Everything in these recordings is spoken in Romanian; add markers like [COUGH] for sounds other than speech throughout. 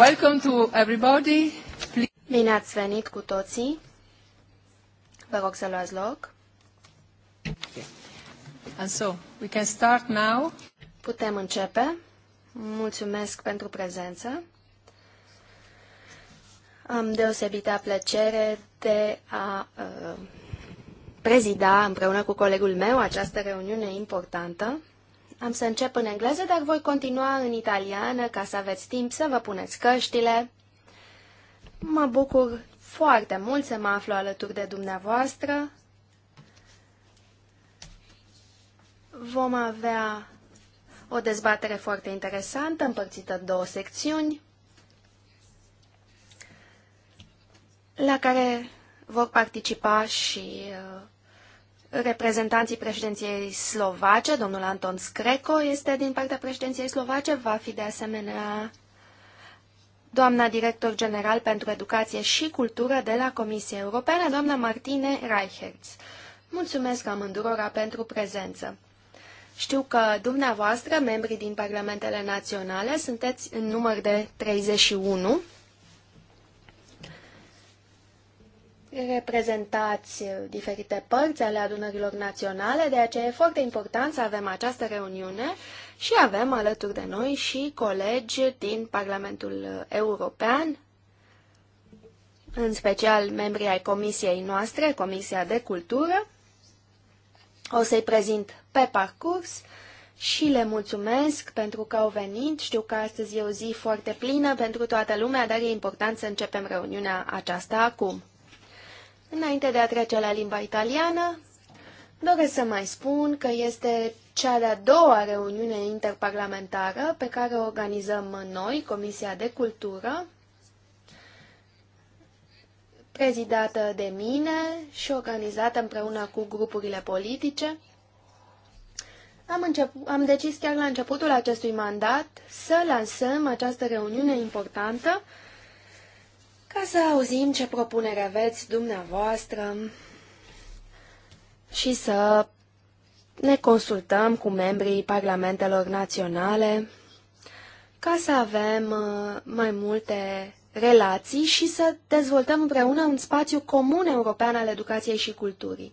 Welcome to everybody. Bine ați venit cu toții. Vă rog să luați loc. And so, we can start now. Putem începe. Mulțumesc pentru prezență. Am deosebită plăcere de a uh, prezida împreună cu colegul meu această reuniune importantă am să încep în engleză, dar voi continua în italiană ca să aveți timp să vă puneți căștile. Mă bucur foarte mult să mă aflu alături de dumneavoastră. Vom avea o dezbatere foarte interesantă, împărțită în două secțiuni, la care vor participa și uh, reprezentanții președinției slovace, domnul Anton Screco este din partea președinției slovace, va fi de asemenea doamna director general pentru educație și cultură de la Comisia Europeană, doamna Martine Reichertz. Mulțumesc amândurora pentru prezență. Știu că dumneavoastră, membrii din Parlamentele Naționale, sunteți în număr de 31 reprezentați diferite părți ale adunărilor naționale, de aceea e foarte important să avem această reuniune și avem alături de noi și colegi din Parlamentul European, în special membrii ai comisiei noastre, Comisia de Cultură. O să-i prezint pe parcurs și le mulțumesc pentru că au venit. Știu că astăzi e o zi foarte plină pentru toată lumea, dar e important să începem reuniunea aceasta acum. Înainte de a trece la limba italiană, doresc să mai spun că este cea de-a doua reuniune interparlamentară pe care o organizăm noi, Comisia de Cultură, prezidată de mine și organizată împreună cu grupurile politice. Am, început, am decis chiar la începutul acestui mandat să lansăm această reuniune importantă ca să auzim ce propunere aveți dumneavoastră și să ne consultăm cu membrii parlamentelor naționale ca să avem uh, mai multe relații și să dezvoltăm împreună un spațiu comun european al educației și culturii.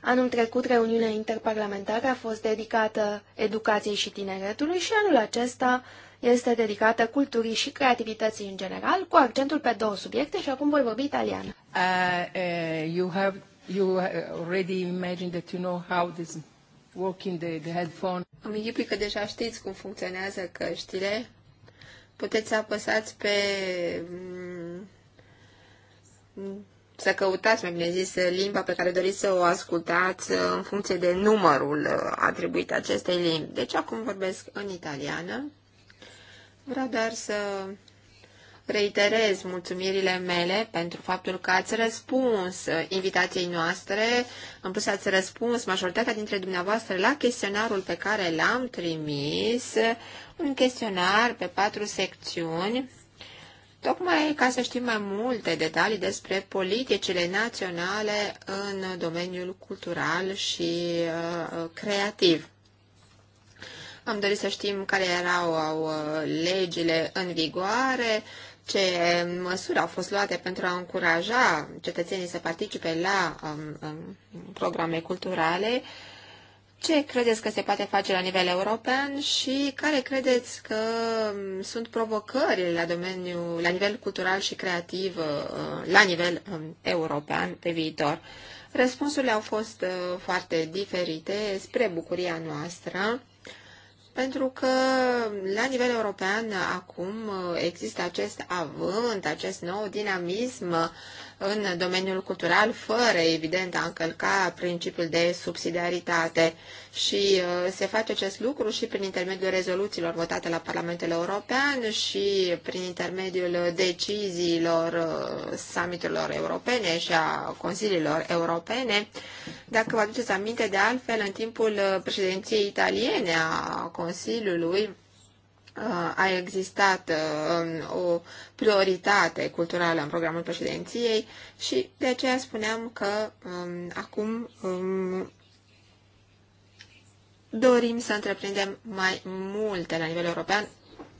Anul trecut, reuniunea interparlamentară a fost dedicată educației și tineretului și anul acesta este dedicată culturii și creativității în general, cu accentul pe două subiecte și acum voi vorbi italian. Uh, uh, you have you already imagined that you know how this working the, the headphone. Am închipui că deja știți cum funcționează căștile. Puteți apăsați pe mm, mm, să căutați, mai bine zis, limba pe care doriți să o ascultați uh, în funcție de numărul uh, atribuit acestei limbi. Deci acum vorbesc în italiană. Vreau doar să reiterez mulțumirile mele pentru faptul că ați răspuns invitației noastre, în plus ați răspuns majoritatea dintre dumneavoastră la chestionarul pe care l-am trimis, un chestionar pe patru secțiuni, tocmai ca să știm mai multe detalii despre politicile naționale în domeniul cultural și uh, creativ. Am dorit să știm care erau au, uh, legile în vigoare, ce măsuri au fost luate pentru a încuraja cetățenii să participe la um, um, programe culturale, ce credeți că se poate face la nivel european și care credeți că um, sunt provocările la domeniul, la nivel cultural și creativ, uh, la nivel um, european pe viitor? Răspunsurile au fost uh, foarte diferite spre bucuria noastră pentru că la nivel european acum există acest avânt, acest nou dinamism în domeniul cultural, fără, evident, a încălca principiul de subsidiaritate. Și uh, se face acest lucru și prin intermediul rezoluțiilor votate la Parlamentul European și prin intermediul deciziilor uh, summiturilor europene și a consiliilor europene. Dacă vă aduceți aminte, de altfel, în timpul uh, președinției italiene a Consiliului, a existat um, o prioritate culturală în programul președinției și de aceea spuneam că um, acum um, dorim să întreprindem mai multe la nivel european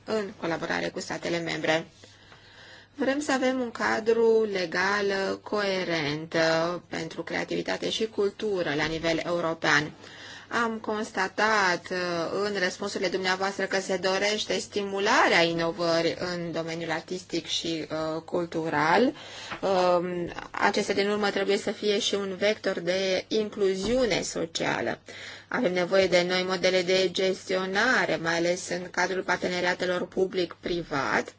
în colaborare cu statele membre. Vrem să avem un cadru legal coerent uh, pentru creativitate și cultură la nivel european. Am constatat uh, în răspunsurile dumneavoastră că se dorește stimularea inovării în domeniul artistic și uh, cultural. Uh, acestea, din urmă, trebuie să fie și un vector de incluziune socială. Avem nevoie de noi modele de gestionare, mai ales în cadrul parteneriatelor public-privat,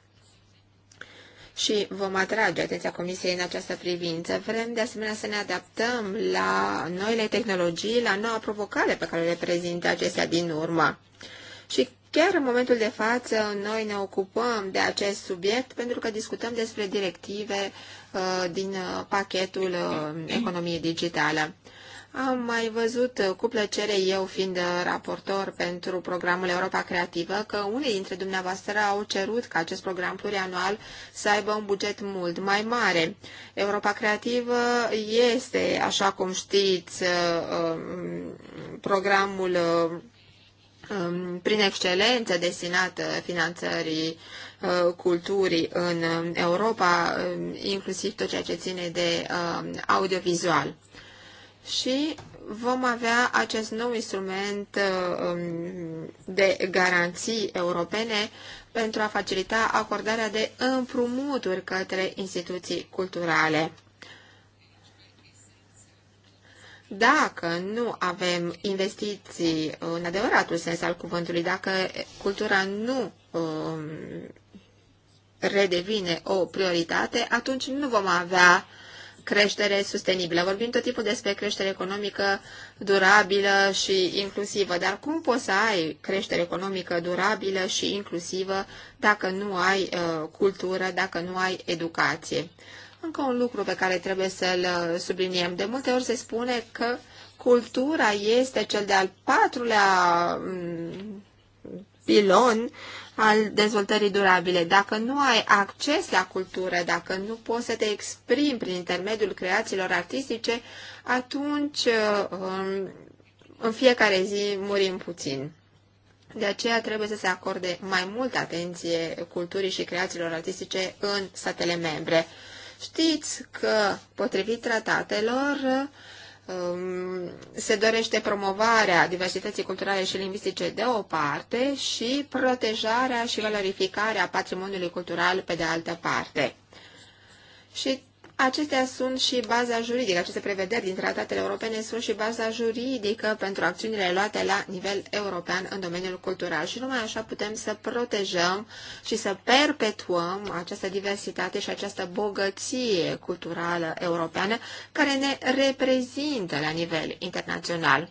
și vom atrage atenția Comisiei în această privință. Vrem de asemenea să ne adaptăm la noile tehnologii, la noua provocare pe care le prezintă acestea din urmă. Și chiar în momentul de față noi ne ocupăm de acest subiect pentru că discutăm despre directive uh, din uh, pachetul uh, economiei digitale. Am mai văzut uh, cu plăcere eu, fiind uh, raportor pentru programul Europa Creativă, că unii dintre dumneavoastră au cerut ca acest program plurianual să aibă un buget mult mai mare. Europa Creativă este, așa cum știți, uh, um, programul um, prin excelență destinat finanțării culturii în Europa, inclusiv tot ceea ce ține de audiovizual și vom avea acest nou instrument uh, um, de garanții europene pentru a facilita acordarea de împrumuturi către instituții culturale. Dacă nu avem investiții în adevăratul sens al cuvântului, dacă cultura nu um, redevine o prioritate, atunci nu vom avea creștere sustenibilă. Vorbim tot timpul despre creștere economică durabilă și inclusivă, dar cum poți să ai creștere economică durabilă și inclusivă dacă nu ai uh, cultură, dacă nu ai educație? Încă un lucru pe care trebuie să-l uh, subliniem. De multe ori se spune că cultura este cel de-al patrulea mm, pilon al dezvoltării durabile. Dacă nu ai acces la cultură, dacă nu poți să te exprimi prin intermediul creațiilor artistice, atunci um, în fiecare zi murim puțin. De aceea trebuie să se acorde mai multă atenție culturii și creațiilor artistice în statele membre. Știți că, potrivit tratatelor, Um, se dorește promovarea diversității culturale și lingvistice de o parte și protejarea și valorificarea patrimoniului cultural pe de altă parte. Și Acestea sunt și baza juridică, aceste prevederi din tratatele europene sunt și baza juridică pentru acțiunile luate la nivel european în domeniul cultural și numai așa putem să protejăm și să perpetuăm această diversitate și această bogăție culturală europeană care ne reprezintă la nivel internațional.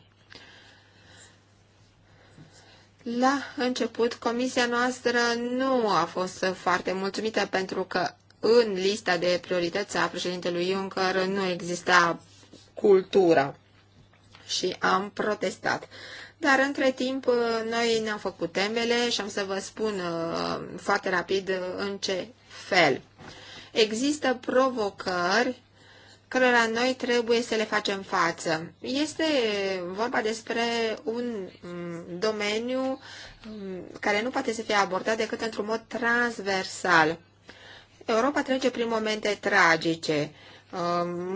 La început, comisia noastră nu a fost foarte mulțumită pentru că în lista de priorități a președintelui Juncker nu exista cultura și am protestat. Dar între timp uh, noi ne-am făcut temele și am să vă spun uh, foarte rapid uh, în ce fel. Există provocări cărora noi trebuie să le facem față. Este vorba despre un mm, domeniu mm, care nu poate să fie abordat decât într-un mod transversal. Europa trece prin momente tragice. Uh,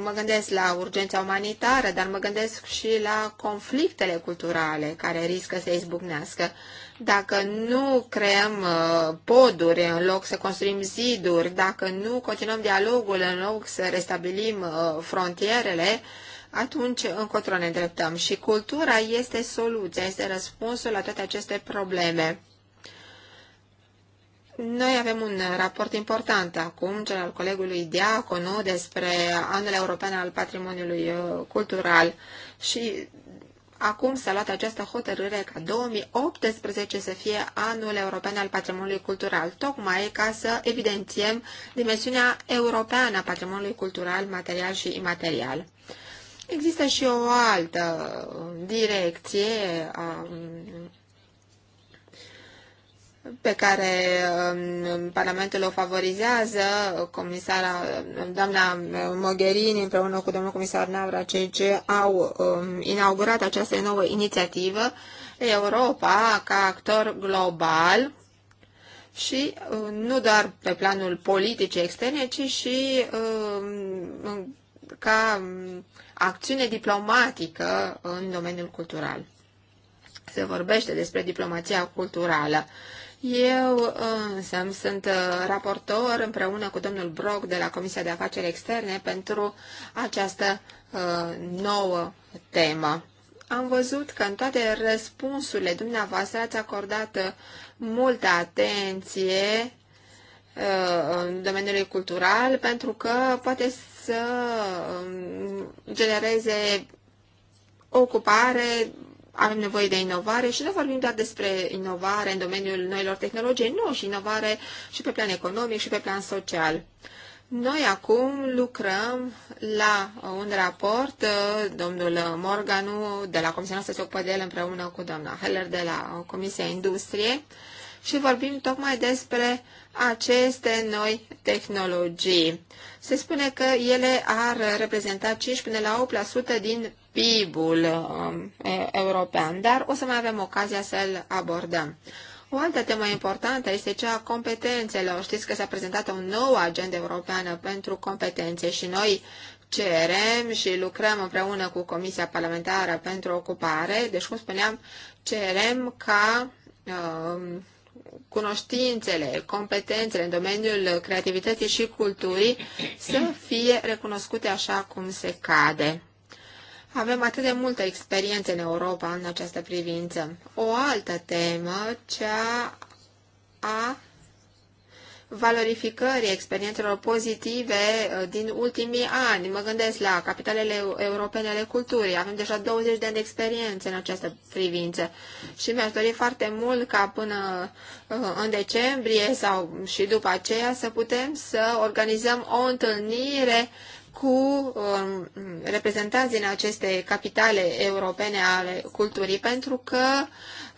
mă gândesc la urgența umanitară, dar mă gândesc și la conflictele culturale care riscă să izbucnească. Dacă nu creăm uh, poduri în loc să construim ziduri, dacă nu continuăm dialogul în loc să restabilim uh, frontierele, atunci încotro ne îndreptăm. Și cultura este soluția, este răspunsul la toate aceste probleme. Noi avem un raport important acum, cel al colegului Diaconu, despre anul european al patrimoniului uh, cultural și acum s-a luat această hotărâre ca 2018 să fie anul european al patrimoniului cultural, tocmai ca să evidențiem dimensiunea europeană a patrimoniului cultural, material și imaterial. Există și o altă direcție a pe care um, Parlamentul o favorizează, comisara, doamna Mogherini împreună cu domnul comisar Navracic au um, inaugurat această nouă inițiativă, Europa ca actor global și uh, nu doar pe planul politic externe, ci și um, ca acțiune diplomatică în domeniul cultural. Se vorbește despre diplomația culturală. Eu uh, însă sunt uh, raportor împreună cu domnul Brock de la Comisia de Afaceri Externe pentru această uh, nouă temă. Am văzut că în toate răspunsurile dumneavoastră ați acordat multă atenție în domeniului cultural pentru că poate să um, genereze ocupare avem nevoie de inovare și nu vorbim doar despre inovare în domeniul noilor tehnologii, nu, și inovare și pe plan economic și pe plan social. Noi acum lucrăm la un raport, uh, domnul Morganu de la Comisia noastră se ocupă de el împreună cu doamna Heller de la Comisia Industrie și vorbim tocmai despre aceste noi tehnologii. Se spune că ele ar reprezenta 5 până la 8% din PIB-ul um, european, dar o să mai avem ocazia să-l abordăm. O altă temă importantă este cea a competențelor. Știți că s-a prezentat o nouă agendă europeană pentru competențe și noi cerem și lucrăm împreună cu Comisia Parlamentară pentru Ocupare. Deci, cum spuneam, cerem ca uh, cunoștințele, competențele în domeniul creativității și culturii să fie recunoscute așa cum se cade. Avem atât de multă experiență în Europa în această privință. O altă temă, cea a valorificării experiențelor pozitive uh, din ultimii ani. Mă gândesc la capitalele europene ale culturii. Avem deja 20 de ani de experiență în această privință și mi-aș dori foarte mult ca până uh, în decembrie sau și după aceea să putem să organizăm o întâlnire cu um, reprezentanții în aceste capitale europene ale culturii, pentru că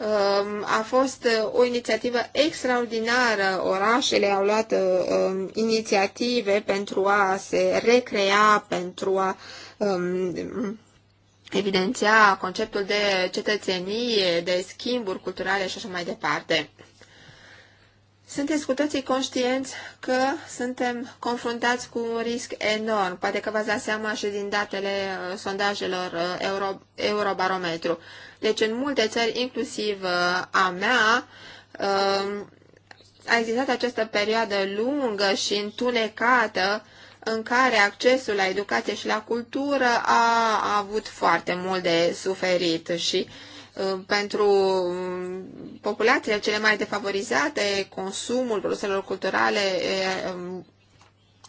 um, a fost o inițiativă extraordinară. Orașele au luat um, inițiative pentru a se recrea, pentru a evidenția conceptul de cetățenie, de schimburi culturale și așa mai departe. Sunteți cu toții conștienți că suntem confruntați cu un risc enorm. Poate că v-ați dat seama și din datele uh, sondajelor uh, Euro, Eurobarometru. Deci în multe țări, inclusiv uh, a mea, um, a existat această perioadă lungă și întunecată în care accesul la educație și la cultură a avut foarte mult de suferit și uh, Uh, pentru um, populațiile cele mai defavorizate, consumul produselor culturale um,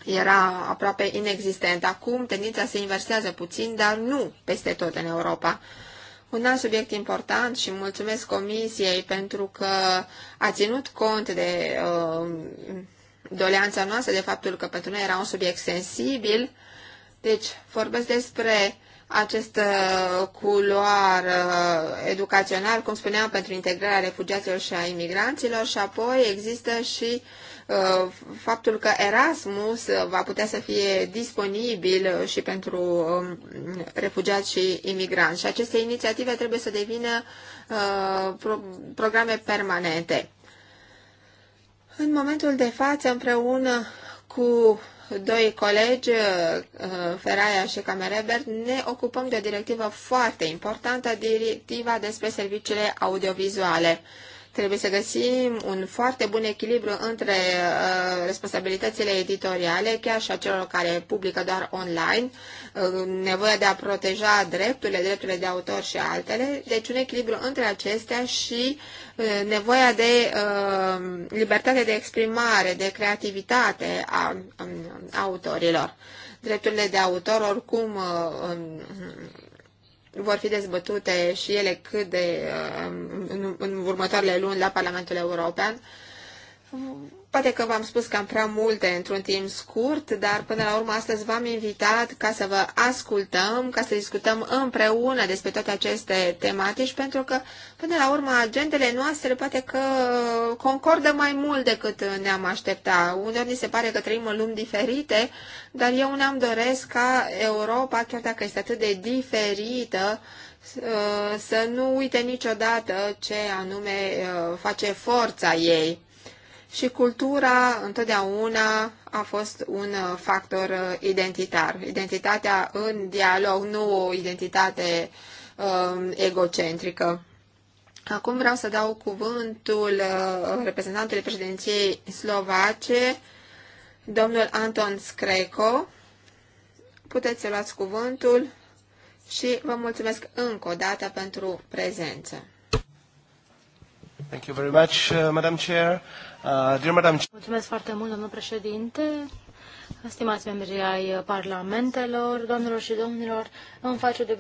era aproape inexistent. Acum tendința se inversează puțin, dar nu peste tot în Europa. Un alt subiect important și mulțumesc Comisiei pentru că a ținut cont de uh, doleanța noastră, de faptul că pentru noi era un subiect sensibil. Deci, vorbesc despre acest uh, culoar uh, educațional, cum spuneam, pentru integrarea refugiaților și a imigranților și apoi există și uh, faptul că Erasmus va putea să fie disponibil și pentru um, refugiați și imigranți. Și aceste inițiative trebuie să devină programe permanente. În momentul de față, împreună cu doi colegi, uh, Feraia și Camerebert, ne ocupăm de o directivă foarte importantă, directiva despre serviciile audiovizuale. Trebuie să găsim un foarte bun echilibru între uh, responsabilitățile editoriale, chiar și a celor care publică doar online, uh, nevoia de a proteja drepturile, drepturile de autor și altele, deci un echilibru între acestea și uh, nevoia de uh, libertate de exprimare, de creativitate a a autorilor. Drepturile de autor oricum uh, uh, vor fi dezbătute și ele cât de uh, în, în următoarele luni la Parlamentul European, Poate că v-am spus cam prea multe într-un timp scurt, dar până la urmă astăzi v-am invitat ca să vă ascultăm, ca să discutăm împreună despre toate aceste tematici, pentru că până la urmă agendele noastre poate că concordă mai mult decât ne-am aștepta. Uneori ni se pare că trăim în lumi diferite, dar eu ne-am doresc ca Europa, chiar dacă este atât de diferită, să nu uite niciodată ce anume uh, face forța ei și cultura întotdeauna a fost un uh, factor uh, identitar. Identitatea în dialog, nu o identitate uh, egocentrică. Acum vreau să dau cuvântul uh, reprezentantului președinției slovace, domnul Anton Screco. Puteți să luați cuvântul și vă mulțumesc încă o dată pentru prezență. Thank you very much, uh, Madam Chair. Uh, Mulțumesc foarte mult, domnul președinte. Stimați membri ai parlamentelor, doamnelor și domnilor, îmi face o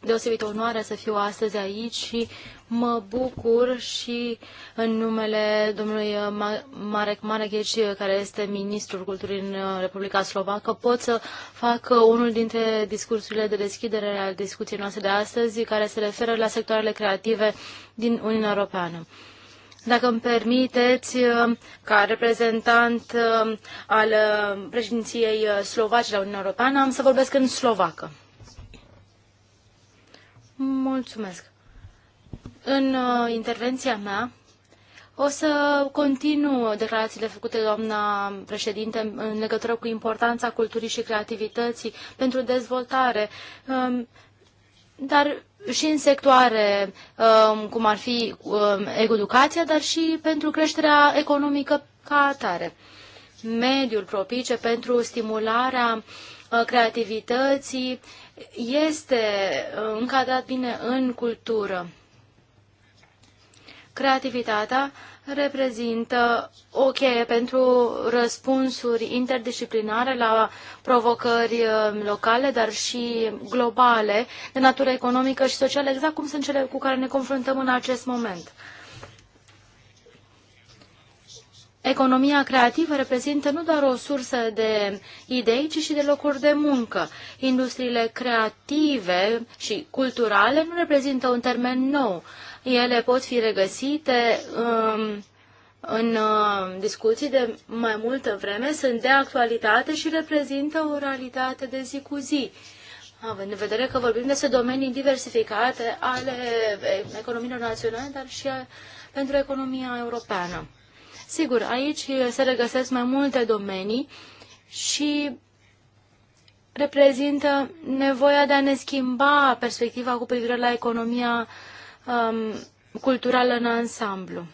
deosebită onoare să fiu astăzi aici și mă bucur și în numele domnului Marek Marekic, care este ministrul culturii în Republica Slovacă, pot să fac unul dintre discursurile de deschidere al discuției noastre de astăzi, care se referă la sectoarele creative din Uniunea Europeană. Dacă îmi permiteți, uh, ca reprezentant uh, al uh, președinției slovace la Uniunea Europeană, am să vorbesc în slovacă. Mulțumesc. În intervenția mea o să continu declarațiile făcute doamna președinte în legătură cu importanța culturii și creativității pentru dezvoltare. Um, dar și în sectoare um, cum ar fi um, educația, dar și pentru creșterea economică ca atare. Mediul propice pentru stimularea uh, creativității este uh, încadrat bine în cultură. Creativitatea reprezintă o cheie pentru răspunsuri interdisciplinare la provocări uh, locale, dar și globale, de natură economică și socială, exact cum sunt cele cu care ne confruntăm în acest moment. Economia creativă reprezintă nu doar o sursă de idei, ci și de locuri de muncă. Industriile creative și culturale nu reprezintă un termen nou. Ele pot fi regăsite um, în um, discuții de mai multă vreme, sunt de actualitate și reprezintă o realitate de zi cu zi. Având în vedere că vorbim despre domenii diversificate ale economiilor naționale, dar și pentru economia europeană. Sigur, aici se regăsesc mai multe domenii și reprezintă nevoia de a ne schimba perspectiva cu privire la economia um, culturală în ansamblu.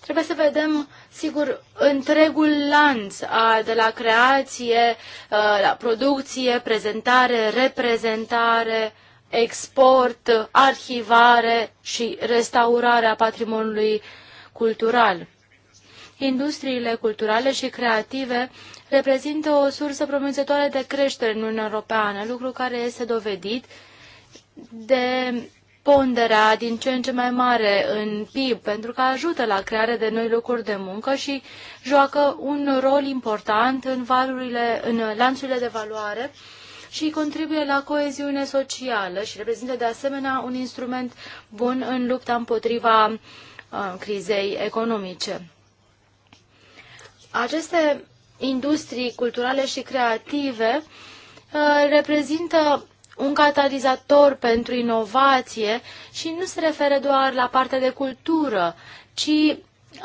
Trebuie să vedem, sigur, întregul lanț a, de la creație, uh, la producție, prezentare, reprezentare, export, arhivare și restaurarea patrimoniului cultural industriile culturale și creative reprezintă o sursă promițătoare de creștere în Uniunea Europeană, lucru care este dovedit de ponderea din ce în ce mai mare în PIB, pentru că ajută la crearea de noi locuri de muncă și joacă un rol important în, valurile, în lanțurile de valoare și contribuie la coeziune socială și reprezintă de asemenea un instrument bun în lupta împotriva uh, crizei economice. Aceste industrii culturale și creative uh, reprezintă un catalizator pentru inovație și nu se referă doar la partea de cultură, ci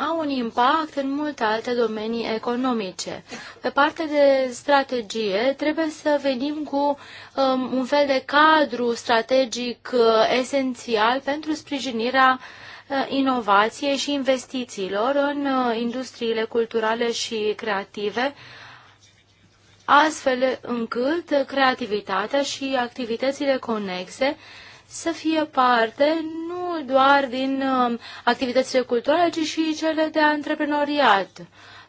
au un impact în multe alte domenii economice. Pe partea de strategie, trebuie să venim cu um, un fel de cadru strategic uh, esențial pentru sprijinirea Uh, inovației și investițiilor în uh, industriile culturale și creative, astfel încât creativitatea și activitățile conexe să fie parte nu doar din um, activitățile culturale, ci și cele de antreprenoriat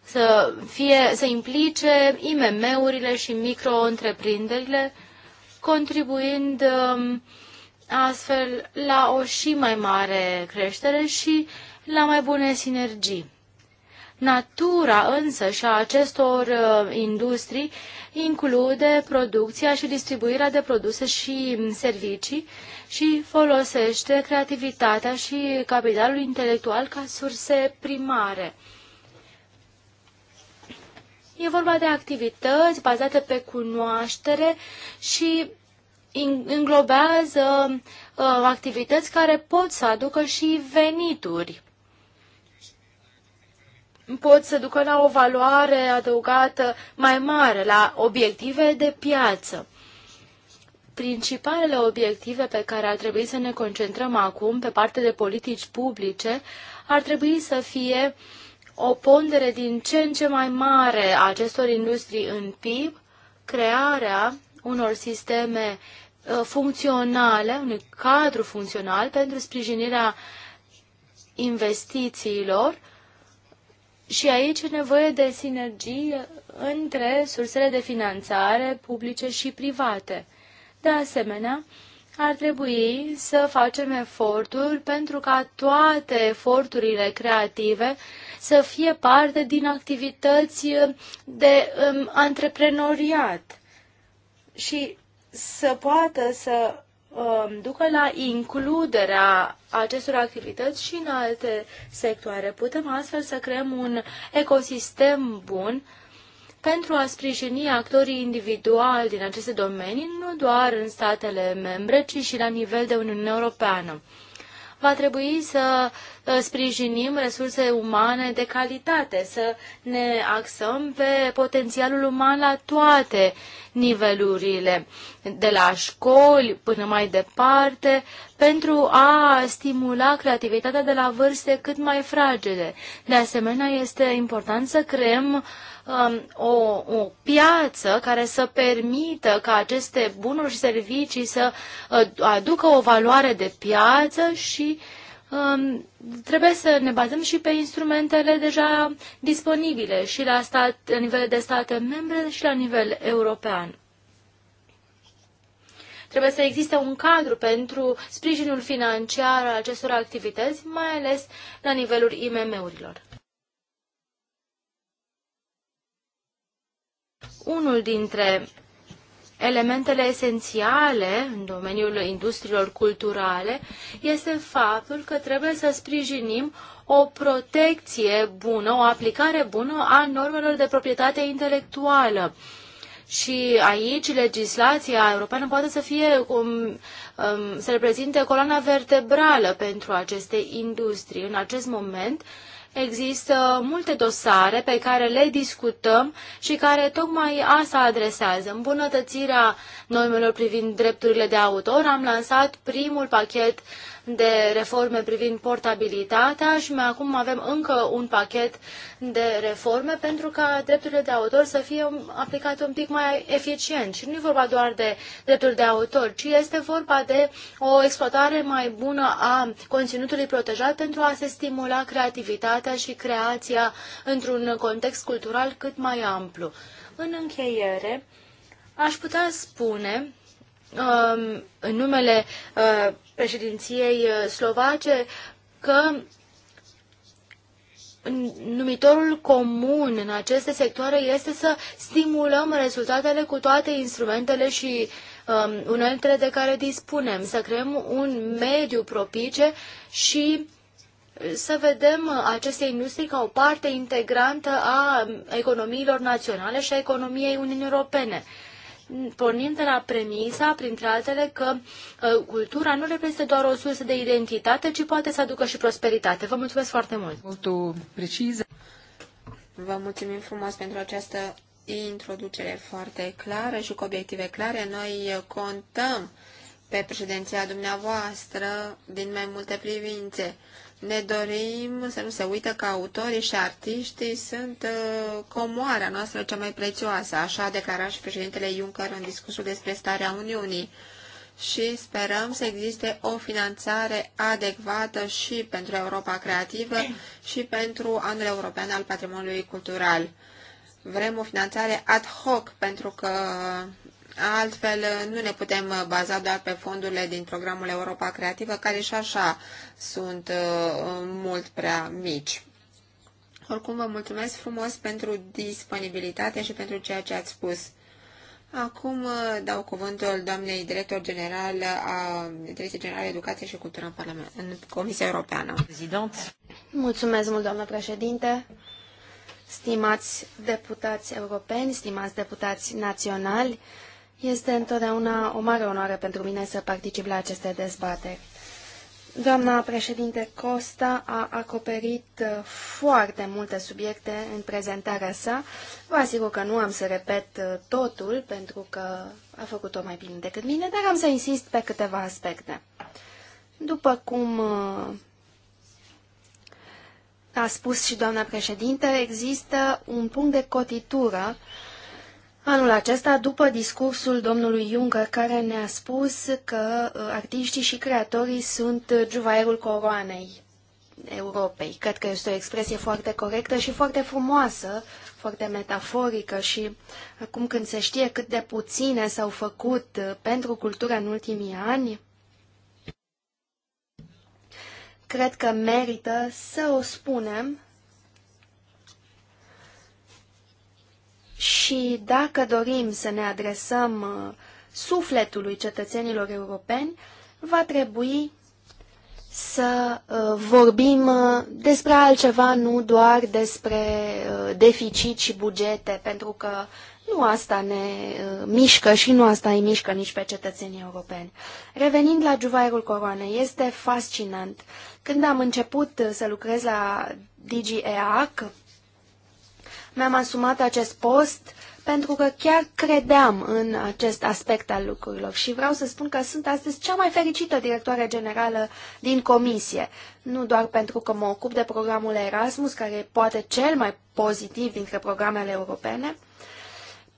să, fie, să implice IMM-urile și micro-întreprinderile, contribuind um, astfel la o și mai mare creștere și la mai bune sinergii. Natura însă și a acestor uh, industrii include producția și distribuirea de produse și servicii și folosește creativitatea și capitalul intelectual ca surse primare. E vorba de activități bazate pe cunoaștere și înglobează uh, activități care pot să aducă și venituri. Pot să ducă la o valoare adăugată mai mare, la obiective de piață. Principalele obiective pe care ar trebui să ne concentrăm acum pe partea de politici publice ar trebui să fie o pondere din ce în ce mai mare a acestor industrii în PIB, crearea unor sisteme Uh, funcționale, unui cadru funcțional pentru sprijinirea investițiilor și aici e nevoie de sinergii între sursele de finanțare publice și private. De asemenea, ar trebui să facem eforturi pentru ca toate eforturile creative să fie parte din activități de um, antreprenoriat. Și să poată să um, ducă la includerea acestor activități și în alte sectoare. Putem astfel să creăm un ecosistem bun pentru a sprijini actorii individuali din aceste domenii, nu doar în statele membre, ci și la nivel de Uniune Europeană. Va trebui să sprijinim resurse umane de calitate, să ne axăm pe potențialul uman la toate nivelurile, de la școli până mai departe, pentru a stimula creativitatea de la vârste cât mai fragile. De asemenea, este important să creăm um, o, o piață care să permită ca aceste bunuri și servicii să uh, aducă o valoare de piață și uh, Um, trebuie să ne bazăm și pe instrumentele deja disponibile și la, stat, la nivel de state membre și la nivel european. Trebuie să existe un cadru pentru sprijinul financiar al acestor activități, mai ales la nivelul IMM-urilor. Unul dintre elementele esențiale în domeniul industriilor culturale este faptul că trebuie să sprijinim o protecție bună, o aplicare bună a normelor de proprietate intelectuală. Și aici legislația europeană poate să fie, um, um, să reprezinte coloana vertebrală pentru aceste industrii. În acest moment, uh, există multe dosare pe care le discutăm și care tocmai asta adresează. Îmbunătățirea normelor privind drepturile de autor, am lansat primul pachet de reforme privind portabilitatea și mai acum avem încă un pachet de reforme pentru ca drepturile de autor să fie aplicate un pic mai eficient. Și nu e vorba doar de dreptul de autor, ci este vorba de o exploatare mai bună a conținutului protejat pentru a se stimula creativitatea și creația într-un context cultural cât mai amplu. În încheiere, aș putea spune Um, în numele uh, președinției uh, slovace că numitorul comun în aceste sectoare este să stimulăm rezultatele cu toate instrumentele și um, uneltele de care dispunem, să creăm un mediu propice și să vedem aceste industrii ca o parte integrantă a economiilor naționale și a economiei Uniunii Europene pornind de la premisa, printre altele, că uh, cultura nu reprezintă doar o sursă de identitate, ci poate să aducă și prosperitate. Vă mulțumesc foarte mult! Vă mulțumim frumos pentru această introducere foarte clară și cu obiective clare. Noi contăm pe președinția dumneavoastră din mai multe privințe. Ne dorim să nu se uită că autorii și artiștii sunt uh, comoara noastră cea mai prețioasă, așa a declarat și președintele Juncker în discursul despre starea Uniunii. Și sperăm să existe o finanțare adecvată și pentru Europa Creativă și pentru anul european al patrimoniului cultural vrem o finanțare ad hoc, pentru că Altfel, nu ne putem baza doar pe fondurile din programul Europa Creativă, care și așa sunt uh, mult prea mici. Oricum, vă mulțumesc frumos pentru disponibilitate și pentru ceea ce ați spus. Acum uh, dau cuvântul doamnei director general a Direcției Generale Educație și Cultură în, Parlament, în Comisia Europeană. Prezident. Mulțumesc mult, doamnă președinte. Stimați deputați europeni, stimați deputați naționali, este întotdeauna o mare onoare pentru mine să particip la aceste dezbateri. Doamna președinte Costa a acoperit uh, foarte multe subiecte în prezentarea sa. Vă asigur că nu am să repet uh, totul, pentru că a făcut-o mai bine decât mine, dar am să insist pe câteva aspecte. După cum uh, a spus și doamna președinte, există un punct de cotitură Anul acesta, după discursul domnului Juncker, care ne-a spus că uh, artiștii și creatorii sunt uh, juvaierul coroanei Europei. Cred că este o expresie foarte corectă și foarte frumoasă, foarte metaforică și acum uh, când se știe cât de puține s-au făcut pentru cultură în ultimii ani, cred că merită să o spunem Și dacă dorim să ne adresăm uh, sufletului cetățenilor europeni, va trebui să uh, vorbim uh, despre altceva, nu doar despre deficit și bugete, pentru că nu asta ne mișcă și nu asta îi mișcă nici pe cetățenii europeni. Revenind la Juvairul Coroane, este fascinant. Când am început să lucrez la DGEAC, mi-am asumat acest post pentru că chiar credeam în acest aspect al lucrurilor și vreau să spun că sunt astăzi cea mai fericită directoare generală din comisie. Nu doar pentru că mă ocup de programul Erasmus, care e poate cel mai pozitiv dintre programele europene,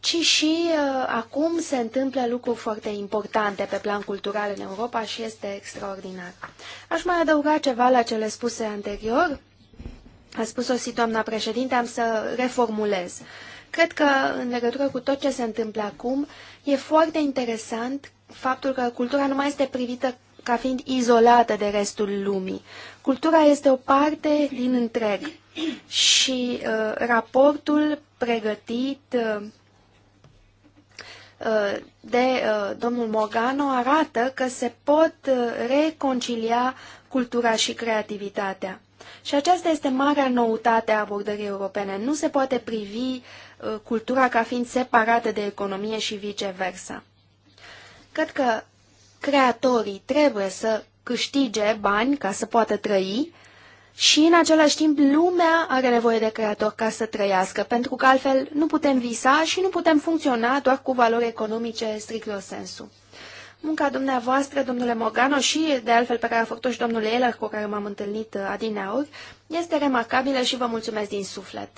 ci și uh, acum se întâmplă lucruri foarte importante pe plan cultural în Europa și este extraordinar. Aș mai adăuga ceva la cele spuse anterior. A spus-o și doamna președinte, am să reformulez. Cred că, în legătură cu tot ce se întâmplă acum, e foarte interesant faptul că cultura nu mai este privită ca fiind izolată de restul lumii. Cultura este o parte din întreg și uh, raportul pregătit uh, uh de uh, domnul Morgano arată că se pot uh, reconcilia cultura și creativitatea. Și aceasta este marea noutate a abordării europene. Nu se poate privi uh, cultura ca fiind separată de economie și viceversa. Cred că creatorii trebuie să câștige bani ca să poată trăi și în același timp lumea are nevoie de creator ca să trăiască, pentru că altfel nu putem visa și nu putem funcționa doar cu valori economice strict sensu munca dumneavoastră, domnule Morgano, și de altfel pe care a făcut-o și domnul Eller, cu care m-am întâlnit uh, adineauri, este remarcabilă și vă mulțumesc din suflet.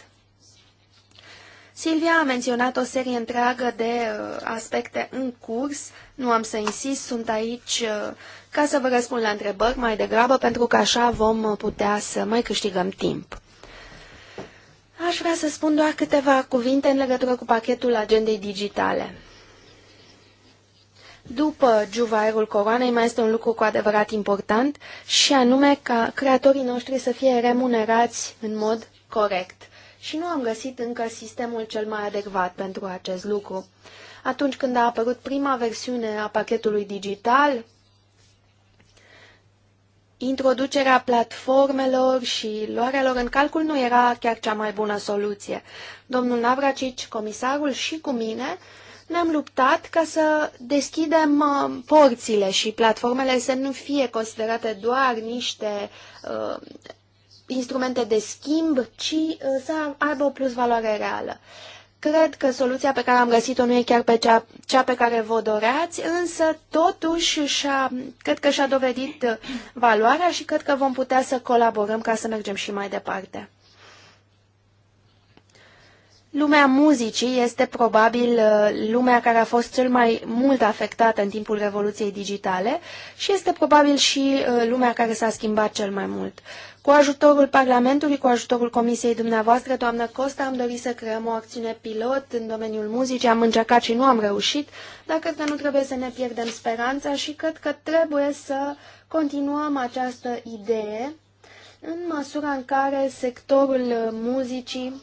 Silvia a menționat o serie întreagă de uh, aspecte în curs. Nu am să insist, sunt aici uh, ca să vă răspund la întrebări mai degrabă, pentru că așa vom putea să mai câștigăm timp. Aș vrea să spun doar câteva cuvinte în legătură cu pachetul agendei digitale. După juvairul coroanei mai este un lucru cu adevărat important și anume ca creatorii noștri să fie remunerați în mod corect. Și nu am găsit încă sistemul cel mai adecvat pentru acest lucru. Atunci când a apărut prima versiune a pachetului digital, introducerea platformelor și luarea lor în calcul nu era chiar cea mai bună soluție. Domnul Navracici, comisarul și cu mine, ne-am luptat ca să deschidem uh, porțile și platformele să nu fie considerate doar niște uh, instrumente de schimb, ci uh, să aibă o plus valoare reală. Cred că soluția pe care am găsit-o nu e chiar pe cea, cea pe care vă doreați, însă totuși și-a, cred că și-a dovedit valoarea și cred că vom putea să colaborăm ca să mergem și mai departe. Lumea muzicii este probabil uh, lumea care a fost cel mai mult afectată în timpul revoluției digitale și este probabil și uh, lumea care s-a schimbat cel mai mult. Cu ajutorul Parlamentului, cu ajutorul Comisiei dumneavoastră, doamnă Costa, am dorit să creăm o acțiune pilot în domeniul muzicii. Am încercat și nu am reușit, dar cred că nu trebuie să ne pierdem speranța și cred că trebuie să continuăm această idee în măsura în care sectorul uh, muzicii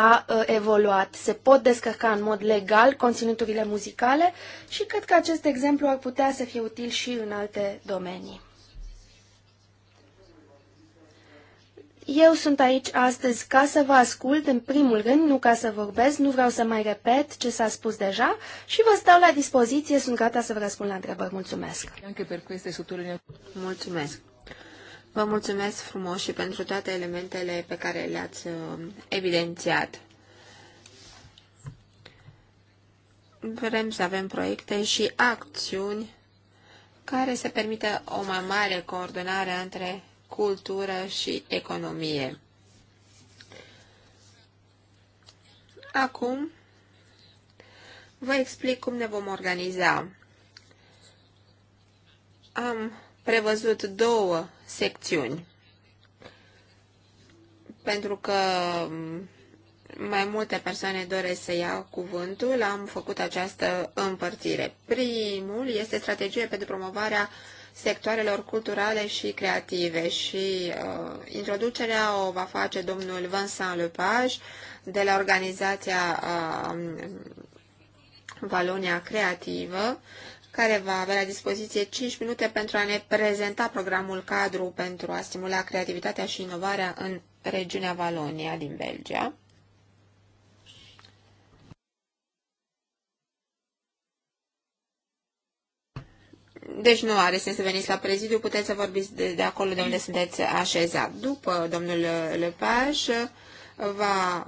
a ă, evoluat. Se pot descărca în mod legal conținuturile muzicale și cred că acest exemplu ar putea să fie util și în alte domenii. Eu sunt aici astăzi ca să vă ascult, în primul rând, nu ca să vorbesc, nu vreau să mai repet ce s-a spus deja și vă stau la dispoziție, sunt gata să vă răspund la întrebări. Mulțumesc! Mulțumesc! Vă mulțumesc frumos și pentru toate elementele pe care le-ați uh, evidențiat. Vrem să avem proiecte și acțiuni care să permită o mai mare coordonare între cultură și economie. Acum vă explic cum ne vom organiza. Am prevăzut două secțiuni, pentru că mm, mai multe persoane doresc să ia cuvântul, am făcut această împărțire. Primul este strategie pentru promovarea sectoarelor culturale și creative și uh, introducerea o va face domnul Vincent Lepage de la organizația uh, Valonia Creativă care va avea la dispoziție 5 minute pentru a ne prezenta programul cadru pentru a stimula creativitatea și inovarea în regiunea Valonia din Belgia. Deci nu are sens să veniți la prezidiu, puteți să vorbiți de, de acolo de unde sunteți așezat. După domnul Lepaș va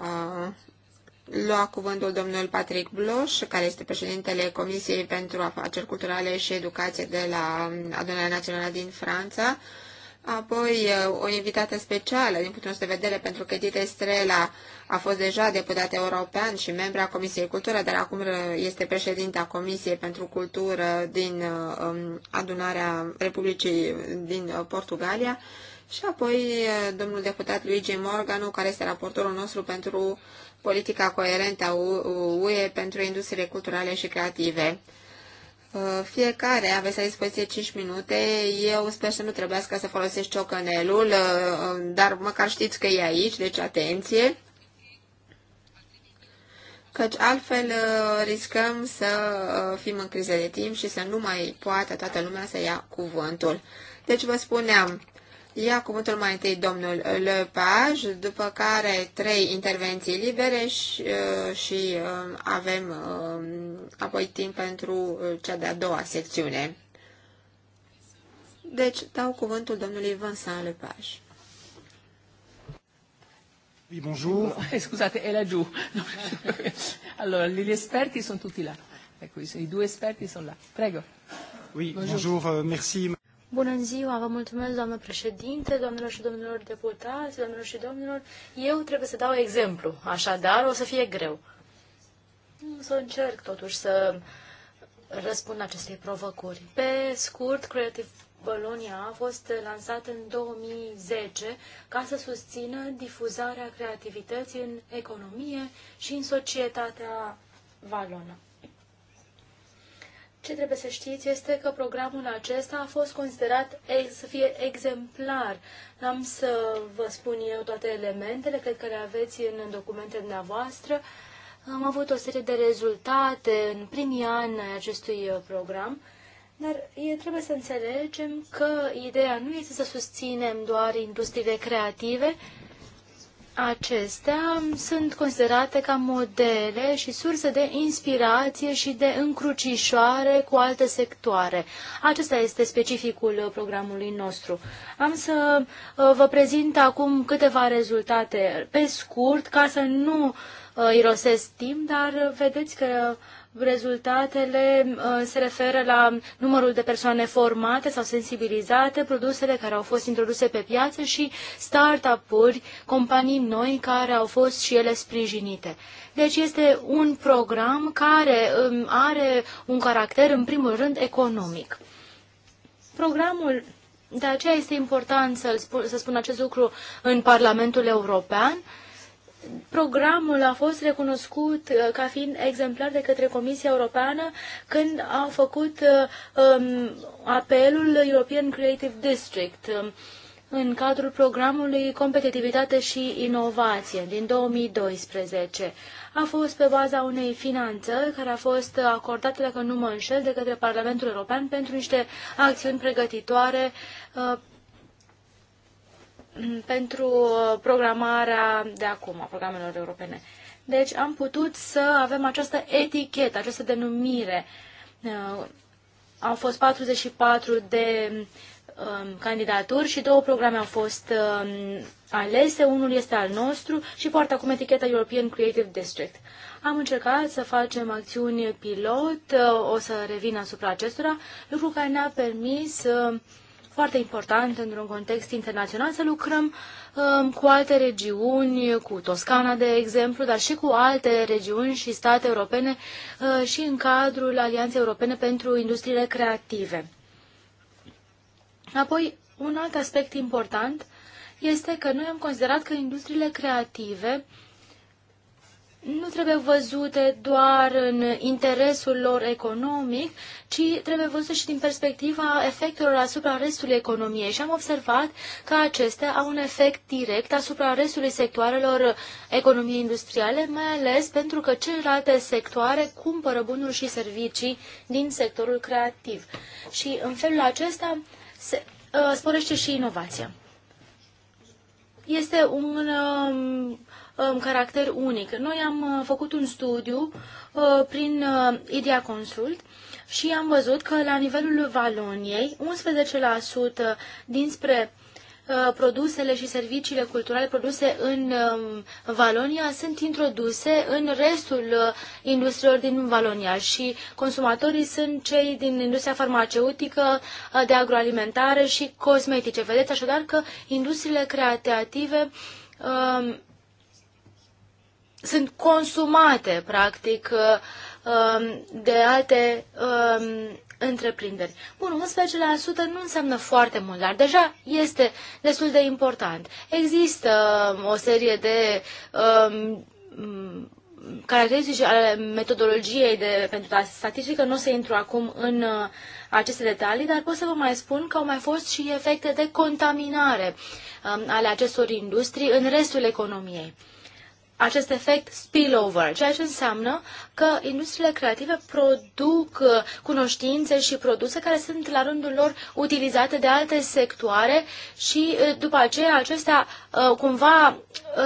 lua cuvântul domnul Patrick Bloș, care este președintele Comisiei pentru Afaceri Culturale și Educație de la Adunarea Națională din Franța, apoi o invitată specială din punctul nostru de vedere, pentru că Edith Estrela a fost deja deputat european și membra Comisiei Cultură, dar acum este președinta Comisiei pentru Cultură din um, Adunarea Republicii din Portugalia, și apoi domnul deputat Luigi Morganu, care este raportorul nostru pentru politica coerentă a UE pentru industriile culturale și creative. Uh, fiecare aveți la dispoziție 5 minute. Eu sper să nu trebuiască să folosești ciocănelul, uh, dar măcar știți că e aici, deci atenție. Căci altfel uh, riscăm să fim în criză de timp și să nu mai poată toată lumea să ia cuvântul. Deci vă spuneam, Ia cuvântul mai întâi domnul Lepage, după care trei intervenții libere și, uh, și uh, avem uh, apoi timp pentru cea de-a doua secțiune. Deci, dau cuvântul domnului Vincent Lepage. Oui, bonjour. [LAUGHS] a è laggiù. allora, gli esperti sono tutti là. Ecco, i due esperti sono là. Prego. Oui, bonjour, bonjour euh, merci. Bună ziua, vă mulțumesc, doamnă președinte, doamnelor și domnilor deputați, doamnelor și domnilor. Eu trebuie să dau exemplu, așadar o să fie greu. Să încerc totuși să răspund acestei provocări. Pe scurt, Creative Bologna a fost lansat în 2010 ca să susțină difuzarea creativității în economie și în societatea valonă. Ce trebuie să știți este că programul acesta a fost considerat ex, să fie exemplar. N-am să vă spun eu toate elementele, cred că le aveți în documentele dumneavoastră. Am avut o serie de rezultate în primii ani ai acestui uh, program, dar e, trebuie să înțelegem că ideea nu este să susținem doar industriile creative, Acestea sunt considerate ca modele și surse de inspirație și de încrucișoare cu alte sectoare. Acesta este specificul programului nostru. Am să uh, vă prezint acum câteva rezultate pe scurt, ca să nu uh, irosesc timp, dar vedeți că Rezultatele uh, se referă la numărul de persoane formate sau sensibilizate, produsele care au fost introduse pe piață și start-up-uri, companii noi care au fost și ele sprijinite. Deci este un program care um, are un caracter, în primul rând, economic. Programul de aceea este important să spun, să spun acest lucru în Parlamentul European, programul a fost recunoscut uh, ca fiind exemplar de către Comisia Europeană când au făcut uh, um, apelul European Creative District um, în cadrul programului Competitivitate și Inovație din 2012. A fost pe baza unei finanțări care a fost acordată, dacă nu mă înșel, de către Parlamentul European pentru niște acțiuni pregătitoare uh, pentru programarea de acum, a programelor europene. Deci am putut să avem această etichetă, această denumire. Uh, au fost 44 de um, candidaturi și două programe au fost um, alese, unul este al nostru și poartă acum eticheta European Creative District. Am încercat să facem acțiuni pilot, uh, o să revin asupra acestora, lucru care ne-a permis uh, foarte important într-un context internațional să lucrăm um, cu alte regiuni, cu Toscana, de exemplu, dar și cu alte regiuni și state europene uh, și în cadrul Alianței Europene pentru Industriile Creative. Apoi, un alt aspect important este că noi am considerat că industriile creative uh, nu trebuie văzute doar în interesul lor economic, ci trebuie văzute și din perspectiva efectelor asupra restului economiei. Și am observat că acestea au un efect direct asupra restului sectoarelor economiei industriale, mai ales pentru că celelalte sectoare cumpără bunuri și servicii din sectorul creativ. Și în felul acesta se uh, sporește și inovația. Este un uh, caracter unic. Noi am uh, făcut un studiu uh, prin uh, Idea Consult și am văzut că la nivelul Valoniei, 11% dinspre produsele și serviciile culturale produse în um, Valonia sunt introduse în restul industriilor din Valonia și consumatorii sunt cei din industria farmaceutică, de agroalimentare și cosmetice. Vedeți așadar că industriile creative um, sunt consumate, practic, uh, um, de alte um, întreprinderi. Bun, 11% nu înseamnă foarte mult, dar deja este destul de important. Există um, o serie de caracteristici ale metodologiei de, pentru statistică, nu o să intru acum în uh, aceste detalii, dar pot să vă mai spun că au mai fost și efecte de contaminare ale acestor industrii în restul economiei acest efect spillover, ceea ce înseamnă că industriile creative produc uh, cunoștințe și produse care sunt la rândul lor utilizate de alte sectoare și uh, după aceea acestea uh, cumva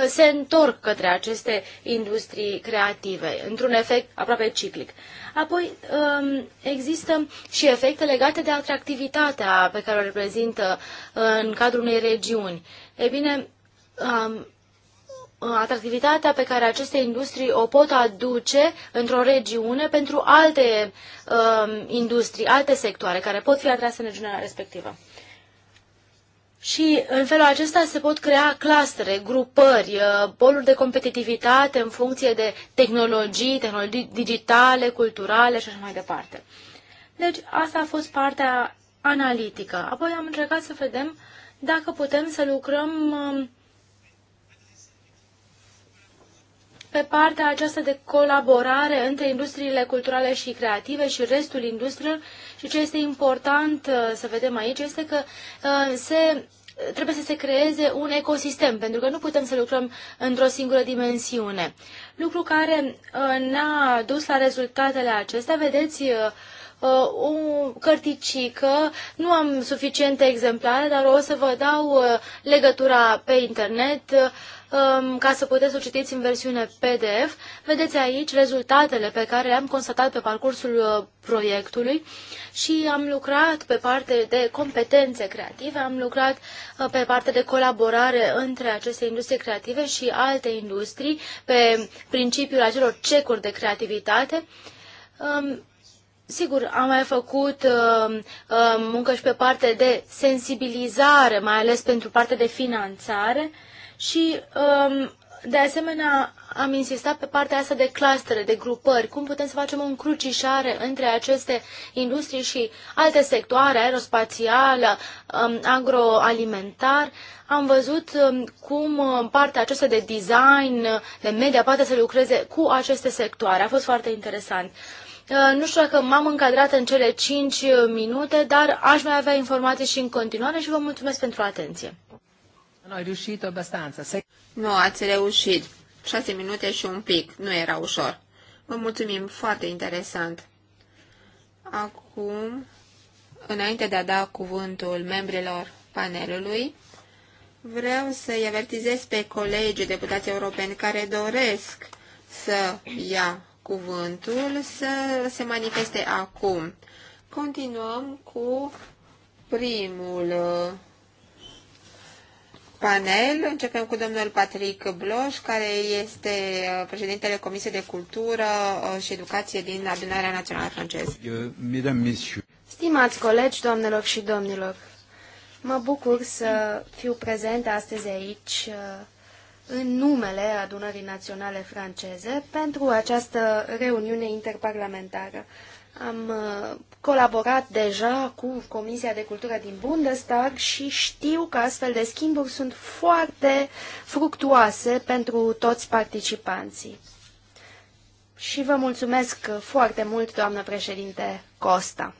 se întorc către aceste industrii creative, într-un efect aproape ciclic. Apoi um, există și efecte legate de atractivitatea pe care o reprezintă în cadrul unei regiuni. E bine, um, Uh, atractivitatea pe care aceste industrii o pot aduce într-o regiune pentru alte uh, industrii, alte sectoare care pot fi atrase în regiunea respectivă. Și în felul acesta se pot crea clastere, grupări, poluri uh, de competitivitate în funcție de tehnologii, tehnologii digitale, culturale și așa mai departe. Deci asta a fost partea analitică. Apoi am încercat să vedem dacă putem să lucrăm uh, pe partea aceasta de colaborare între industriile culturale și creative și restul industriilor și ce este important uh, să vedem aici este că uh, se trebuie să se creeze un ecosistem, pentru că nu putem să lucrăm într-o singură dimensiune. Lucru care uh, ne-a dus la rezultatele acestea, vedeți, o cărticică, nu am suficiente exemplare, dar o să vă dau legătura pe internet Um, ca să puteți să o citiți în versiune PDF. Vedeți aici rezultatele pe care le-am constatat pe parcursul uh, proiectului și am lucrat pe parte de competențe creative, am lucrat uh, pe parte de colaborare între aceste industrie creative și alte industrii pe principiul acelor cecuri de creativitate. Um, sigur, am mai făcut uh, uh, muncă și pe parte de sensibilizare, mai ales pentru partea de finanțare. Uh, și, um, de asemenea, am insistat pe partea asta de clustere, de grupări, cum putem să facem o încrucișare între aceste industrii și alte sectoare, aerospațială, um, agroalimentar. Am văzut um, cum partea aceasta de design, de media, poate să lucreze cu aceste sectoare. A fost foarte interesant. Uh, nu știu dacă m-am încadrat în cele 5 minute, dar aș mai avea informații și în continuare și vă mulțumesc pentru atenție. Noi reușit abbastanza. Nu ați reușit. Șase minute și un pic. Nu era ușor. Vă mulțumim. Foarte interesant. Acum, înainte de a da cuvântul membrilor panelului, vreau să-i avertizez pe colegii deputați europeni care doresc să ia cuvântul să se manifeste acum. Continuăm cu primul uh, panel. Începem cu domnul Patrick Bloș, care este uh, președintele Comisiei de Cultură uh, și Educație din Adunarea Națională Franceză. Euh, Stimați colegi, doamnelor și domnilor, mă bucur să fiu prezent astăzi aici uh, în numele Adunării Naționale Franceze pentru această reuniune interparlamentară. Am uh, colaborat deja cu Comisia de Cultură din Bundestag și știu că astfel de schimburi sunt foarte fructuoase pentru toți participanții. Și vă mulțumesc foarte mult, doamnă președinte Costa.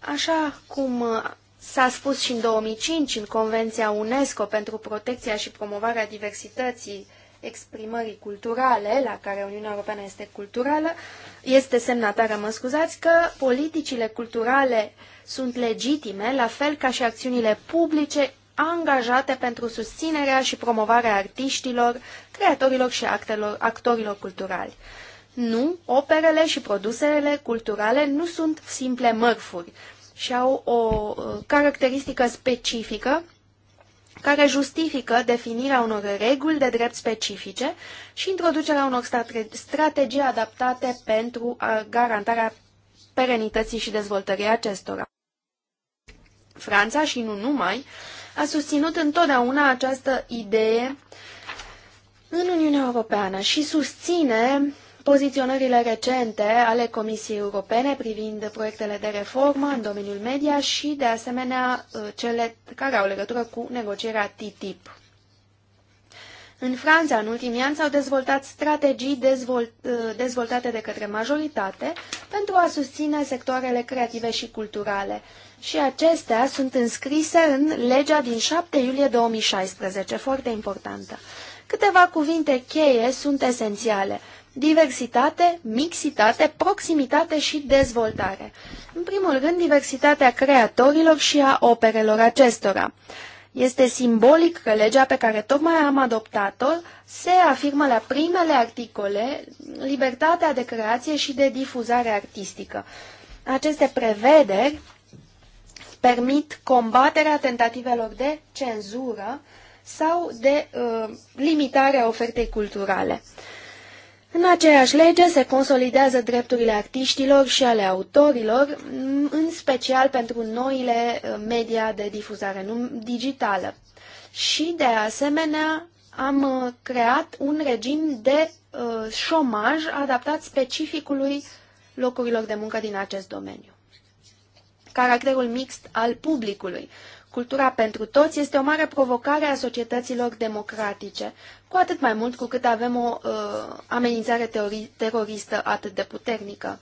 Așa cum uh, s-a spus și în 2005 în Convenția UNESCO pentru protecția și promovarea diversității exprimării culturale, la care Uniunea Europeană este culturală, este semnatară, mă scuzați, că politicile culturale sunt legitime, la fel ca și acțiunile publice angajate pentru susținerea și promovarea artiștilor, creatorilor și actelor, actorilor culturali. Nu, operele și produsele culturale nu sunt simple mărfuri și au o uh, caracteristică specifică care justifică definirea unor reguli de drept specifice și introducerea unor strategii adaptate pentru garantarea perenității și dezvoltării acestora. Franța și nu numai a susținut întotdeauna această idee în Uniunea Europeană și susține poziționările recente ale Comisiei Europene privind proiectele de reformă în domeniul media și, de asemenea, uh, cele care au legătură cu negocierea TTIP. În Franța, în ultimii ani, s-au dezvoltat strategii uh, dezvoltate de către majoritate pentru a susține sectoarele creative și culturale. Și acestea sunt înscrise în legea din 7 iulie 2016, foarte importantă. Câteva cuvinte cheie sunt esențiale diversitate, mixitate, proximitate și dezvoltare. În primul rând, diversitatea creatorilor și a operelor acestora. Este simbolic că legea pe care tocmai am adoptat-o se afirmă la primele articole libertatea de creație și de difuzare artistică. Aceste prevederi permit combaterea tentativelor de cenzură sau de uh, limitare a ofertei culturale. În aceeași lege se consolidează drepturile artiștilor și ale autorilor, mm, în special pentru noile uh, media de difuzare digitală. Și, de asemenea, am uh, creat un regim de uh, șomaj adaptat specificului locurilor de muncă din acest domeniu. Caracterul mixt al publicului. Cultura pentru toți este o mare provocare a societăților democratice cu atât mai mult cu cât avem o uh, amenințare teroristă atât de puternică.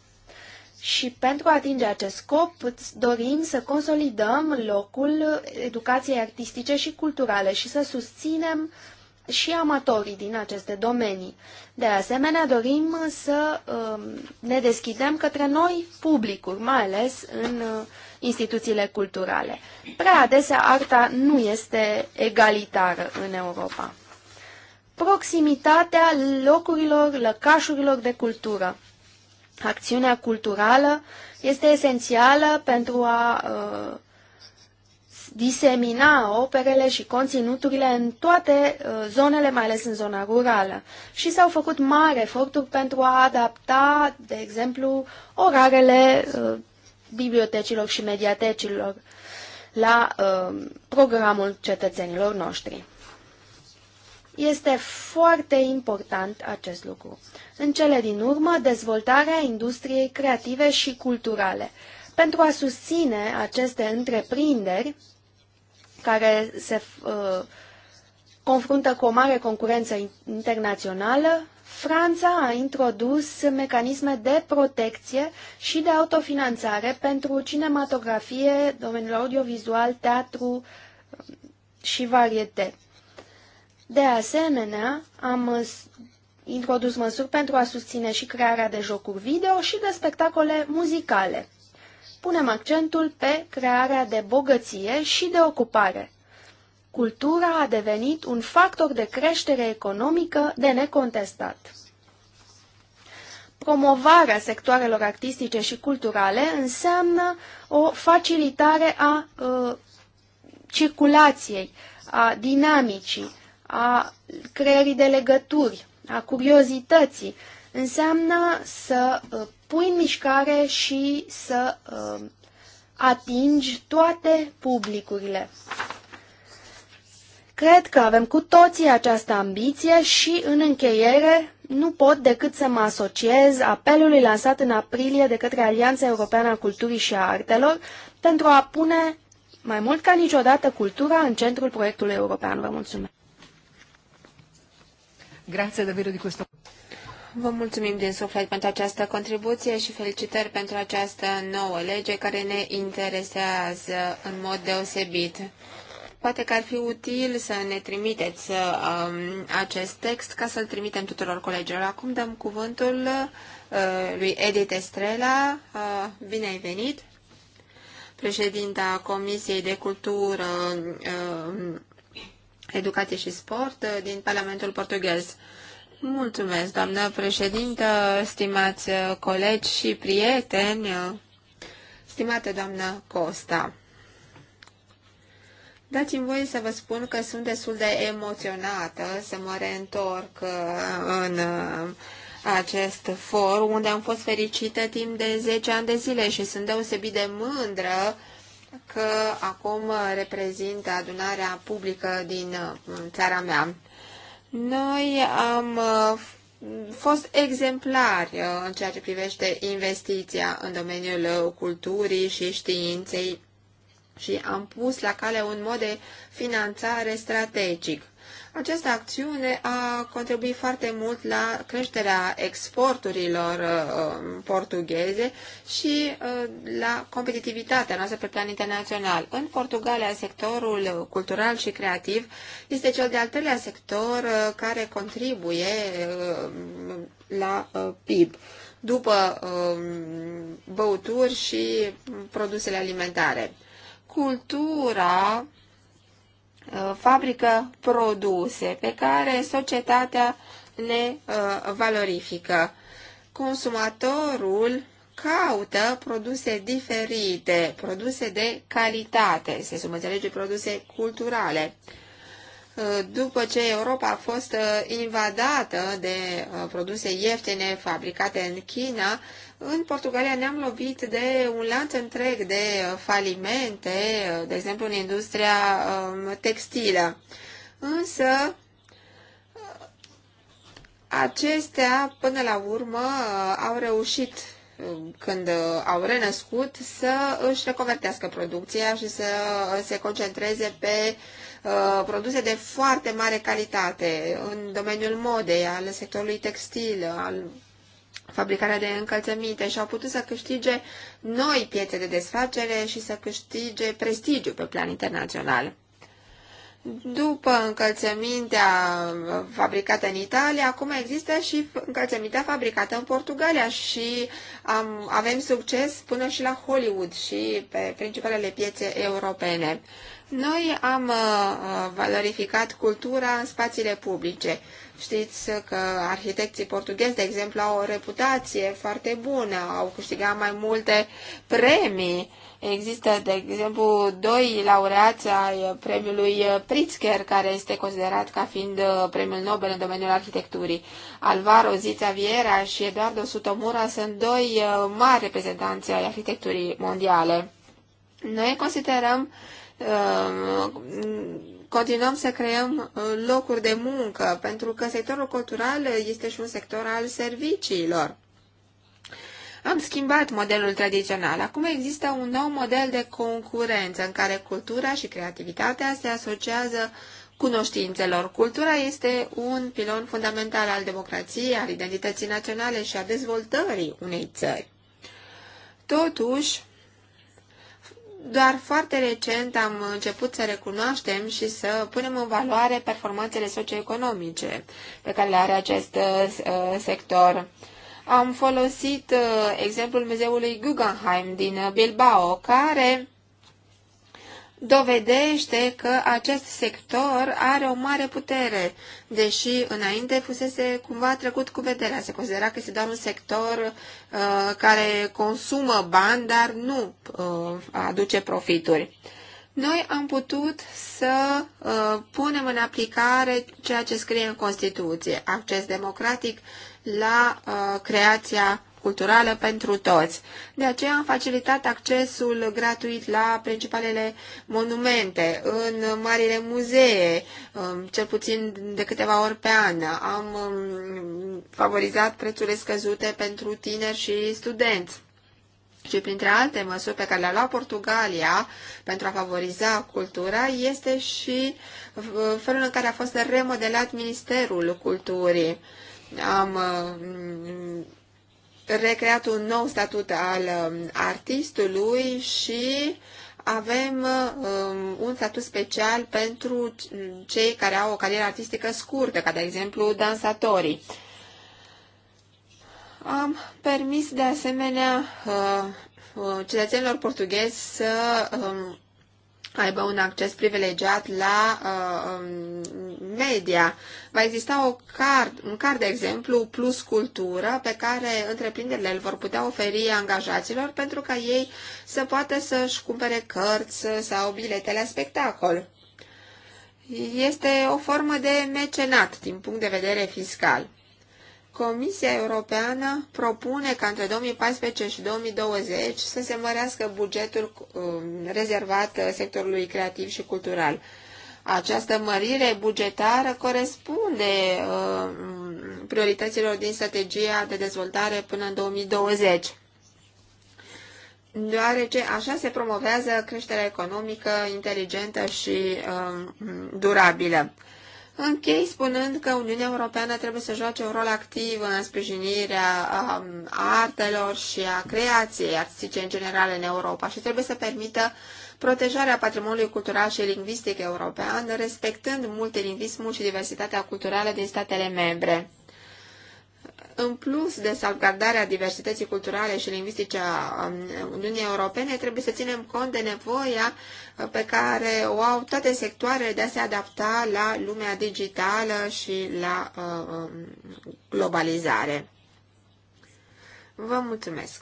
Și pentru a atinge acest scop, dorim să consolidăm locul educației artistice și culturale și să susținem și amatorii din aceste domenii. De asemenea, dorim să um, ne deschidem către noi publicuri, mai ales în uh, instituțiile culturale. Prea adesea arta nu este egalitară în Europa proximitatea locurilor, lăcașurilor de cultură. Acțiunea culturală este esențială pentru a uh, disemina operele și conținuturile în toate uh, zonele, mai ales în zona rurală. Și s-au făcut mari eforturi pentru a adapta, de exemplu, orarele uh, bibliotecilor și mediatecilor la uh, programul cetățenilor noștri. Este foarte important acest lucru. În cele din urmă, dezvoltarea industriei creative și culturale. Pentru a susține aceste întreprinderi care se uh, confruntă cu o mare concurență internațională, Franța a introdus mecanisme de protecție și de autofinanțare pentru cinematografie, domeniul audiovizual, teatru um, și varietate. De asemenea, am uh, introdus măsuri pentru a susține și crearea de jocuri video și de spectacole muzicale. Punem accentul pe crearea de bogăție și de ocupare. Cultura a devenit un factor de creștere economică de necontestat. Promovarea sectoarelor artistice și culturale înseamnă o facilitare a uh, circulației, a dinamicii, a creierii de legături, a curiozității. Înseamnă să uh, pui în mișcare și să uh, atingi toate publicurile. Cred că avem cu toții această ambiție și, în încheiere, nu pot decât să mă asociez apelului lansat în aprilie de către Alianța Europeană a Culturii și a Artelor pentru a pune mai mult ca niciodată cultura în centrul proiectului european. Vă mulțumesc! Grazie davvero di questo. Vă mulțumim din suflet pentru această contribuție și felicitări pentru această nouă lege care ne interesează în mod deosebit. Poate că ar fi util să ne trimiteți um, acest text ca să-l trimitem tuturor colegilor. Acum dăm cuvântul uh, lui Edith Estrela. Uh, bine ai venit! Președinta Comisiei de Cultură uh, Educație și Sport uh, din Parlamentul Portughez. Mulțumesc, doamnă președintă, stimați uh, colegi și prieteni, uh, stimată doamnă Costa. Dați-mi voie să vă spun că sunt destul de emoționată să mă reîntorc în acest for, unde am fost fericită timp de 10 ani de zile și sunt deosebit de mândră că acum reprezintă adunarea publică din uh, țara mea. Noi am uh, fost exemplari uh, în ceea ce privește investiția în domeniul culturii și științei și am pus la cale un mod de finanțare strategic. Această acțiune a contribuit foarte mult la creșterea exporturilor uh, um, portugheze și uh, la competitivitatea noastră pe plan internațional. În Portugalia, sectorul cultural și creativ este cel de-al treilea sector uh, care contribuie la PIB după um, băuturi și produsele alimentare. Cultura Uh, fabrică produse pe care societatea le uh, valorifică. Consumatorul caută produse diferite, produse de calitate, se subînțelege produse culturale. Uh, după ce Europa a fost invadată de produse ieftine fabricate în China, în Portugalia ne-am lovit de un lanț întreg de uh, falimente, uh, de exemplu în industria um, textilă. Însă, uh, acestea, până la urmă, au reușit când au renăscut, să își reconvertească producția și să se concentreze pe produse de foarte mare calitate în domeniul modei, al sectorului textil, al fabricarea de încălțăminte și au putut să câștige noi piețe de desfacere și să câștige prestigiu pe plan internațional. După încălțămintea fabricată în Italia, acum există și încălțămintea fabricată în Portugalia și am, avem succes până și la Hollywood și pe principalele piețe europene. Noi am uh, uh, valorificat cultura în spațiile publice. Știți că arhitecții portughezi, de exemplu, au o reputație foarte bună, au câștigat mai multe premii. Există, de exemplu, doi laureați ai premiului Pritzker, care este considerat ca fiind uh, premiul Nobel în domeniul arhitecturii. Alvaro Zita Viera și Eduardo Sutomura sunt doi mari reprezentanți ai arhitecturii mondiale. Noi considerăm Ehm, continuăm să creăm uh, locuri de muncă, pentru că sectorul cultural uh, este și un sector al serviciilor. Am schimbat modelul tradițional. Acum există un nou model de concurență în care cultura și creativitatea se asociază cunoștințelor. Cultura este un pilon fundamental al democrației, al identității naționale și a dezvoltării unei țări. Totuși, doar foarte recent am început să recunoaștem și să punem în valoare performanțele socioeconomice pe care le are acest uh, uh, sector. Am folosit uh, exemplul muzeului Guggenheim din Bilbao, care dovedește că acest sector are o mare putere, deși înainte fusese cumva trecut cu vederea. Se considera că este doar un sector uh, care consumă bani, dar nu uh, aduce profituri. Noi am putut să uh, punem în aplicare ceea ce scrie în Constituție, acces democratic la uh, creația culturală pentru toți. De aceea am facilitat accesul gratuit la principalele monumente, în marile muzee, um, cel puțin de câteva ori pe an. Am um, favorizat prețurile scăzute pentru tineri și studenți și printre alte măsuri pe care le-a luat Portugalia pentru a favoriza cultura este și uh, felul în care a fost remodelat Ministerul Culturii. Am uh, recreat un nou statut al um, artistului și avem um, un statut special pentru cei care au o carieră artistică scurtă, ca de exemplu dansatorii. Am permis de asemenea uh, uh cetățenilor portughezi să um, aibă un acces privilegiat la uh, um, media. Va exista o card, un card, de exemplu, plus cultură, pe care întreprinderile îl vor putea oferi angajaților pentru ca ei să poată să-și cumpere cărți sau bilete la spectacol. Este o formă de mecenat din punct de vedere fiscal. Comisia Europeană propune ca între 2014 și 2020 să se mărească bugetul um, rezervat uh, sectorului creativ și cultural. Această mărire bugetară corespunde uh, priorităților din strategia de dezvoltare până în 2020 deoarece așa se promovează creșterea economică inteligentă și um, durabilă. Închei spunând că Uniunea Europeană trebuie să joace un rol activ în sprijinirea um, artelor și a creației artistice în general în Europa și trebuie să permită protejarea patrimoniului cultural și lingvistic european, respectând multilingvismul și diversitatea culturală din statele membre în plus de salvgardarea diversității culturale și lingvistice a Uniunii Europene, trebuie să ținem cont de nevoia uh, pe care o au toate sectoarele de a se adapta la lumea digitală și la uh, um, globalizare. Vă mulțumesc!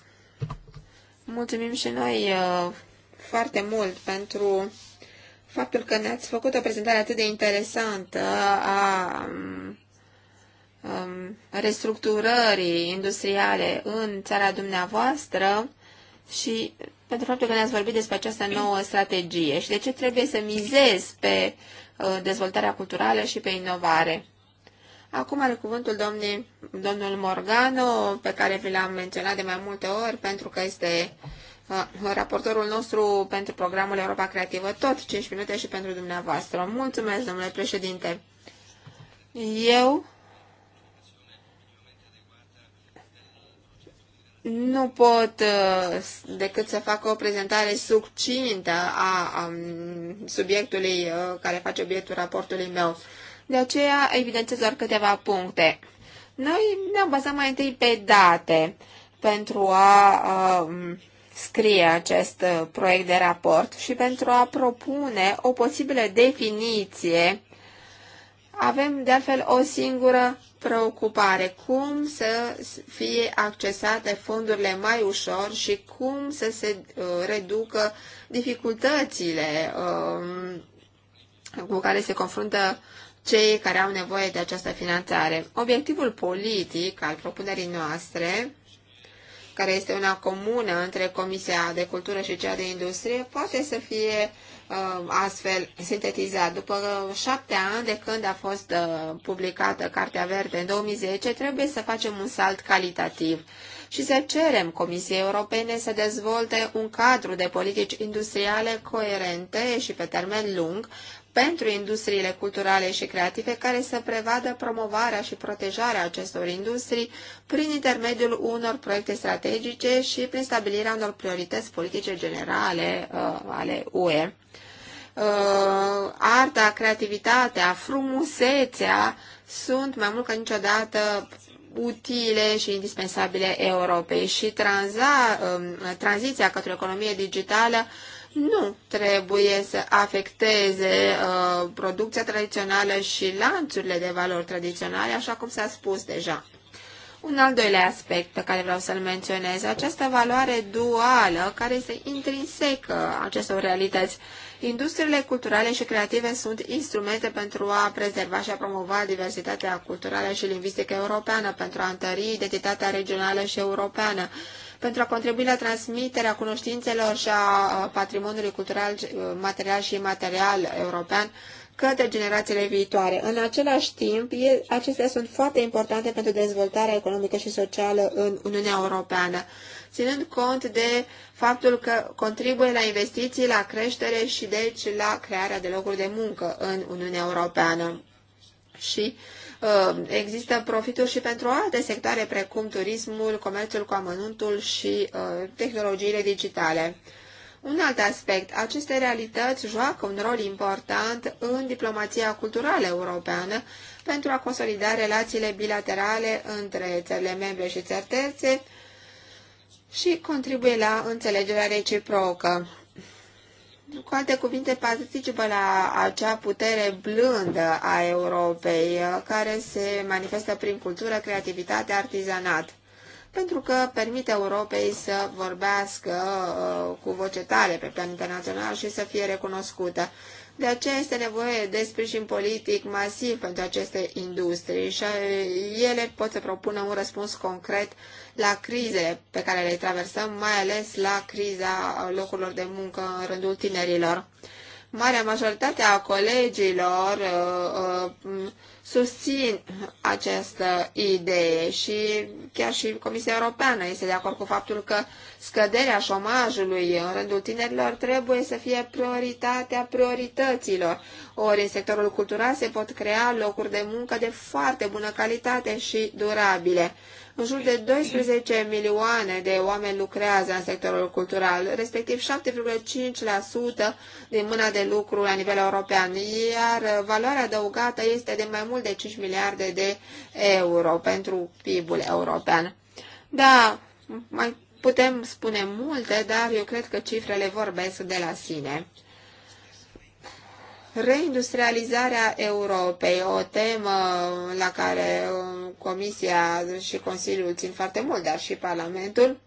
Mulțumim și noi uh, foarte mult pentru faptul că ne-ați făcut o prezentare atât de interesantă a Uh, Um, restructurării industriale în țara dumneavoastră și pentru faptul că ne-ați vorbit despre această nouă strategie și de ce trebuie să mizez pe uh, dezvoltarea culturală și pe inovare. Acum are cuvântul domni, domnul Morgano, pe care vi l-am menționat de mai multe ori, pentru că este uh, raportorul nostru pentru programul Europa Creativă, tot 5 minute și pentru dumneavoastră. Mulțumesc, domnule președinte. Eu nu pot uh, decât să fac o prezentare succintă a, um, subiectului uh, care face obiectul raportului meu. De aceea evidențez doar câteva puncte. Noi ne-am bazat mai întâi pe date pentru a, a um, scrie acest uh, proiect de raport și pentru a propune o posibilă definiție avem, de altfel, o singură preocupare, cum să fie accesate fondurile mai ușor și cum să se uh, reducă dificultățile um, cu care se confruntă cei care au nevoie de această finanțare. Obiectivul politic al propunerii noastre, care este una comună între Comisia de Cultură și cea de Industrie, poate să fie uh, Uh, astfel sintetizat. După șapte ani de când a fost uh, publicată Cartea Verde în 2010, trebuie să facem un salt calitativ și să cerem Comisiei Europene să dezvolte un cadru de politici industriale coerente și pe termen lung pentru industriile culturale și creative care să prevadă promovarea și protejarea acestor industrii prin intermediul unor proiecte strategice și prin stabilirea unor priorități politice generale uh, ale UE Uh, arta, creativitatea, frumusețea sunt mai mult ca niciodată utile și indispensabile Europei și tranza, um, tranziția către economie digitală nu trebuie să afecteze uh, producția tradițională și lanțurile de valori tradiționale, așa cum s-a spus deja. Un al doilea aspect pe care vreau să-l menționez, această valoare duală care este intrinsecă acestor realități Industriile culturale și creative sunt instrumente pentru a prezerva și a promova diversitatea culturală și lingvistică europeană, pentru a întări identitatea regională și europeană, pentru a contribui la transmiterea cunoștințelor și a patrimoniului cultural, material și imaterial european către generațiile viitoare. În același timp, acestea sunt foarte importante pentru dezvoltarea economică și socială în Uniunea Europeană ținând cont de faptul că contribuie la investiții, la creștere și deci la crearea de locuri de muncă în Uniunea Europeană. Și uh, există profituri și pentru alte sectoare precum turismul, comerțul cu amănuntul și uh, tehnologiile digitale. Un alt aspect, aceste realități joacă un rol important în diplomația culturală europeană pentru a consolida relațiile bilaterale între țările membre și țări terțe, și contribuie la înțelegerea reciprocă. Cu alte cuvinte, participă la acea putere blândă a Europei, care se manifestă prin cultură, creativitate, artizanat, pentru că permite Europei să vorbească uh, cu voce tare pe plan internațional și să fie recunoscută. De aceea este nevoie de sprijin politic masiv pentru aceste industrii și uh, ele pot să propună un răspuns concret uh, la crize pe care le traversăm, mai ales la criza locurilor de muncă în rândul tinerilor. Marea majoritate a colegilor uh, uh, susțin această idee și chiar și Comisia Europeană este de acord cu faptul că scăderea șomajului în rândul tinerilor trebuie să fie prioritatea priorităților. Ori în sectorul cultural se pot crea locuri de muncă de foarte bună calitate și durabile. În jur de 12 milioane de oameni lucrează în sectorul cultural, respectiv 7,5% din mâna de lucru la nivel european, iar valoarea adăugată este de mai mult de 5 miliarde de euro pentru PIB-ul european. Da, mai putem spune multe, dar eu cred că cifrele vorbesc de la sine. Reindustrializarea Europei, o temă la care um, Comisia și Consiliul țin foarte mult, dar și Parlamentul,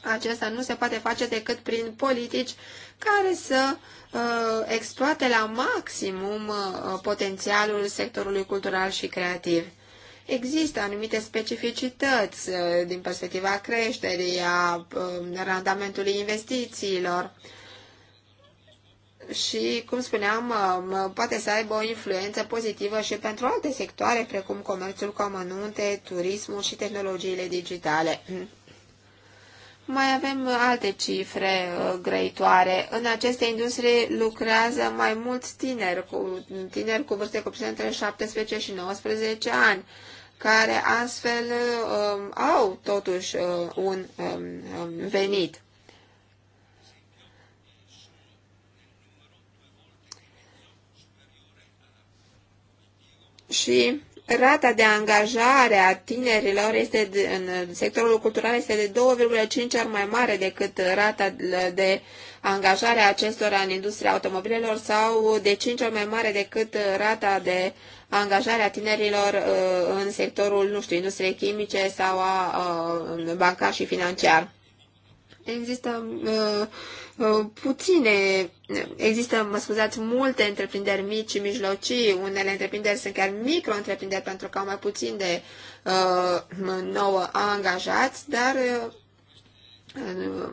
acesta nu se poate face decât prin politici care să uh, exploate la maximum uh, potențialul sectorului cultural și creativ. Există anumite specificități uh, din perspectiva creșterii, a uh, randamentului investițiilor, uh, și, cum spuneam, um, um, poate să aibă o influență pozitivă și pentru alte sectoare, precum comerțul cu amănunte, turismul și tehnologiile digitale. Mai avem alte cifre uh, grăitoare. În aceste industrie lucrează mai mulți tineri, cu, tineri cu vârste cuprinse între 17 și 19 ani, care astfel um, au totuși um, un um, um venit. și rata de angajare a tinerilor este de, în sectorul cultural este de 2,5 ori mai mare decât rata de angajare a acestora în industria automobilelor sau de 5 ori mai mare decât rata de angajare a tinerilor uh, în sectorul, nu știu, industriei chimice sau a, a uh, bancar și financiar. Există uh, Uh, puține, există, mă scuzați, multe întreprinderi mici și mijlocii, unele întreprinderi sunt chiar micro-întreprinderi pentru că au mai puțin de uh, nouă angajați, dar uh,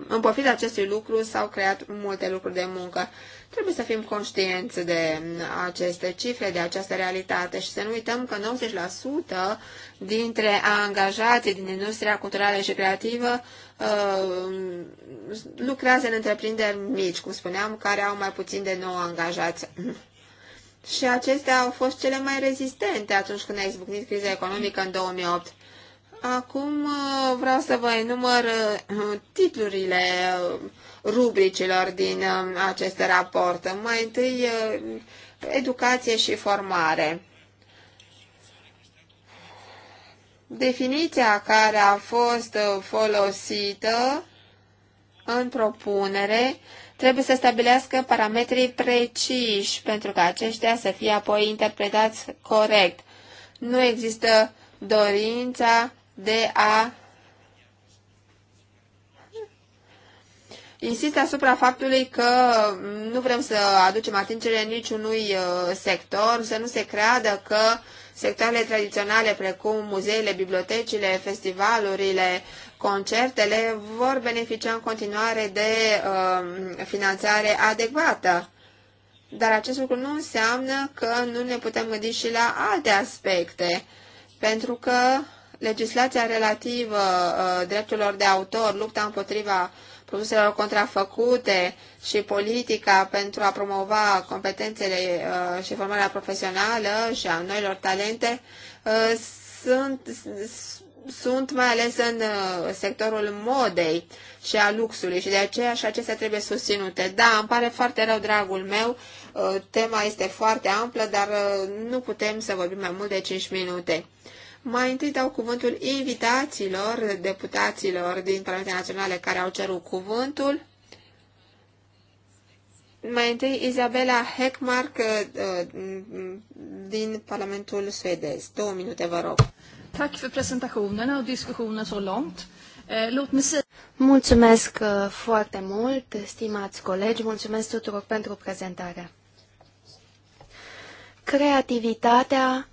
în pofida acestui lucru s-au creat multe lucruri de muncă. Trebuie să fim conștienți de aceste cifre, de această realitate și să nu uităm că 90% dintre angajații din industria culturală și creativă Uh, lucrează în întreprinderi mici, cum spuneam, care au mai puțin de 9 angajați. [LAUGHS] Și acestea au fost cele mai rezistente atunci când a izbucnit criza economică în 2008. Acum uh, vreau să vă enumăr uh, titlurile rubricilor din acest raport. Mai întâi educație și formare. Definiția care a fost uh, folosită în propunere trebuie să stabilească parametrii preciși pentru ca aceștia să fie apoi interpretați corect. Nu există dorința de a Insist asupra faptului că nu vrem să aducem atingere niciunui uh, sector, să nu se creadă că Sectoarele tradiționale precum muzeele, bibliotecile, festivalurile, concertele vor beneficia în continuare de uh, finanțare adecvată. Dar acest lucru nu înseamnă că nu ne putem gândi și la alte aspecte, pentru că legislația relativă uh, drepturilor de autor, lupta împotriva produselor contrafăcute și politica pentru a promova competențele uh, și formarea profesională și a noilor talente uh, sunt, sunt mai ales în uh, sectorul modei și a luxului și de aceea și acestea trebuie susținute. Da, îmi pare foarte rău, dragul meu, tema este foarte amplă, dar nu putem să vorbim mai mult de 5 minute. Mai întâi dau cuvântul invitațiilor, deputaților din Parlamentele Naționale care au cerut cuvântul. Mai întâi Izabela Heckmark uh, din Parlamentul suedez. Două minute, vă rog. Tack för och diskussionen så långt. Eh, mulțumesc uh, foarte mult, stimați colegi, mulțumesc tuturor pentru prezentare. Creativitatea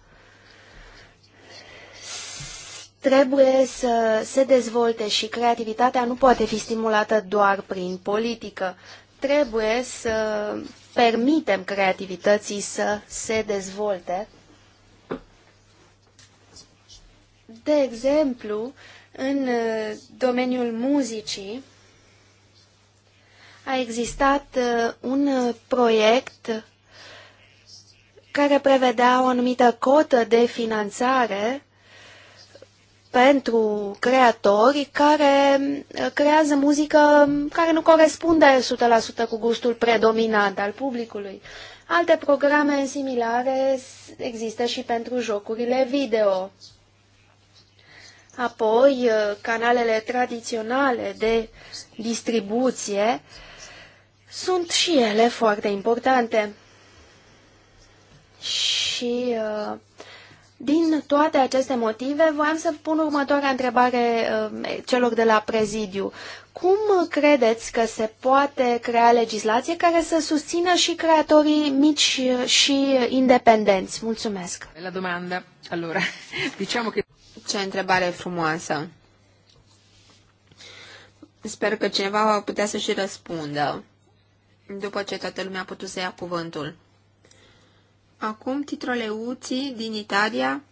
trebuie să se dezvolte și creativitatea nu poate fi stimulată doar prin politică. Trebuie să permitem creativității să se dezvolte. De exemplu, în uh, domeniul muzicii a existat uh, un uh, proiect care prevedea o anumită cotă de finanțare pentru creatori care uh, creează muzică care nu corespunde 100% cu gustul predominant al publicului. Alte programe similare există și pentru jocurile video. Apoi, uh, canalele tradiționale de distribuție sunt și ele foarte importante. Și uh, din toate aceste motive, voiam să pun următoarea întrebare uh, celor de la prezidiu. Cum credeți că se poate crea legislație care să susțină și creatorii mici și independenți? Mulțumesc! La domanda, allora, [LAUGHS] diciamo că. Ce întrebare frumoasă! Sper că cineva va putea să și răspundă după ce toată lumea a putut să ia cuvântul. Acum titroleuții din Italia,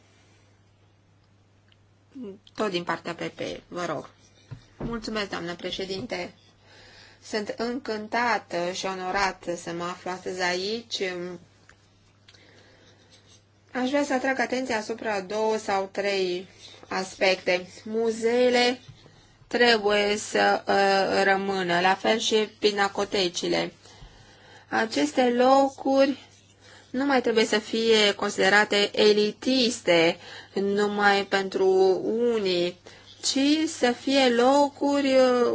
tot din partea PP, vă rog. Mulțumesc, doamnă președinte. Sunt încântată și onorată să mă aflu astăzi aici. Aș vrea să atrag atenția asupra două sau trei aspecte. Muzeele trebuie să uh, rămână, la fel și pinacotecile. Aceste locuri nu mai trebuie să fie considerate elitiste numai pentru unii, ci să fie locuri uh,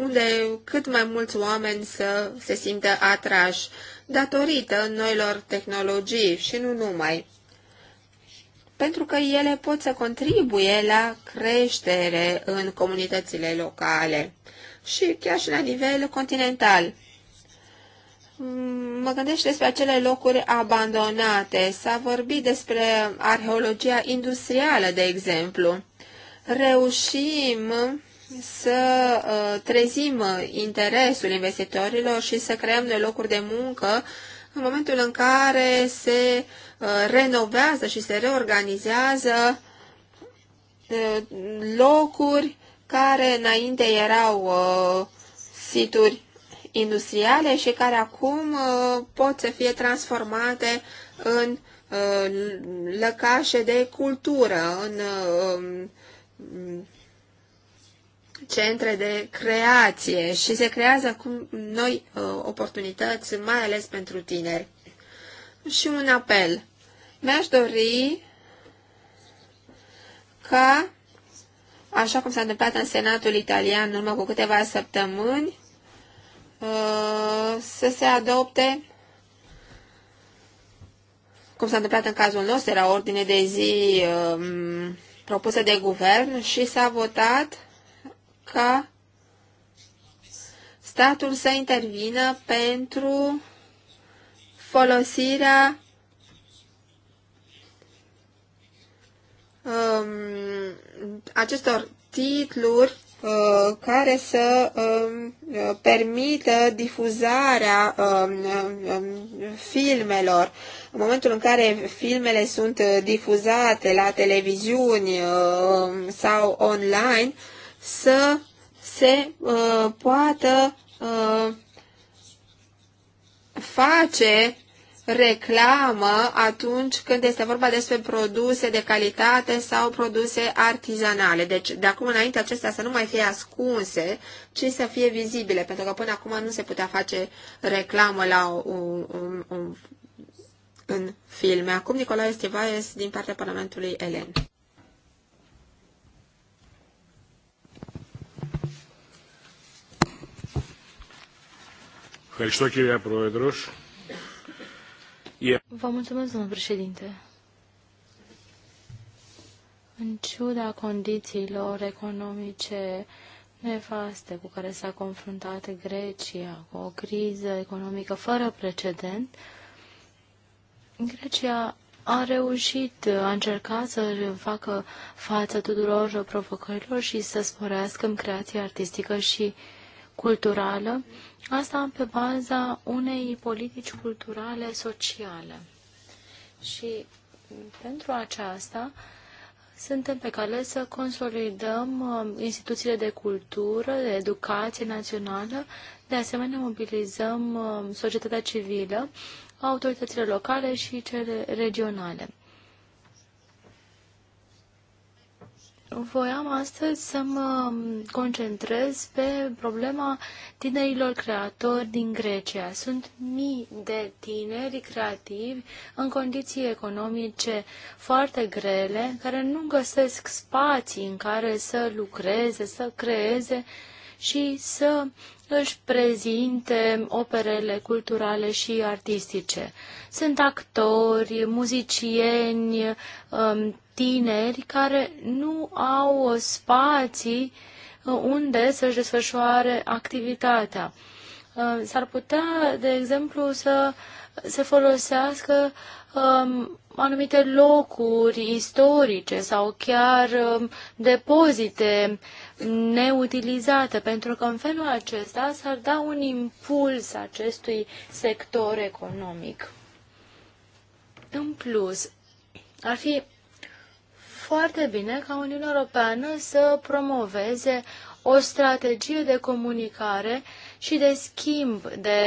unde cât mai mulți oameni să se simtă atrași datorită noilor tehnologii și nu numai. Pentru că ele pot să contribuie la creștere în comunitățile locale și chiar și la nivel continental. Mm, mă gândesc despre acele locuri abandonate. S-a vorbit despre arheologia industrială, de exemplu. Reușim să uh, trezim interesul investitorilor și să creăm noi locuri de muncă în momentul în care se uh, renovează și se reorganizează uh, locuri care înainte erau situri industriale și care acum uh, pot să fie transformate în uh, lăcașe de cultură, în uh, um, centre de creație și se creează acum noi oportunități, mai ales pentru tineri. Și un apel. Mi-aș dori ca, așa cum s-a întâmplat în Senatul Italian în urmă cu câteva săptămâni, Uh, să se adopte cum s-a întâmplat în cazul nostru, era ordine de zi um, propusă de guvern și s-a votat ca statul să intervină pentru folosirea um, acestor titluri Uh, care să um, uh, permită difuzarea um, um, filmelor. În momentul în care filmele sunt uh, difuzate la televiziuni sau online, să se poată face reclamă atunci când este vorba despre produse de calitate sau produse artizanale. Deci, de acum înainte, acestea să nu mai fie ascunse, ci să fie vizibile, pentru că până acum nu se putea face reclamă la un, un, un, în filme. Acum Nicolae Stivaes din partea Parlamentului Elen. Mulțumesc, κύριε președinte. E... Vă mulțumesc, domnul președinte. În ciuda condițiilor economice nefaste cu care s-a confruntat Grecia, cu o criză economică fără precedent, Grecia a reușit, a încercat să facă față tuturor provocărilor și să sporească în creația artistică și culturală Asta pe baza unei politici culturale sociale. Și pentru aceasta suntem pe cale să consolidăm uh, instituțiile de cultură, de educație națională, de asemenea mobilizăm uh, societatea civilă, autoritățile locale și cele regionale. Voiam astăzi să mă concentrez pe problema tinerilor creatori din Grecia. Sunt mii de tineri creativi în condiții economice foarte grele, care nu găsesc spații în care să lucreze, să creeze și să își prezinte operele culturale și artistice. Sunt actori, muzicieni, um, tineri care nu au spații uh, unde să-și desfășoare activitatea. Uh, s-ar putea, de exemplu, să se folosească um, anumite locuri istorice sau chiar um, depozite neutilizate, pentru că în felul acesta s-ar da un impuls acestui sector economic. În plus, ar fi foarte bine ca Uniunea Europeană să promoveze o strategie de comunicare și de schimb de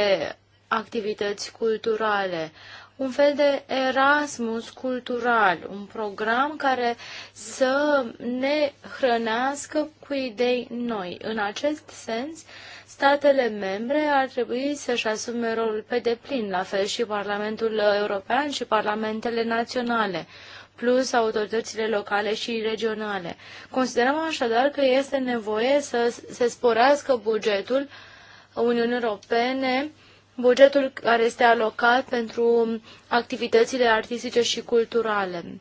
activități culturale, un fel de Erasmus cultural, un program care să ne hrănească cu idei noi. În acest sens, statele membre ar trebui să-și asume rolul pe deplin, la fel și Parlamentul European și Parlamentele naționale plus autoritățile locale și regionale. Considerăm așadar că este nevoie să se sporească bugetul Uniunii Europene, bugetul care este alocat pentru activitățile artistice și culturale.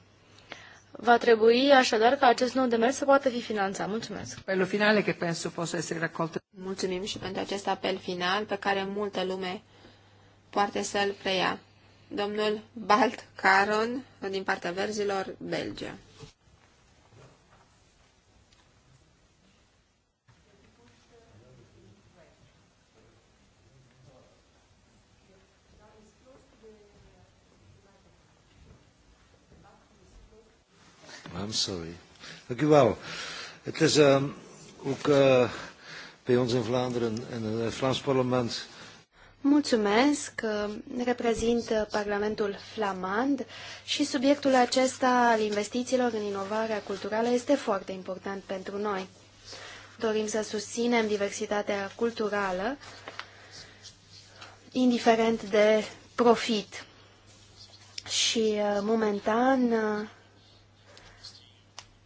Va trebui așadar ca acest nou demers să poată fi finanțat. Mulțumesc. Apelul final, că penso poate essere raccolto. Mulțumim și pentru acest apel final pe care multă lume poate să-l preia domnul Balt Caron din partea verzilor, Belgia. I'm sorry. Dank u wel. Het is um, ook uh, bij ons in Vlaanderen, eh, in het Vlaams parlement, Mulțumesc, uh, reprezint uh, Parlamentul Flamand și subiectul acesta al investițiilor în inovarea culturală este foarte important pentru noi. Dorim să susținem diversitatea culturală, indiferent de profit. Și uh, momentan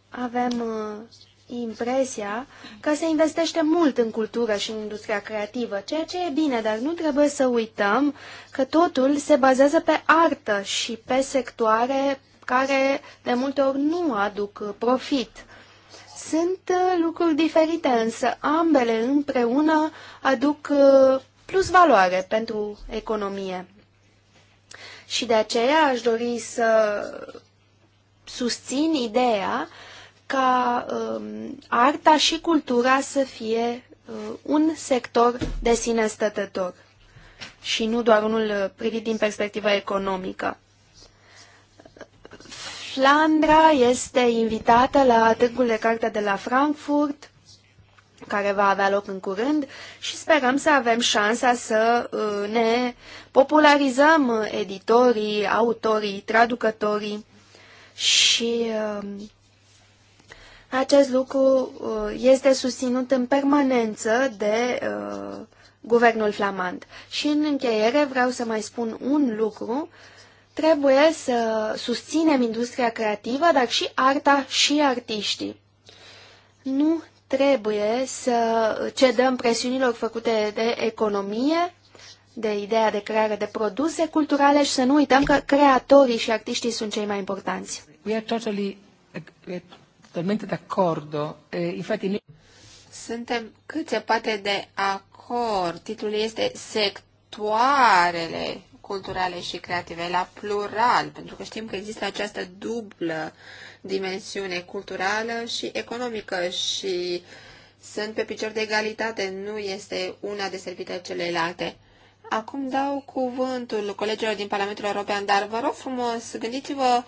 avem impresia că se investește mult în cultură și în industria creativă, ceea ce e bine, dar nu trebuie să uităm că totul se bazează pe artă și pe sectoare care de multe ori nu aduc profit. Sunt uh, lucruri diferite, însă ambele împreună aduc uh, plus valoare pentru economie. Și de aceea aș dori să susțin ideea ca uh, arta și cultura să fie uh, un sector de sine stătător și nu doar unul uh, privit din perspectiva economică. Flandra este invitată la Târgul de Carte de la Frankfurt, care va avea loc în curând și sperăm să avem șansa să uh, ne popularizăm editorii, autorii, traducătorii și um, acest lucru uh, este susținut în permanență de uh, guvernul flamand. Și în încheiere vreau să mai spun un lucru. Trebuie să susținem industria creativă, dar și arta și artiștii. Nu trebuie să cedăm presiunilor făcute de economie, de ideea de creare de produse culturale și să nu uităm că creatorii și artiștii sunt cei mai importanți. We are totally, totalmente d'accordo. infatti Suntem cât se poate de acord. Titlul este sectoarele culturale și creative, la plural, pentru că știm că există această dublă dimensiune culturală și economică și sunt pe picior de egalitate, nu este una deservită celelalte. Acum dau cuvântul colegilor din Parlamentul European, dar vă rog frumos, gândiți-vă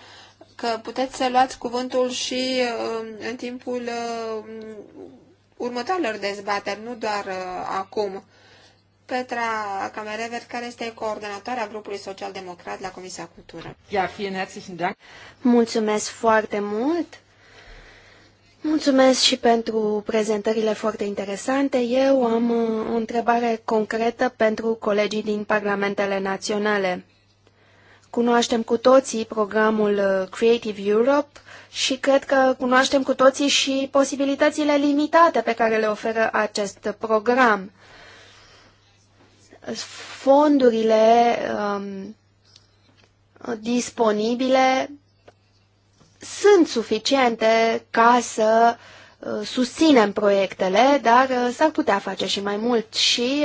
că puteți să luați cuvântul și uh, în timpul uh, următoarelor dezbateri, nu doar uh, acum. Petra Camerever, care este coordonatoarea grupului social-democrat la Comisia Cultură. Ja, vielen herzlichen Dank. Mulțumesc foarte mult. Mulțumesc și pentru prezentările foarte interesante. Eu am o întrebare concretă pentru colegii din Parlamentele Naționale. Cunoaștem cu toții programul uh, Creative Europe și cred că cunoaștem cu toții și posibilitățile limitate pe care le oferă acest program. Fondurile um, disponibile sunt suficiente ca să uh, susținem proiectele, dar uh, s-ar putea face și mai mult și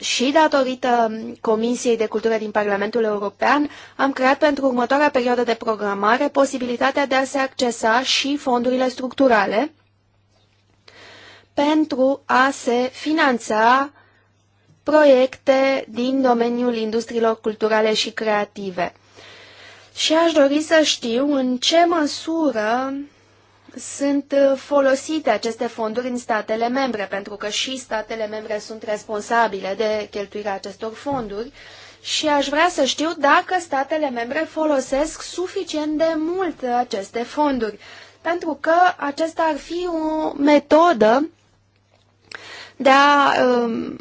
și datorită Comisiei de Cultură din Parlamentul European, am creat pentru următoarea perioadă de programare posibilitatea de a se accesa și fondurile structurale pentru a se finanța proiecte din domeniul industriilor culturale și creative. Și aș dori să știu în ce măsură sunt uh, folosite aceste fonduri în statele membre, pentru că și statele membre sunt responsabile de cheltuirea acestor fonduri și aș vrea să știu dacă statele membre folosesc suficient de mult aceste fonduri, pentru că acesta ar fi o metodă de a um,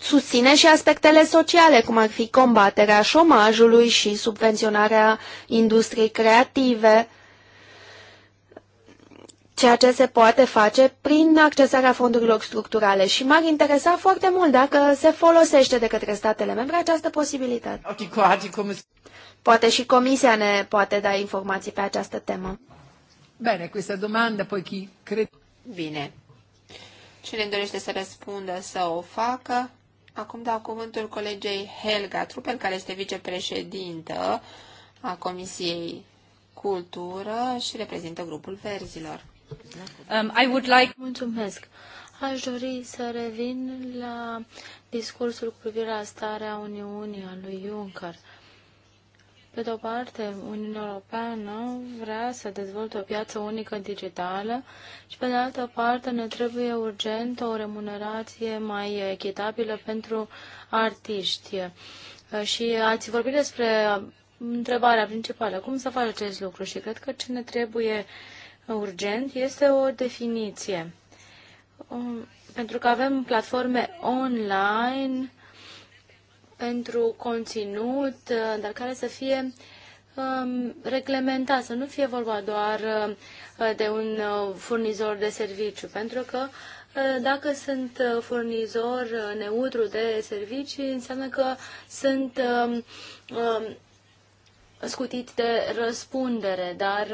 susține și aspectele sociale, cum ar fi combaterea șomajului și subvenționarea industriei creative, ceea ce se poate face prin accesarea fondurilor structurale și m-ar interesa foarte mult dacă se folosește de către statele membre această posibilitate. Poate și Comisia ne poate da informații pe această temă. Bine, această domandă, poi chi crede... Bine. Cine dorește să răspundă să o facă? Acum dau cuvântul colegei Helga Trupel, care este vicepreședintă a Comisiei Cultură și reprezintă grupul verzilor. Um, Mulțumesc. Aș dori să revin la discursul cu privire la starea Uniunii a lui Juncker. Pe de o parte, Uniunea Europeană vrea să dezvolte o piață unică digitală și, pe de altă parte, ne trebuie urgent o remunerație mai echitabilă pentru artiști. Și ați vorbit despre întrebarea principală, cum să faci acest lucru și cred că ce ne trebuie urgent este o definiție. Um, pentru că avem platforme online pentru conținut, uh, dar care să fie um, reglementat, să nu fie vorba doar uh, de un uh, furnizor de serviciu, pentru că dacă sunt furnizor neutru de servicii, înseamnă că sunt um, scutit de răspundere, dar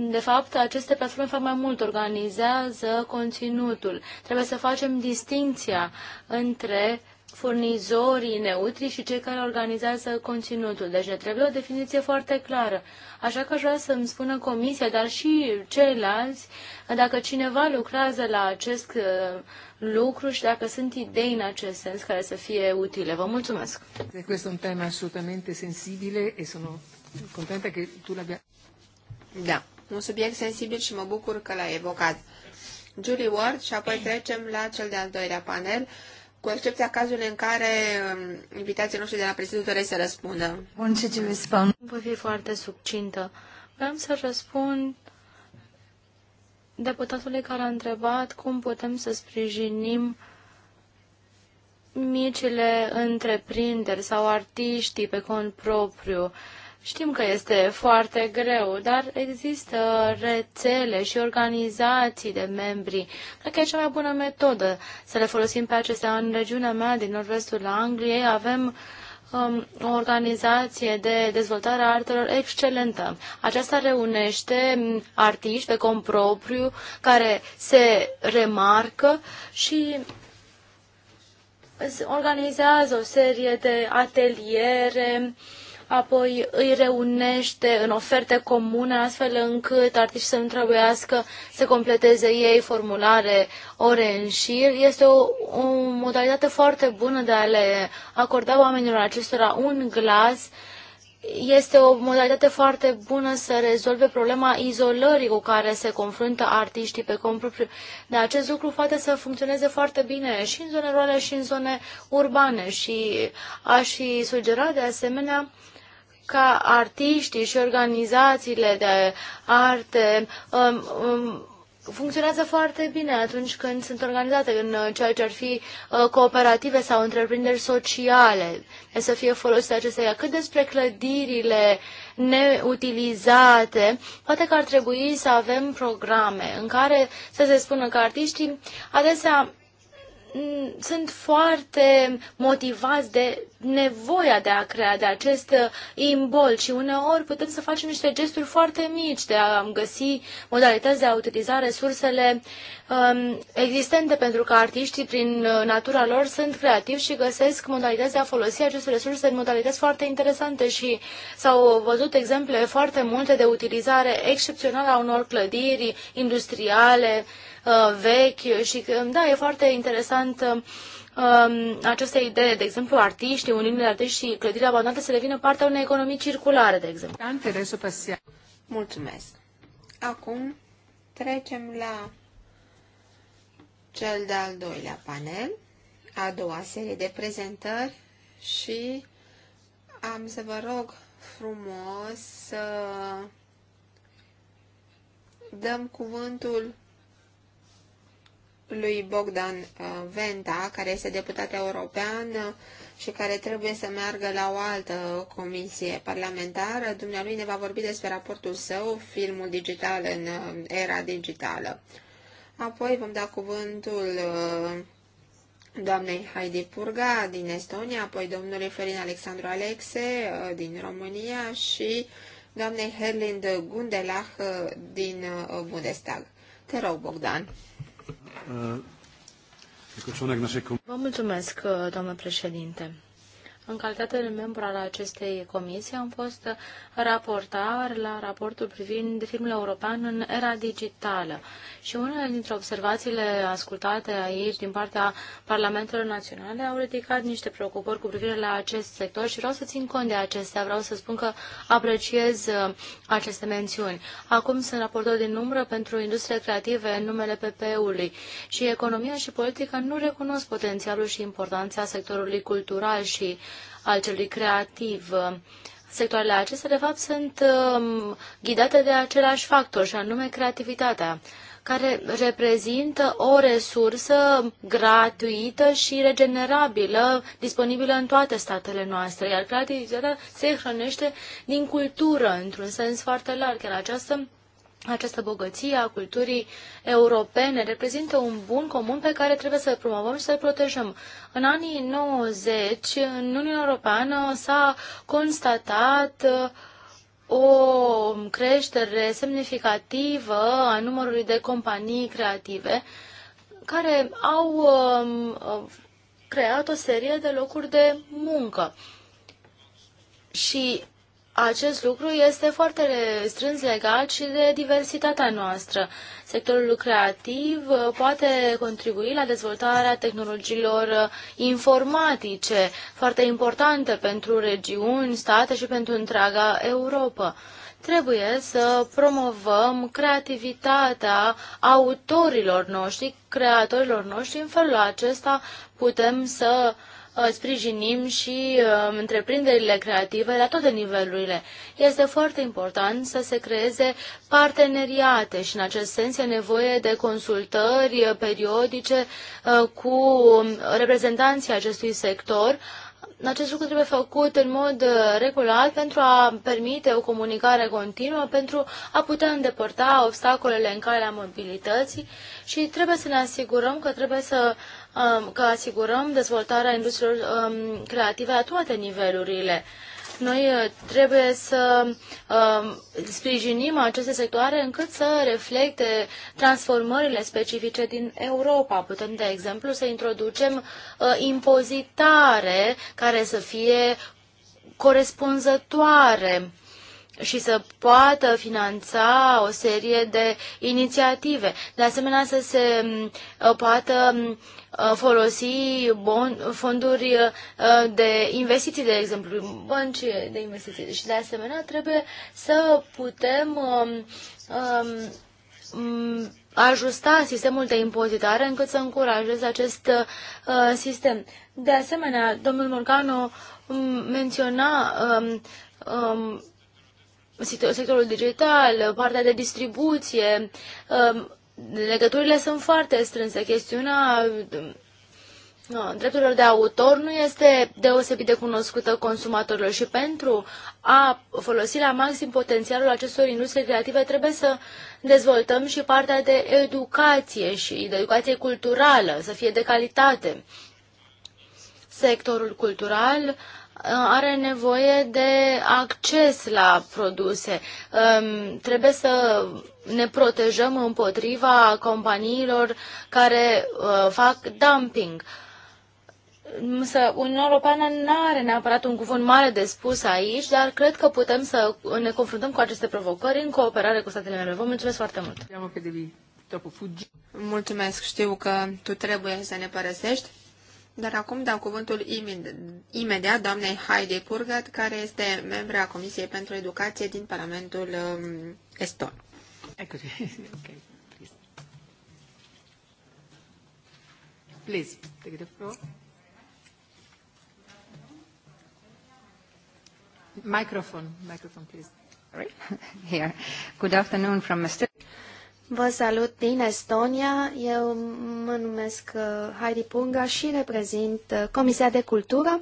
de fapt, aceste platforme fac mai mult, organizează conținutul. Trebuie să facem distinția între furnizorii neutri și cei care organizează conținutul. Deci ne trebuie o definiție foarte clară. Așa că aș vrea să-mi spună comisia, dar și ceilalți, dacă cineva lucrează la acest uh, lucru și dacă sunt idei în acest sens care să fie utile. Vă mulțumesc! Este un tema absolutamente sensibil și sunt contentă că tu l-ai. Da, un subiect sensibil și mă bucur că l-ai evocat. Julie Ward și apoi trecem la cel de-al doilea panel, cu excepția cazului în care um, invitații noștri de la prezidiu doresc să răspundă. Bun, ce ce răspund? Voi fi foarte subcintă. Vreau să răspund deputatului care a întrebat cum putem să sprijinim micile întreprinderi sau artiștii pe cont propriu. Uh, Știm că este foarte greu, dar există rețele și organizații de membri. Cred că e cea mai bună metodă să le folosim pe acestea. În regiunea mea din nord-vestul Angliei avem um, o organizație de dezvoltare a artelor excelentă. Aceasta reunește um, artiști pe propriu care se remarcă și organizează o serie de ateliere uh, apoi îi reunește în oferte comune, astfel încât artiștii să nu trebuiască să completeze ei formulare ore în șir. Este o, o modalitate foarte bună de a le acorda oamenilor acestora un glas. Este o modalitate foarte bună să rezolve problema izolării cu care se confruntă artiștii pe propriu. Dar acest lucru poate să funcționeze foarte bine și în zone rurale și în zone urbane. Și aș fi sugera de asemenea ca artiștii și organizațiile de arte um, um, funcționează foarte bine atunci când sunt organizate în ceea ce ar fi uh, cooperative sau întreprinderi sociale, să fie folosite acestea. Cât despre clădirile neutilizate, poate că ar trebui să avem programe în care să se spună că artiștii adesea sunt foarte motivați de nevoia de a crea, de acest uh, imbol și uneori putem să facem niște gesturi foarte mici de a găsi modalități de a utiliza resursele um, existente pentru că artiștii prin uh, natura lor sunt creativi și găsesc modalități de a folosi aceste resurse în modalități foarte interesante și s-au văzut exemple foarte multe de utilizare excepțională a unor clădiri industriale, Uh, vechi și da, e foarte interesant um, um, aceste idee, de exemplu, artiști, unii de artiști și clădirile abandonate să devină partea unei economii circulare, de exemplu. Mulțumesc. Acum trecem la cel de-al doilea panel, a doua serie de prezentări și am să vă rog frumos să dăm cuvântul lui Bogdan uh, Venta, care este deputat european uh, și care trebuie să meargă la o altă comisie parlamentară. Dumnealui ne va vorbi despre raportul său, filmul digital în uh, era digitală. Apoi vom da cuvântul doamnei Heidi Purga din Estonia, apoi domnului Florin Alexandru Alexe din România și doamnei Herlind Gundelach din Bundestag. Te rog, Bogdan. Vă mulțumesc, doamnă președinte. În calitate de membru al acestei comisii am fost raportar la raportul privind filmul european în era digitală și unele dintre observațiile ascultate aici din partea Parlamentelor Naționale au ridicat niște preocupări cu privire la acest sector și vreau să țin cont de acestea. Vreau să spun că apreciez uh, aceste mențiuni. Acum sunt raportor din umbră pentru industrie creative în numele PP-ului și economia și politica nu recunosc potențialul și importanța sectorului cultural și al celui creativ. Sectoarele acestea, de fapt, sunt um, ghidate de același factor, și anume creativitatea care reprezintă o resursă gratuită și regenerabilă, disponibilă în toate statele noastre, iar creativitatea se hrănește din cultură, într-un sens foarte larg, iar această această bogăție a culturii europene reprezintă un bun comun pe care trebuie să-l promovăm și să-l protejăm. În anii 90, în Uniunea Europeană s-a constatat uh, o creștere semnificativă a numărului de companii creative care au um, uh, creat o serie de locuri de muncă. Și acest lucru este foarte strâns legat și de diversitatea noastră. Sectorul creativ uh, poate contribui la dezvoltarea tehnologiilor uh, informatice, foarte importante pentru regiuni, state și pentru întreaga Europa. Trebuie să promovăm creativitatea autorilor noștri, creatorilor noștri. În felul acesta putem să uh, Uh, sprijinim și uh, întreprinderile creative la toate nivelurile. Este foarte important să se creeze parteneriate și în acest sens e nevoie de consultări periodice uh, cu reprezentanții acestui sector, acest lucru trebuie făcut în mod regulat pentru a permite o comunicare continuă, pentru a putea îndepărta obstacolele în calea mobilității și trebuie să ne asigurăm că trebuie să Um, că asigurăm dezvoltarea industriilor um, creative la toate nivelurile. Noi uh, trebuie să um, sprijinim aceste sectoare încât să reflecte transformările specifice din Europa. Putem, de exemplu, să introducem uh, impozitare care să fie corespunzătoare și să poată finanța o serie de inițiative. De asemenea, să se uh, poată uh, folosi bon, fonduri uh, de investiții, de exemplu, bănci de investiții. Și de asemenea, trebuie să putem um, um, ajusta sistemul de impozitare încât să încurajeze acest uh, sistem. De asemenea, domnul Morgano menționa um, um, sectorul digital, partea de distribuție, um, legăturile sunt foarte strânse. Chestiunea um, drepturilor de autor nu este deosebit de cunoscută consumatorilor și pentru a folosi la maxim potențialul acestor industrie creative trebuie să dezvoltăm și partea de educație și de educație culturală, să fie de calitate. Sectorul cultural Uh, are nevoie de acces la produse. Um, trebuie să ne protejăm împotriva companiilor care uh, fac dumping. Însă Uniunea Europeană nu are neapărat un cuvânt mare de spus aici, dar cred că putem să ne confruntăm cu aceste provocări în cooperare cu statele membre. Vă mulțumesc foarte mult! Mulțumesc! Știu că tu trebuie să ne părăsești. Dar acum dau cuvântul imediat doamnei Heidi Purgat, care este membra Comisiei pentru Educație din Parlamentul um, Eston. Okay. Please, take the floor. Microphone, microphone, please. Right. [LAUGHS] Here. Good afternoon from Estonia. Vă salut din Estonia. Eu mă numesc uh, Heidi Punga și reprezint uh, Comisia de Cultură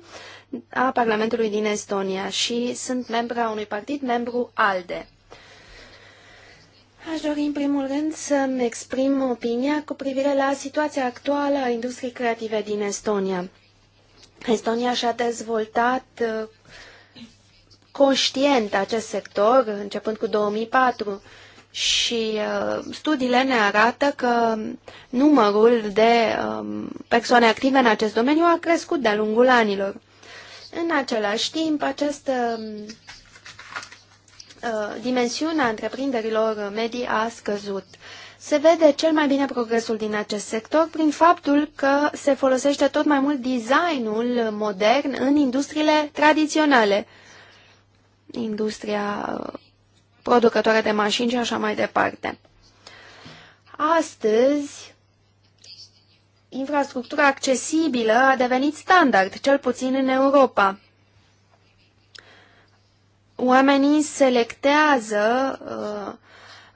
a Parlamentului din Estonia și sunt membra unui partid, membru ALDE. Aș dori în primul rând să-mi exprim opinia cu privire la situația actuală a industriei creative din Estonia. Estonia și-a dezvoltat uh, conștient acest sector începând cu 2004 și uh, studiile ne arată că numărul de um, persoane active în acest domeniu a crescut de-a lungul anilor. În același timp, această um, uh, dimensiunea întreprinderilor medii a scăzut. Se vede cel mai bine progresul din acest sector prin faptul că se folosește tot mai mult designul modern în industriile tradiționale. Industria uh, producătoare de mașini și așa mai departe. Astăzi, infrastructura accesibilă a devenit standard, cel puțin în Europa. Oamenii selectează uh,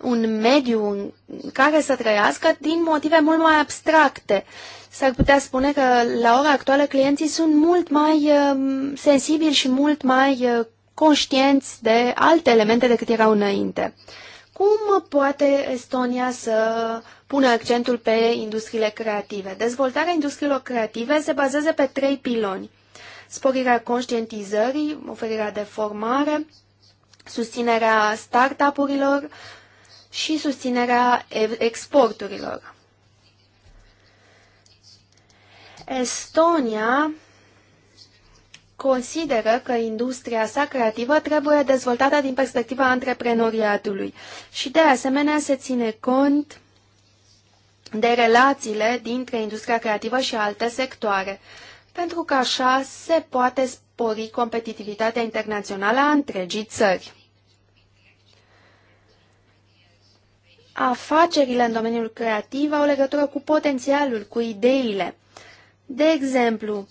un mediu în care să trăiască din motive mult mai abstracte. S-ar putea spune că la ora actuală clienții sunt mult mai uh, sensibili și mult mai uh, conștienți de alte elemente decât erau înainte. Cum poate Estonia să pună accentul pe industriile creative? Dezvoltarea industriilor creative se bazează pe trei piloni. Sporirea conștientizării, oferirea de formare, susținerea startup-urilor și susținerea exporturilor. Estonia consideră că industria sa creativă trebuie dezvoltată din perspectiva antreprenoriatului și de asemenea se ține cont de relațiile dintre industria creativă și alte sectoare, pentru că așa se poate spori competitivitatea internațională a întregii țări. Afacerile în domeniul creativ au legătură cu potențialul, cu ideile. De exemplu,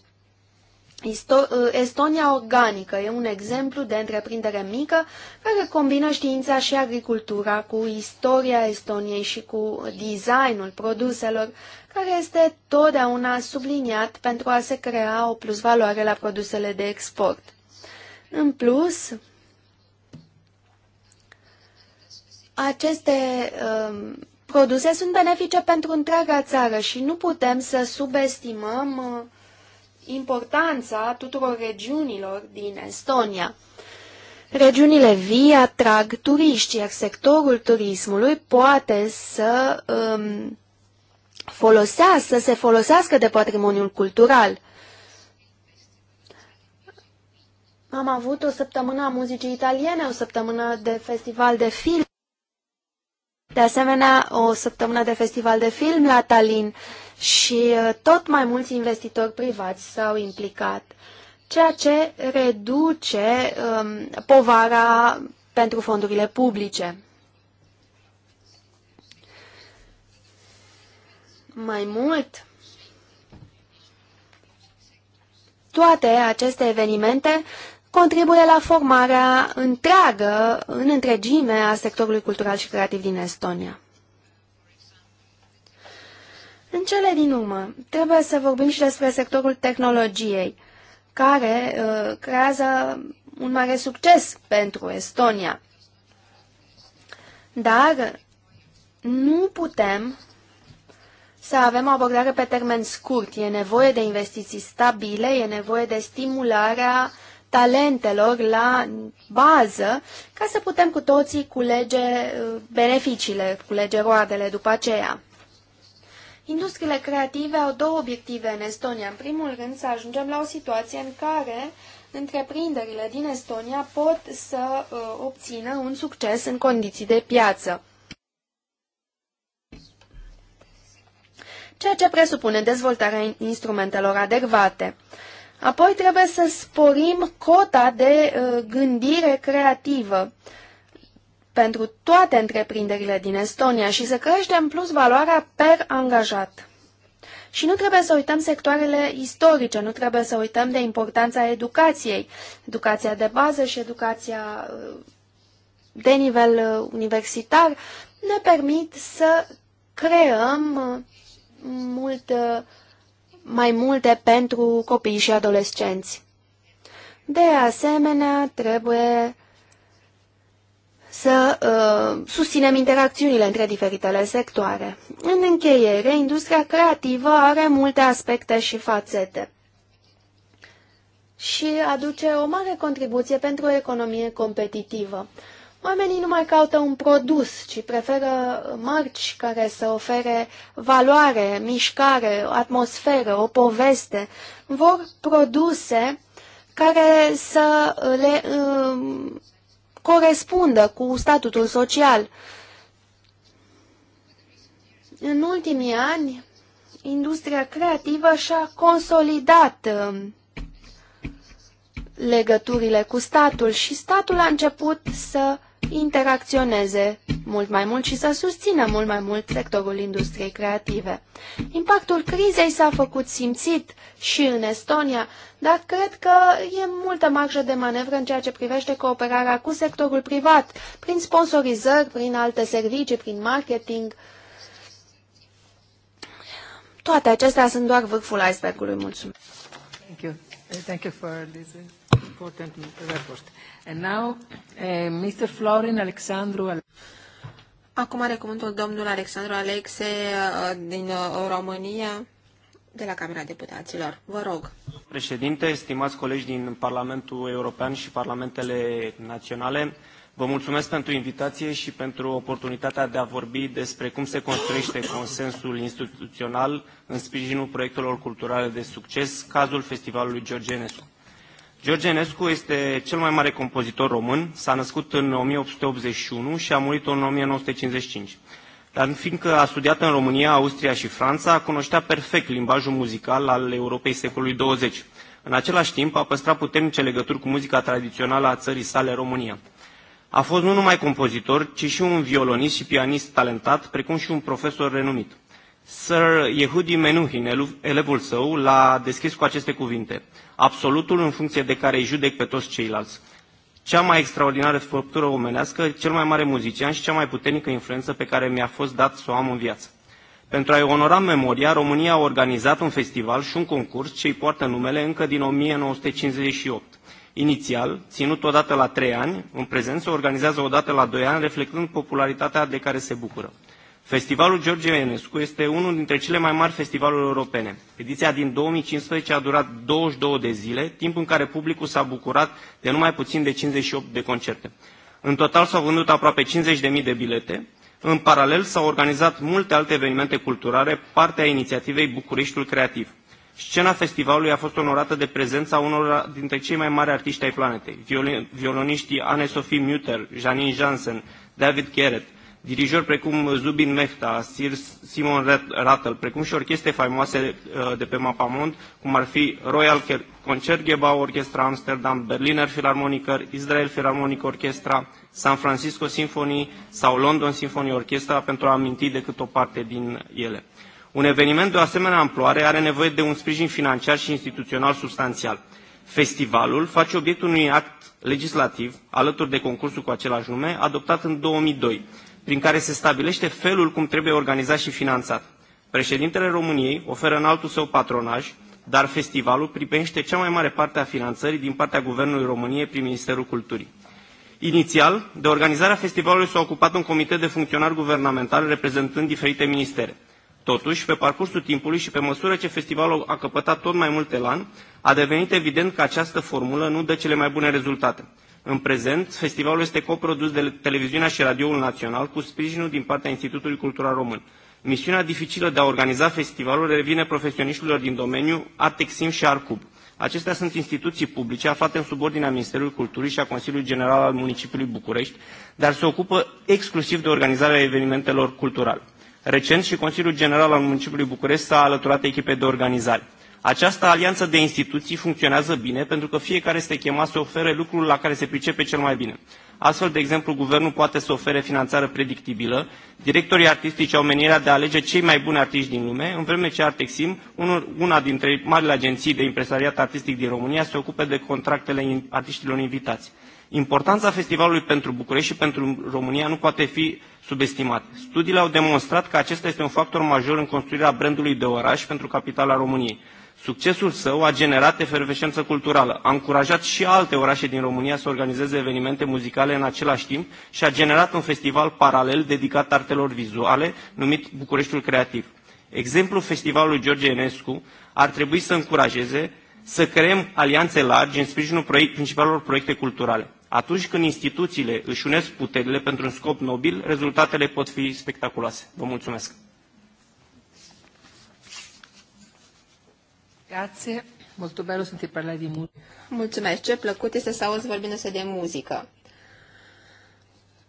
Uh, Estonia Organică e un exemplu de întreprindere mică care combină știința și agricultura cu istoria Estoniei și cu designul produselor, care este totdeauna subliniat pentru a se crea o plusvaloare la produsele de export. În plus, aceste um, produse sunt benefice pentru întreaga țară și nu putem să subestimăm uh, importanța tuturor regiunilor din Estonia. Regiunile vii atrag turiști, iar sectorul turismului poate să um, folosească, să se folosească de patrimoniul cultural. Am avut o săptămână a muzicii italiene, o săptămână de festival de film, de asemenea o săptămână de festival de film la Tallinn și uh, tot mai mulți investitori privați s-au implicat, ceea ce reduce um, povara pentru fondurile publice. Mai mult, toate aceste evenimente contribuie la formarea întreagă, în întregime, a sectorului cultural și creativ din Estonia. În cele din urmă, trebuie să vorbim și despre sectorul tehnologiei, care uh, creează un mare succes pentru Estonia. Dar nu putem să avem o abordare pe termen scurt. E nevoie de investiții stabile, e nevoie de stimularea talentelor la bază ca să putem cu toții culege uh, beneficiile, culege roadele după aceea. Industriile creative au două obiective în Estonia. În primul rând, să ajungem la o situație în care întreprinderile din Estonia pot să uh, obțină un succes în condiții de piață. Ceea ce presupune dezvoltarea instrumentelor adecvate. Apoi trebuie să sporim cota de uh, gândire creativă. Uh, pentru toate întreprinderile din Estonia și să creștem plus valoarea per angajat. Și nu trebuie să uităm sectoarele istorice, nu trebuie să uităm de importanța educației, educația de bază și educația uh, de nivel uh, universitar ne permit să creăm uh, mult mai multe pentru copii și adolescenți. De asemenea, trebuie să uh, susținem interacțiunile între diferitele sectoare. În încheiere, industria creativă are multe aspecte și fațete și aduce o mare contribuție pentru o economie competitivă. Oamenii nu mai caută un produs, ci preferă marci care să ofere valoare, mișcare, atmosferă, o poveste. Vor produse care să le uh, corespundă cu statutul social. În ultimii ani, industria creativă și-a consolidat um, legăturile cu statul și statul a început să interacționeze mult mai mult și să susțină mult mai mult sectorul industriei creative. Impactul crizei s-a făcut simțit și în Estonia, dar cred că e multă marjă de manevră în ceea ce privește cooperarea cu sectorul privat, prin sponsorizări, prin alte servicii, prin marketing. Toate acestea sunt doar vârful icebergului. Mulțumesc! Thank you. Thank you for this important report. Eh, Acum are cuvântul domnul Alexandru Alexe eh, din eh, România, de la Camera Deputaților. Vă rog. Președinte, stimați colegi din Parlamentul European și Parlamentele Naționale, vă mulțumesc pentru invitație și pentru oportunitatea de a vorbi despre cum se construiește consensul instituțional în sprijinul proiectelor culturale de succes, cazul Festivalului Georgenescu. George Enescu este cel mai mare compozitor român, s-a născut în 1881 și a murit în 1955. Dar fiindcă a studiat în România, Austria și Franța, cunoștea perfect limbajul muzical al Europei secolului 20. În același timp, a păstrat puternice legături cu muzica tradițională a țării sale România. A fost nu numai compozitor, ci și un violonist și pianist talentat, precum și un profesor renumit. Sir Yehudi Menuhin, elevul său, l-a deschis cu aceste cuvinte – absolutul în funcție de care îi judec pe toți ceilalți. Cea mai extraordinară făptură omenească, cel mai mare muzician și cea mai puternică influență pe care mi-a fost dat să o am în viață. Pentru a-i onora memoria, România a organizat un festival și un concurs ce îi poartă numele încă din 1958. Inițial, ținut odată la trei ani, în prezent se organizează odată la doi ani, reflectând popularitatea de care se bucură. Festivalul George Enescu este unul dintre cele mai mari festivaluri europene. Ediția din 2015 a durat 22 de zile, timp în care publicul s-a bucurat de numai puțin de 58 de concerte. În total s-au vândut aproape 50.000 de bilete. În paralel s-au organizat multe alte evenimente culturale, parte a inițiativei Bucureștiul Creativ. Scena festivalului a fost onorată de prezența unor dintre cei mai mari artiști ai planetei, violoniștii Anne-Sophie Mutter, Janine Jansen, David Garrett, dirijori precum Zubin Mehta, Sir Simon Rattle, precum și orchestre faimoase uh, de pe Mapamond, cum ar fi Royal Concertgebouw Orchestra Amsterdam, Berliner Philharmoniker, Israel Philharmonic Orchestra, San Francisco Symphony sau London Symphony Orchestra, pentru a aminti decât o parte din ele. Un eveniment de o asemenea amploare are nevoie de un sprijin financiar și instituțional substanțial. Festivalul face obiectul unui act legislativ, alături de concursul cu același nume, adoptat în 2002, prin care se stabilește felul cum trebuie organizat și finanțat. Președintele României oferă în altul său patronaj, dar festivalul pripește cea mai mare parte a finanțării din partea Guvernului României prin Ministerul Culturii. Inițial, de organizarea festivalului s-a ocupat un comitet de funcționari guvernamentali reprezentând diferite ministere. Totuși, pe parcursul timpului și pe măsură ce festivalul a căpătat tot mai mult elan, a devenit evident că această formulă nu dă cele mai bune rezultate. În prezent, festivalul este coprodus de televiziunea și radioul național cu sprijinul din partea Institutului Cultural Român. Misiunea dificilă de a organiza festivalul revine profesioniștilor din domeniu Atexim și Arcub. Acestea sunt instituții publice aflate în subordinea Ministerului Culturii și a Consiliului General al Municipiului București, dar se ocupă exclusiv de organizarea evenimentelor culturale. Recent și Consiliul General al Municipiului București s-a alăturat echipei de organizare. Această alianță de instituții funcționează bine pentru că fiecare este chemat să ofere lucrul la care se pricepe cel mai bine. Astfel, de exemplu, guvernul poate să ofere finanțare predictibilă, directorii artistici au menirea de a alege cei mai buni artiști din lume, în vreme ce Artexim, una dintre marile agenții de impresariat artistic din România, se ocupe de contractele artiștilor invitați. Importanța festivalului pentru București și pentru România nu poate fi subestimată. Studiile au demonstrat că acesta este un factor major în construirea brandului de oraș pentru capitala României. Succesul său a generat efervescență culturală, a încurajat și alte orașe din România să organizeze evenimente muzicale în același timp și a generat un festival paralel dedicat artelor vizuale, numit Bucureștiul Creativ. Exemplul festivalului George Enescu ar trebui să încurajeze să creăm alianțe largi în sprijinul proiect, principalelor proiecte culturale. Atunci când instituțiile își unesc puterile pentru un scop nobil, rezultatele pot fi spectaculoase. Vă mulțumesc! Grazie. Molto bello parlare di Mulțumesc, ce plăcut este să auzi vorbindu-se de muzică.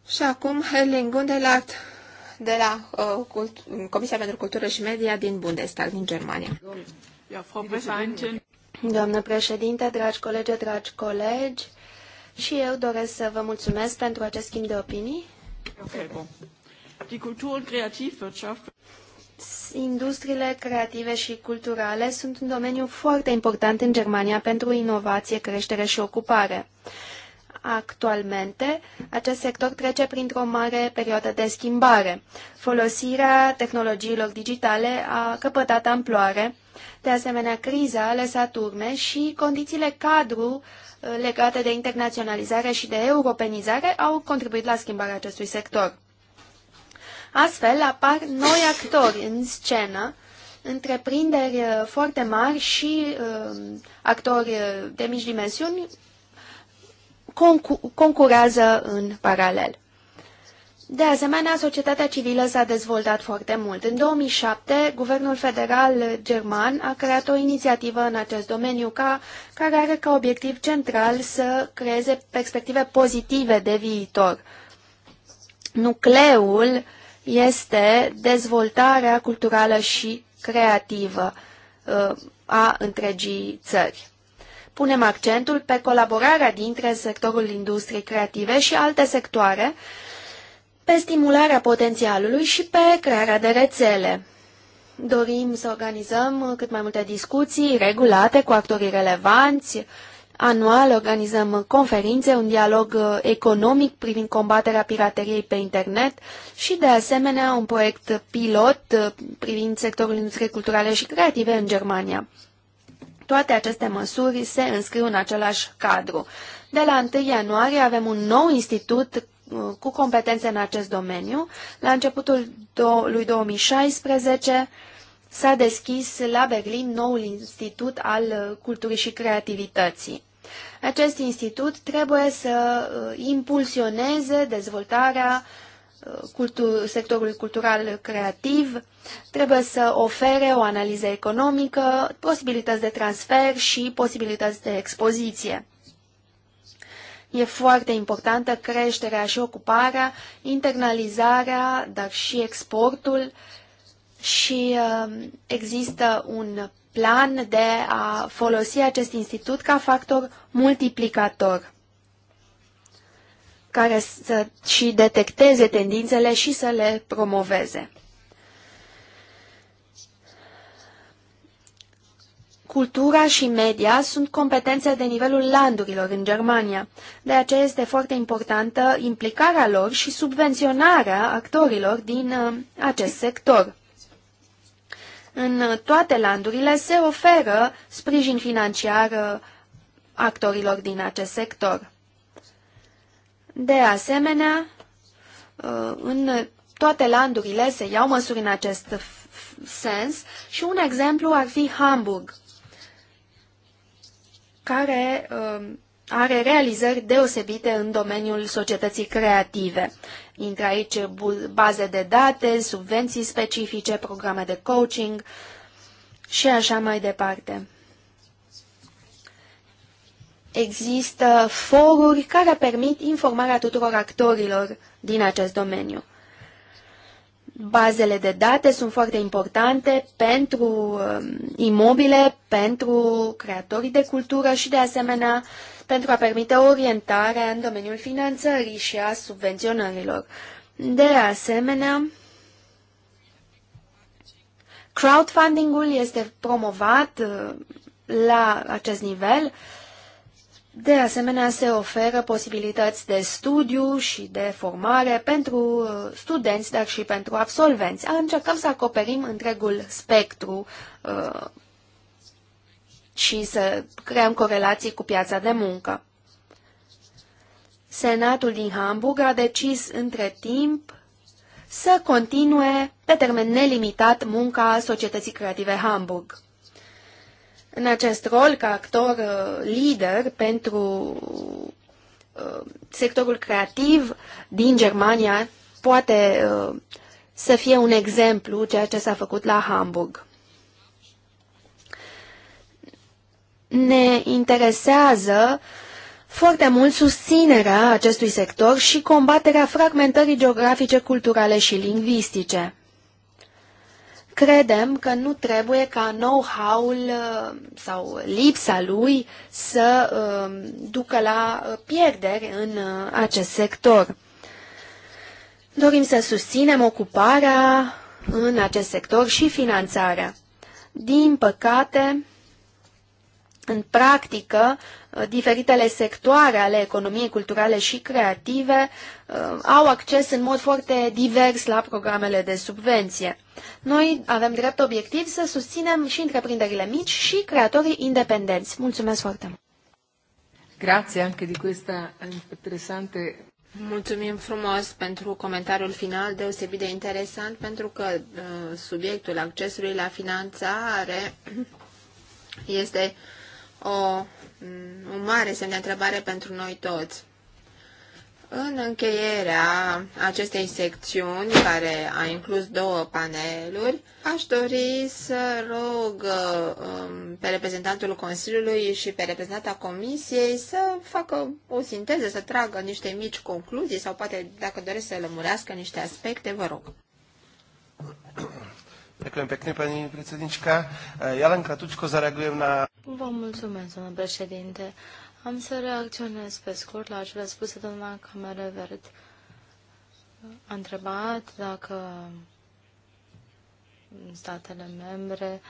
Și acum Helen Gundelat de la uh, Comisia pentru Cultură și Media din Bundestag, din Germania. Doamnă președinte, dragi colegi, dragi colegi, și eu doresc să vă mulțumesc pentru acest schimb de opinii. Okay, bon. Die Kultur- und Kreativwirtschaft Industriile creative și culturale sunt un domeniu foarte important în Germania pentru inovație, creștere și ocupare. Actualmente, acest sector trece printr-o mare perioadă de schimbare. Folosirea tehnologiilor digitale a căpătat amploare, de asemenea criza a lăsat urme și condițiile cadru eh, legate de internaționalizare și de europenizare au contribuit la schimbarea acestui sector. Astfel apar noi actori în scenă, întreprinderi uh, foarte mari și uh, actori uh, de mici dimensiuni concu concurează în paralel. De asemenea, societatea civilă s-a dezvoltat foarte mult. În 2007, Guvernul Federal German a creat o inițiativă în acest domeniu ca, care are ca obiectiv central să creeze perspective pozitive de viitor. Nucleul este dezvoltarea culturală și creativă uh, a întregii țări. Punem accentul pe colaborarea dintre sectorul industriei creative și alte sectoare, pe stimularea potențialului și pe crearea de rețele. Dorim să organizăm cât mai multe discuții regulate cu actorii relevanți, Anual organizăm conferințe, un dialog uh, economic privind combaterea pirateriei pe internet și, de asemenea, un proiect pilot uh, privind sectorul industriei culturale și creative în Germania. Toate aceste măsuri se înscriu în același cadru. De la 1 ianuarie avem un nou institut uh, cu competențe în acest domeniu. La începutul lui 2016 s-a deschis la Berlin noul Institut al Culturii și Creativității. Acest institut trebuie să uh, impulsioneze dezvoltarea uh, cultur, sectorului cultural creativ, trebuie să ofere o analiză economică, posibilități de transfer și posibilități de expoziție. E foarte importantă creșterea și ocuparea, internalizarea, dar și exportul și uh, există un plan de a folosi acest institut ca factor multiplicator care să și detecteze tendințele și să le promoveze. Cultura și media sunt competențe de nivelul landurilor în Germania. De aceea este foarte importantă implicarea lor și subvenționarea actorilor din uh, acest sector. În toate landurile se oferă sprijin financiar uh, actorilor din acest sector. De asemenea, uh, în toate landurile se iau măsuri în acest sens și un exemplu ar fi Hamburg, care uh, are realizări deosebite în domeniul societății creative. Intră aici baze de date, subvenții specifice, programe de coaching și așa mai departe. Există foruri care permit informarea tuturor actorilor din acest domeniu. Bazele de date sunt foarte importante pentru um, imobile, pentru creatorii de cultură și, de asemenea, uh, pentru a permite orientarea în domeniul finanțării și a subvenționărilor. De asemenea, crowdfunding-ul este promovat uh, la acest nivel. De asemenea, se oferă posibilități de studiu și de formare pentru uh, studenți, dar și pentru absolvenți. Încercăm să acoperim întregul spectru uh, și să creăm corelații cu piața de muncă. Senatul din Hamburg a decis între timp să continue pe termen nelimitat munca societății creative Hamburg. În acest rol, ca actor uh, lider pentru uh, sectorul creativ din Germania, poate uh, să fie un exemplu ceea ce s-a făcut la Hamburg. ne interesează foarte mult susținerea acestui sector și combaterea fragmentării geografice, culturale și lingvistice. Credem că nu trebuie ca know-how-ul uh, sau lipsa lui să uh, ducă la uh, pierderi în acest sector. Dorim să susținem ocuparea în acest sector și finanțarea. Din păcate, în practică, uh, diferitele sectoare ale economiei culturale și creative uh, au acces în mod foarte divers la programele de subvenție. Noi avem drept obiectiv să susținem și întreprinderile mici și creatorii independenți. Mulțumesc foarte mult! Grazie anche di questa eh, interessante... Mulțumim frumos pentru comentariul final, deosebit de interesant, pentru că eh, subiectul accesului la finanțare este uh, o, un mm, mare semn de întrebare pentru noi toți. În încheierea acestei secțiuni, care a inclus două paneluri, aș dori să rog um, pe reprezentantul Consiliului și pe reprezentanta Comisiei să facă o sinteză, să tragă niște mici concluzii sau poate, dacă doresc să lămurească niște aspecte, vă rog. Ďakujem pekne, pani predsednička. Ja len kratučko zareagujem na... Vă mulțumesc, domnule președinte. Am să reacționez pe scurt la a spus doamna Camere Verd. A întrebat dacă statele membre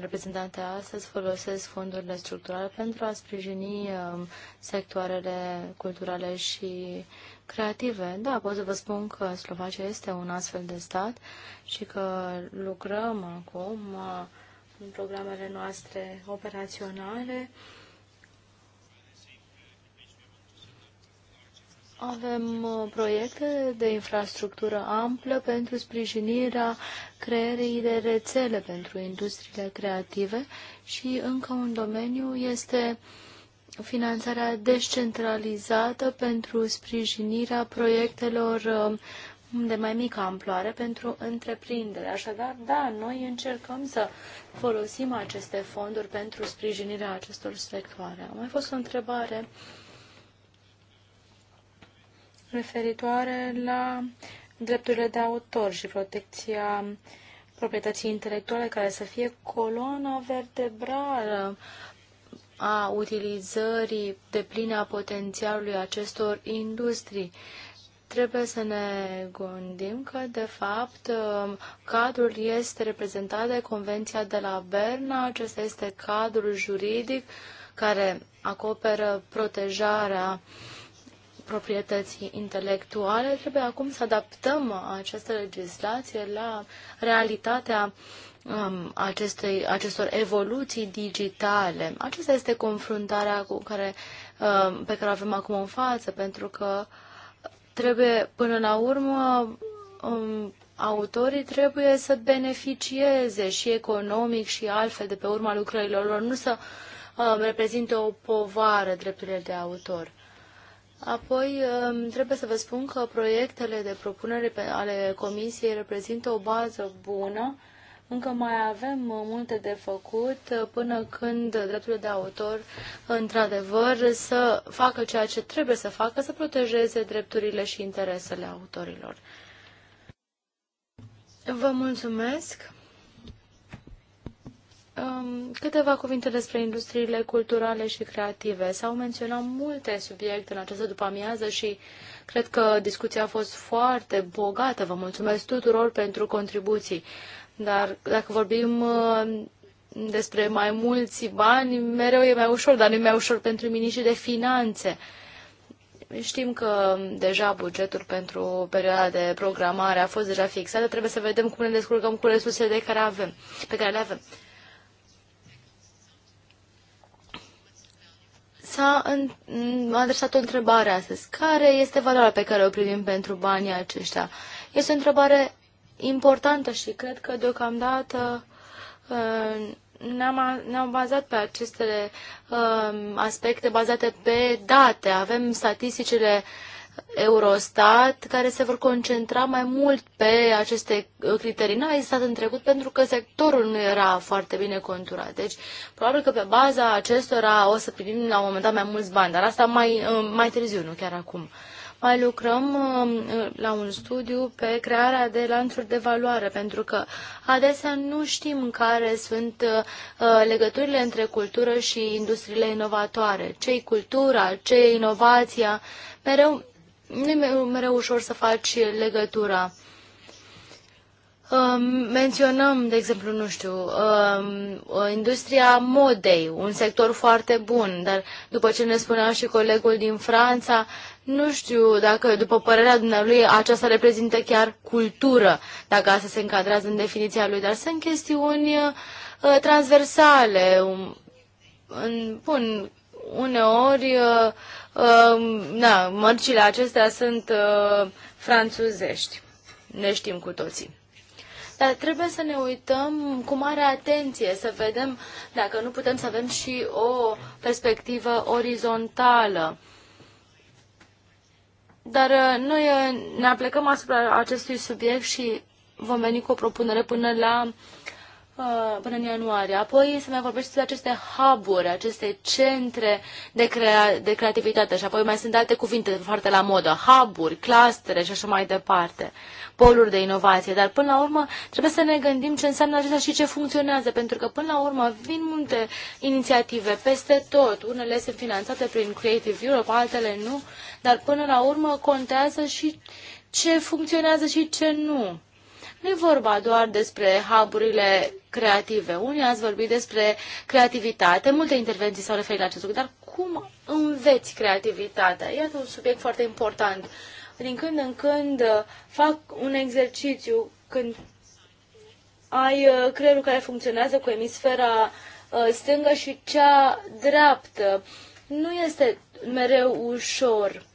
reprezentante astăzi folosesc fondurile structurale pentru a sprijini um, sectoarele culturale și uh, creative. Da, pot să vă spun că Slovacia este un astfel de stat și că lucrăm acum uh, în programele noastre operaționale. Avem uh, proiecte de infrastructură amplă pentru sprijinirea creierii de rețele pentru industriile creative și încă un domeniu este uh, finanțarea descentralizată pentru sprijinirea proiectelor um, de mai mică amploare pentru întreprindere. Așadar, da, noi încercăm să folosim aceste fonduri pentru sprijinirea acestor sectoare. A mai fost o întrebare referitoare la drepturile de autor și protecția proprietății intelectuale care să fie coloana vertebrală a utilizării de plină a potențialului acestor industrii. Trebuie să ne gândim că, de fapt, um, cadrul este reprezentat de Convenția de la Berna. Acesta este cadrul juridic care acoperă protejarea proprietății intelectuale. Trebuie acum să adaptăm această legislație la realitatea um, acestei, acestor evoluții digitale. Aceasta este confruntarea cu care, um, pe care o avem acum în față, pentru că trebuie, până la urmă, um, autorii trebuie să beneficieze și economic și altfel de pe urma lucrărilor lor, nu să um, reprezinte o povară drepturile de autor. Apoi, um, trebuie să vă spun că proiectele de propunere ale Comisiei reprezintă o bază bună încă mai avem uh, multe de făcut uh, până când drepturile de autor, într-adevăr, să facă ceea ce trebuie să facă, să protejeze drepturile și interesele autorilor. Vă mulțumesc! Um, câteva cuvinte despre industriile culturale și creative. S-au menționat multe subiecte în această după-amiază și cred că discuția a fost foarte bogată. Vă mulțumesc tuturor pentru contribuții. Dar dacă vorbim uh, despre mai mulți bani, mereu e mai ușor, dar nu e mai ușor pentru miniștrii de finanțe. Știm că deja bugetul pentru perioada de programare a fost deja fixat, trebuie să vedem cum ne descurcăm cu resursele de care avem, pe care le avem. S-a adresat o întrebare astăzi. Care este valoarea pe care o primim pentru banii aceștia? Este o întrebare importantă și cred că deocamdată uh, ne-am, ne-am bazat pe aceste uh, aspecte bazate pe date. Avem statisticile Eurostat, care se vor concentra mai mult pe aceste criterii. N-a existat în trecut pentru că sectorul nu era foarte bine conturat. Deci, probabil că pe baza acestora o să primim la un moment dat mai mulți bani, dar asta mai, uh, mai târziu, nu chiar acum mai lucrăm um, la un studiu pe crearea de lanțuri de valoare, pentru că adesea nu știm care sunt uh, legăturile între cultură și industriile inovatoare. Ce-i cultura, ce e inovația, mereu, nu e mereu ușor să faci legătura. Um, menționăm, de exemplu, nu știu, um, industria modei, un sector foarte bun, dar după ce ne spunea și colegul din Franța, nu știu dacă, după părerea dumneavoastră aceasta reprezintă chiar cultură, dacă asta se încadrează în definiția lui, dar sunt chestiuni uh, transversale. Um, în, bun, uneori, uh, uh, na, mărcile acestea sunt uh, franțuzești, ne știm cu toții. Dar trebuie să ne uităm cu mare atenție, să vedem dacă nu putem să avem și o perspectivă orizontală dar uh, noi uh, ne aplecăm asupra acestui subiect și vom veni cu o propunere până la Uh, până în ianuarie. Apoi să mai vorbesc despre aceste hub aceste centre de, crea- de creativitate și apoi mai sunt alte cuvinte foarte la modă, hub-uri, clustere și așa mai departe, poluri de inovație, dar până la urmă trebuie să ne gândim ce înseamnă acesta și ce funcționează, pentru că până la urmă vin multe inițiative peste tot, unele sunt finanțate prin Creative Europe, altele nu, dar până la urmă contează și ce funcționează și ce nu. Nu e vorba doar despre hub creative. Unii ați vorbit despre creativitate, multe intervenții s-au referit la acest lucru, dar cum înveți creativitatea? Iată un subiect foarte important. Din când în când uh, fac un exercițiu când ai uh, creierul care funcționează cu emisfera uh, stângă și cea dreaptă. Nu este mereu ușor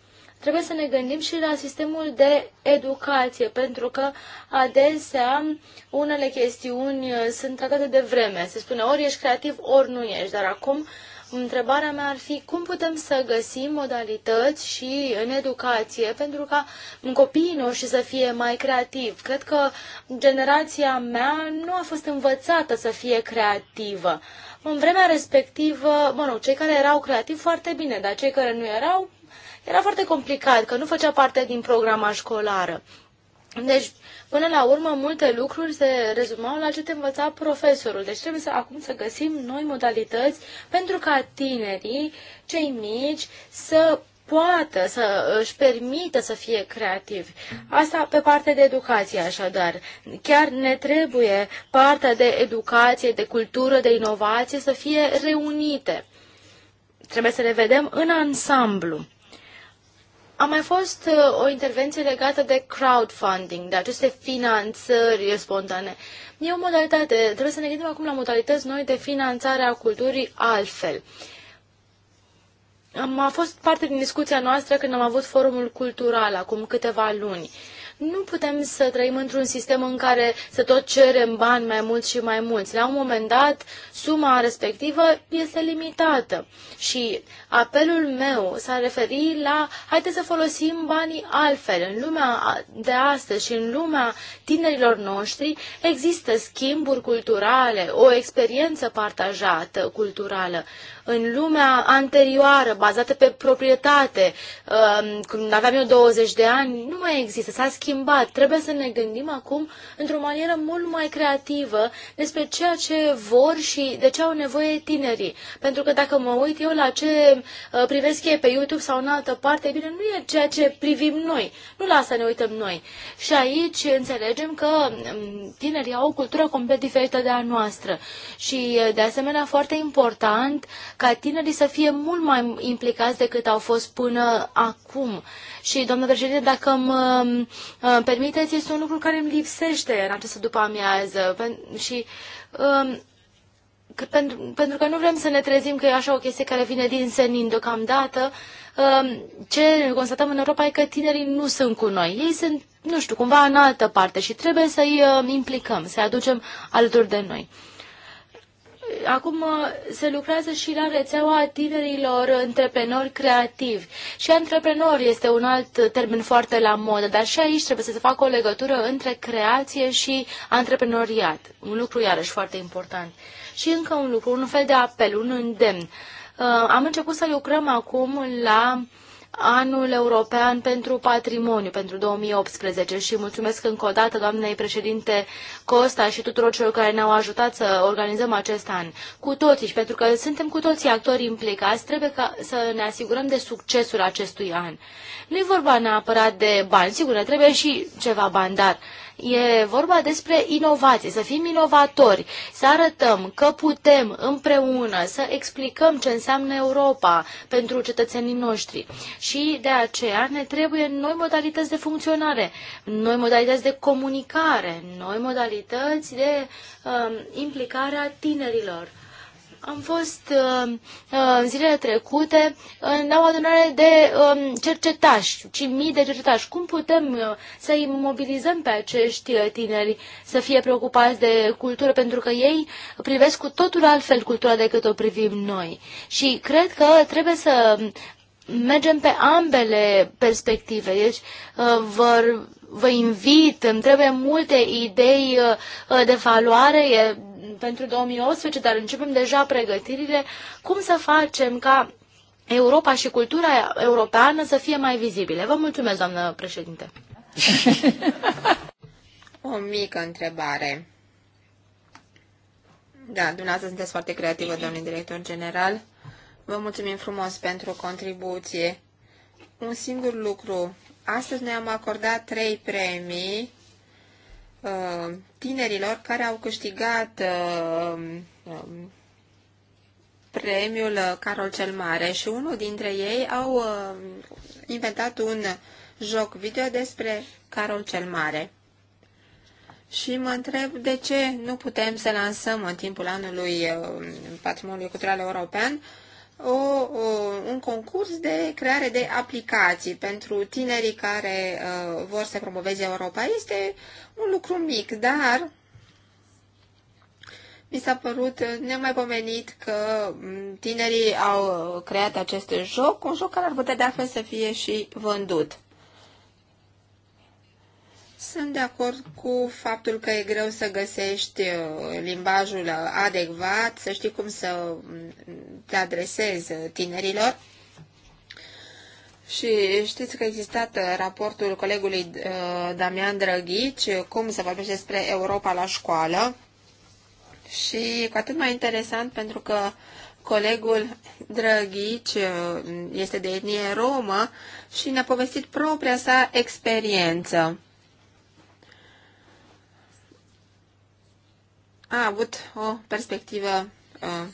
trebuie să ne gândim și la sistemul de educație, pentru că adesea unele chestiuni uh, sunt tratate de vreme. Se spune ori ești creativ, ori nu ești, dar acum Întrebarea mea ar fi cum putem să găsim modalități și în educație pentru ca copiii noștri să fie mai creativi. Cred că generația mea nu a fost învățată să fie creativă. În vremea respectivă, mă rog, cei care erau creativi foarte bine, dar cei care nu erau era foarte complicat, că nu făcea parte din programa școlară. Deci, până la urmă, multe lucruri se rezumau la ce te învăța profesorul. Deci trebuie să, acum să găsim noi modalități pentru ca tinerii, cei mici, să poată, să își permită să fie creativi. Asta pe partea de educație, așadar. Chiar ne trebuie partea de educație, de cultură, de inovație să fie reunite. Trebuie să le vedem în ansamblu. A mai fost uh, o intervenție legată de crowdfunding, de aceste finanțări spontane. E o modalitate, trebuie să ne gândim acum la modalități noi de finanțare a culturii altfel. A fost parte din discuția noastră când am avut forumul cultural acum câteva luni. Nu putem să trăim într-un sistem în care să tot cerem bani mai mulți și mai mulți. La un moment dat, suma respectivă este limitată și Apelul meu s-a referit la haideți să folosim banii altfel. În lumea de astăzi și în lumea tinerilor noștri există schimburi culturale, o experiență partajată culturală. În lumea anterioară, bazată pe proprietate, um, când aveam eu 20 de ani, nu mai există, s-a schimbat. Trebuie să ne gândim acum într-o manieră mult mai creativă despre ceea ce vor și de ce au nevoie tinerii. Pentru că dacă mă uit eu la ce Uh, privesc ei pe YouTube sau în altă parte, e bine, nu e ceea ce privim noi. Nu la asta ne uităm noi. Și aici înțelegem că um, tinerii au o cultură complet diferită de a noastră. Și, uh, de asemenea, foarte important ca tinerii să fie mult mai implicați decât au fost până acum. Și, doamnă președinte, dacă îmi um, uh, permiteți, este un lucru care îmi lipsește în această după amiază. Și um, că, pentru, pentru că nu vrem să ne trezim că e așa o chestie care vine din senin deocamdată. Um, ce constatăm în Europa e că tinerii nu sunt cu noi. Ei sunt, nu știu, cumva în altă parte și trebuie să-i um, implicăm, să-i aducem alături de noi. Acum uh, se lucrează și la rețeaua tinerilor antreprenori creativi. Și antreprenor este un alt termen foarte la modă, dar și aici trebuie să se facă o legătură între creație și antreprenoriat. Un lucru iarăși foarte important. Și încă un lucru, un fel de apel, un îndemn. Uh, am început să lucrăm acum la anul european pentru patrimoniu pentru 2018 și mulțumesc încă o dată doamnei președinte Costa și tuturor celor care ne-au ajutat să organizăm acest an. Cu toții, pentru că suntem cu toții actori implicați, trebuie ca să ne asigurăm de succesul acestui an. Nu e vorba neapărat de bani, sigur, ne trebuie și ceva bani, dar E vorba despre inovație, să fim inovatori, să arătăm că putem împreună să explicăm ce înseamnă Europa pentru cetățenii noștri. Și de aceea ne trebuie noi modalități de funcționare, noi modalități de comunicare, noi modalități de um, implicare a tinerilor. Am fost în uh, uh, zilele trecute la o adunare de um, cercetași, ci mii de cercetași. Cum putem uh, să îi mobilizăm pe acești tineri să fie preocupați de cultură, pentru că ei privesc cu totul altfel cultura decât o privim noi. Și cred că trebuie să mergem pe ambele perspective. Deci vă, vă invit, îmi trebuie multe idei de valoare, pentru 2018, dar începem deja pregătirile. Cum să facem ca Europa și cultura europeană să fie mai vizibile? Vă mulțumesc, doamnă președinte. [LAUGHS] o mică întrebare. Da, dumneavoastră sunteți foarte creativă, domnul director general. Vă mulțumim frumos pentru contribuție. Un singur lucru. Astăzi ne-am acordat trei premii Uh, tinerilor care au câștigat uh, um, premiul Carol cel Mare și unul dintre ei au uh, inventat un joc video despre Carol cel Mare. Și mă întreb de ce nu putem să lansăm în timpul anului Patrimoniului Cultural European o, o, un concurs de creare de aplicații pentru tinerii care uh, vor să promoveze Europa. Este un lucru mic, dar mi s-a părut nemaipomenit că mm, tinerii au creat acest joc, un joc care ar putea de altfel să fie și vândut. Sunt de acord cu faptul că e greu să găsești uh, limbajul adecvat, să știi cum să mm, te adresezi tinerilor. Și știți că a existat raportul colegului uh, Damian Drăghici, cum să vorbește despre Europa la școală. Și cu atât mai interesant pentru că colegul Drăghici uh, este de etnie romă și ne-a povestit propria sa experiență. a avut o perspectivă uh,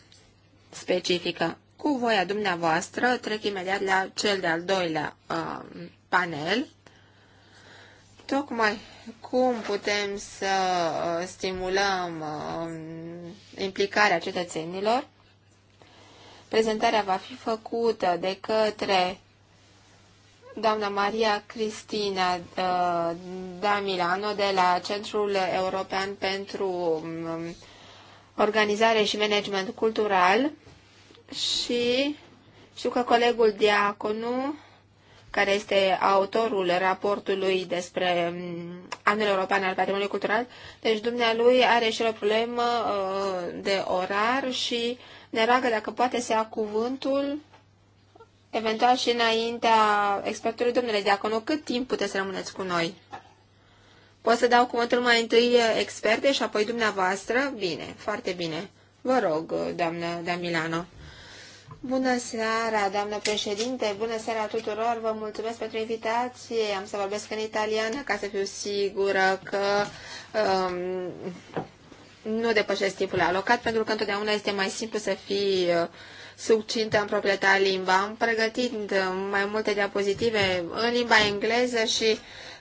specifică. Cu voia dumneavoastră trec imediat la cel de-al doilea uh, panel, tocmai cum putem să uh, stimulăm uh, implicarea cetățenilor. Prezentarea va fi făcută de către doamna Maria Cristina uh, da Milano de la Centrul European pentru um, Organizare și Management Cultural și știu că colegul Diaconu, care este autorul raportului despre um, Anul European al Patrimoniului Cultural, deci dumnealui are și o problemă uh, de orar și ne roagă dacă poate să ia cuvântul eventual și înaintea expertului domnule Diaconu, cât timp puteți să rămâneți cu noi? Pot să dau cuvântul mai întâi experte și apoi dumneavoastră? Bine, foarte bine. Vă rog, doamnă Damilano. Bună seara, doamnă președinte, bună seara tuturor, vă mulțumesc pentru invitație, am să vorbesc în italiană ca să fiu sigură că um, nu depășesc timpul alocat, pentru că întotdeauna este mai simplu să fii uh, succintă în propria ta limbă. Am pregătit uh, mai multe diapozitive în limba engleză și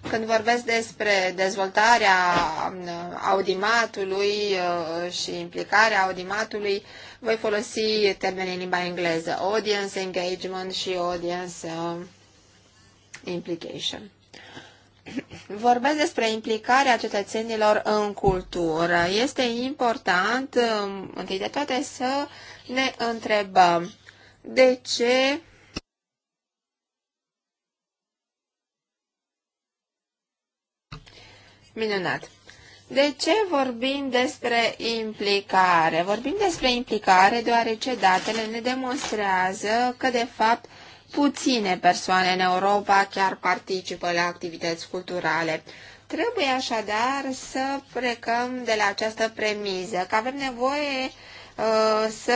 când vorbesc despre dezvoltarea uh, audimatului uh, și implicarea audimatului, voi folosi termenii în limba engleză, audience engagement și audience implication. Vorbesc despre implicarea cetățenilor în cultură. Este important, întâi de toate, să ne întrebăm de ce Minunat. De ce vorbim despre implicare? Vorbim despre implicare deoarece datele ne demonstrează că, de fapt, puține persoane în Europa chiar participă la activități culturale. Trebuie așadar să plecăm de la această premiză, că avem nevoie Uh, să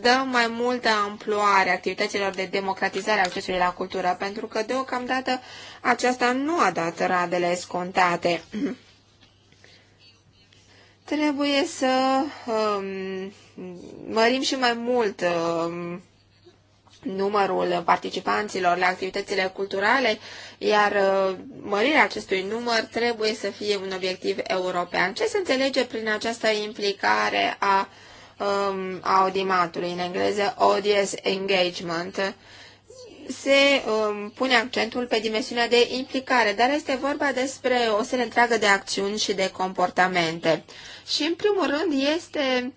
dăm mai multă amploare activităților de democratizare a accesului la cultură, pentru că deocamdată aceasta nu a dat radele scontate. [CLEARS THROAT] Trebuie să um, mărim și mai mult um, numărul participanților la activitățile culturale, iar uh, mărirea acestui număr trebuie să fie un obiectiv european. Ce se înțelege prin această implicare a uh, um, audimatului, în engleză Audience Engagement, se um, pune accentul pe dimensiunea de implicare, dar este vorba despre o serie întreagă de acțiuni și de comportamente. Și, în primul rând, este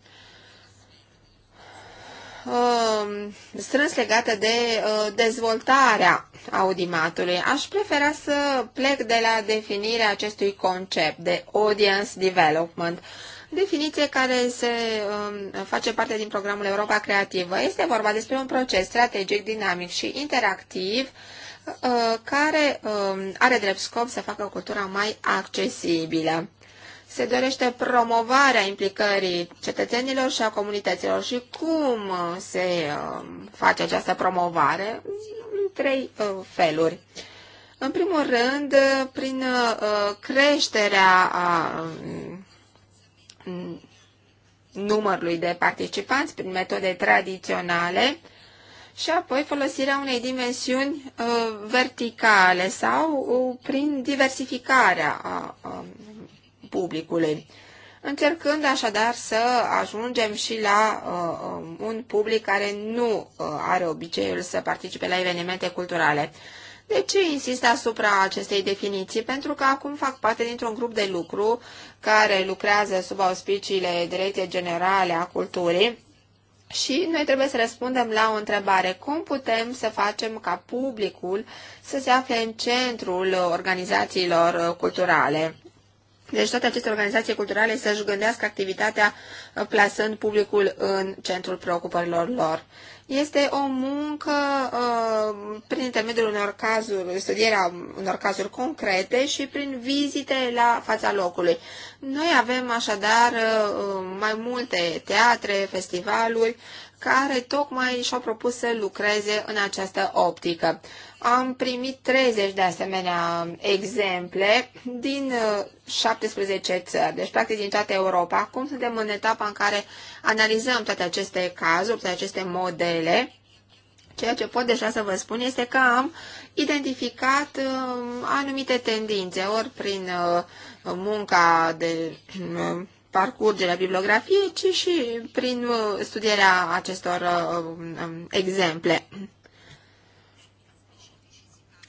um, strâns legată de uh, dezvoltarea audimatului. Aș prefera să plec de la definirea acestui concept de audience development, definiție care se um, face parte din programul Europa Creativă. Este vorba despre un proces strategic, dinamic și interactiv uh, care um, are drept scop să facă cultura mai accesibilă. Se dorește promovarea implicării cetățenilor și a comunităților. Și cum uh, se um, face această promovare? În trei uh, feluri. În primul rând, prin creșterea numărului de participanți prin metode tradiționale și apoi folosirea unei dimensiuni uh, verticale sau uh, prin diversificarea a, publicului, încercând așadar să ajungem și la uh, un public care nu are obiceiul să participe la evenimente culturale. De ce insist asupra acestei definiții? Pentru că acum fac parte dintr-un grup de lucru care lucrează sub auspiciile Direcției Generale a Culturii și noi trebuie să răspundem la o întrebare. Cum putem să facem ca publicul să se afle în centrul organizațiilor culturale? Deci toate aceste organizații culturale să-și gândească activitatea plasând publicul în centrul preocupărilor lor. Este o muncă uh, prin intermediul unor cazuri, studierea unor cazuri concrete și prin vizite la fața locului. Noi avem așadar uh, mai multe teatre, festivaluri care tocmai și-au propus să lucreze în această optică. Am primit 30 de asemenea exemple din 17 uh, țări, deci practic din toată Europa. Acum suntem în etapa în care analizăm toate aceste cazuri, toate aceste modele. Ceea ce pot deja să vă spun este că am identificat uh, anumite tendințe, ori prin uh, munca de parcurgerea bibliografiei, ci și prin studierea acestor um, exemple.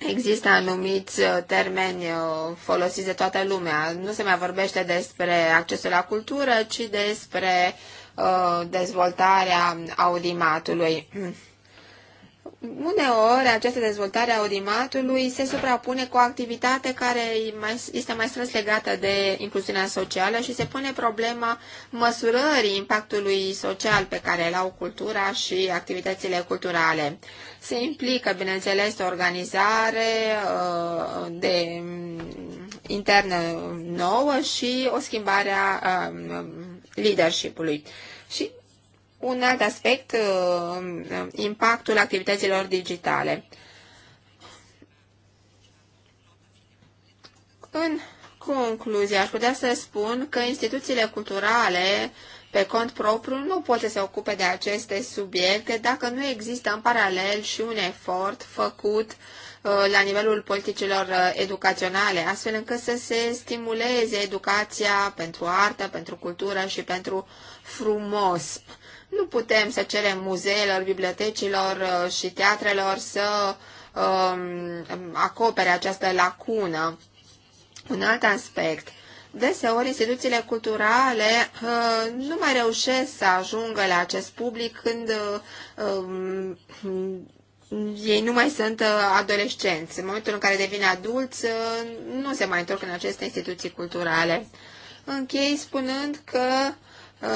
Există anumiți uh, termeni uh, folosiți de toată lumea. Nu se mai vorbește despre accesul la cultură, ci despre uh, dezvoltarea audimatului. [CLEARS THROAT] uneori această dezvoltare a audimatului se suprapune cu o activitate care este mai strâns legată de incluziunea socială și se pune problema măsurării impactului social pe care îl au cultura și activitățile culturale. Se implică, bineînțeles, o organizare uh, de mm, internă nouă și o schimbare a mm, leadership-ului. Și un alt aspect, uh, impactul activităților digitale. În concluzie, aș putea să spun că instituțiile culturale pe cont propriu nu pot să se ocupe de aceste subiecte dacă nu există în paralel și un efort făcut uh, la nivelul politicilor uh, educaționale, astfel încât să se stimuleze educația pentru artă, pentru cultură și pentru frumos. Nu putem să cerem muzeelor, bibliotecilor uh, și teatrelor să um, acopere această lacună. Un alt aspect. Deseori, instituțiile culturale uh, nu mai reușesc să ajungă la acest public când uh, uh, ei nu mai sunt uh, adolescenți. În momentul în care devin adulți, uh, nu se mai întorc în aceste instituții culturale. Închei spunând că Uh,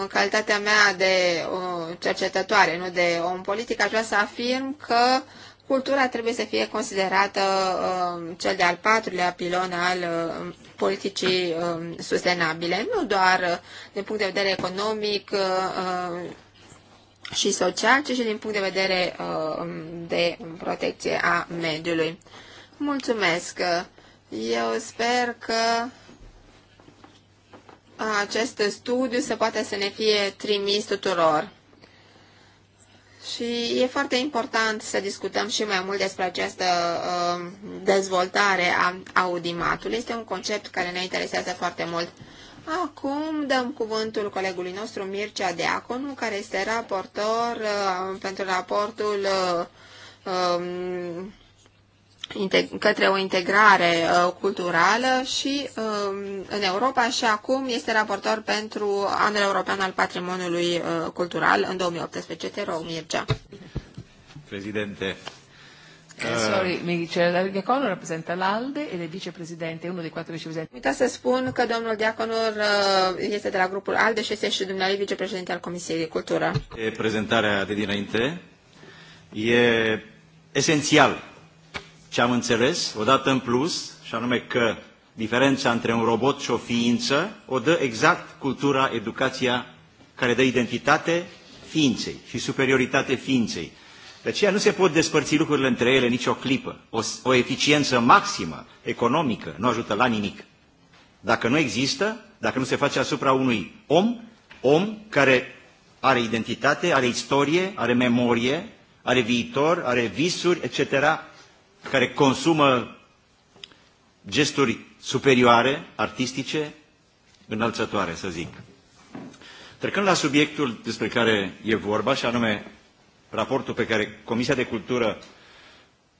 în calitatea mea de uh, cercetătoare, nu de om politic, aș vrea să afirm că cultura trebuie să fie considerată uh, cel de-al patrulea pilon al politicii sustenabile, nu doar din punct de vedere economic și social, ci și din punct de vedere de protecție a mediului. Mulțumesc! Eu sper că acest studiu să poate să ne fie trimis tuturor. Și e foarte important să discutăm și mai mult despre această uh, dezvoltare a audimatului. Este un concept care ne interesează foarte mult. Acum dăm cuvântul colegului nostru Mircea Deaconu, care este raportor uh, pentru raportul uh, um, către o integrare uh, culturală și um, în Europa și acum este raportor pentru anul european al patrimoniului uh, cultural în 2018. Te rog, Mircea. Președinte, eh, eh, Sorry, mi dice Diaconu rappresenta l'Alde ed è vicepresidente, uno dei quattro vicepresidenti. Uita să spun că domnul Diaconu uh, este de la grupul ALDE și este și dumneavoastră vicepreședinte al Comisiei de Cultură. E prezentarea de dinainte e esențial ce am înțeles, odată în plus, și anume că diferența între un robot și o ființă o dă exact cultura, educația care dă identitate ființei și superioritate ființei. De aceea nu se pot despărți lucrurile între ele nici o clipă. O, o eficiență maximă economică nu ajută la nimic. Dacă nu există, dacă nu se face asupra unui om, om care are identitate, are istorie, are memorie, are viitor, are visuri, etc., care consumă gesturi superioare, artistice, înălțătoare, să zic. Trecând la subiectul despre care e vorba, și anume raportul pe care Comisia de Cultură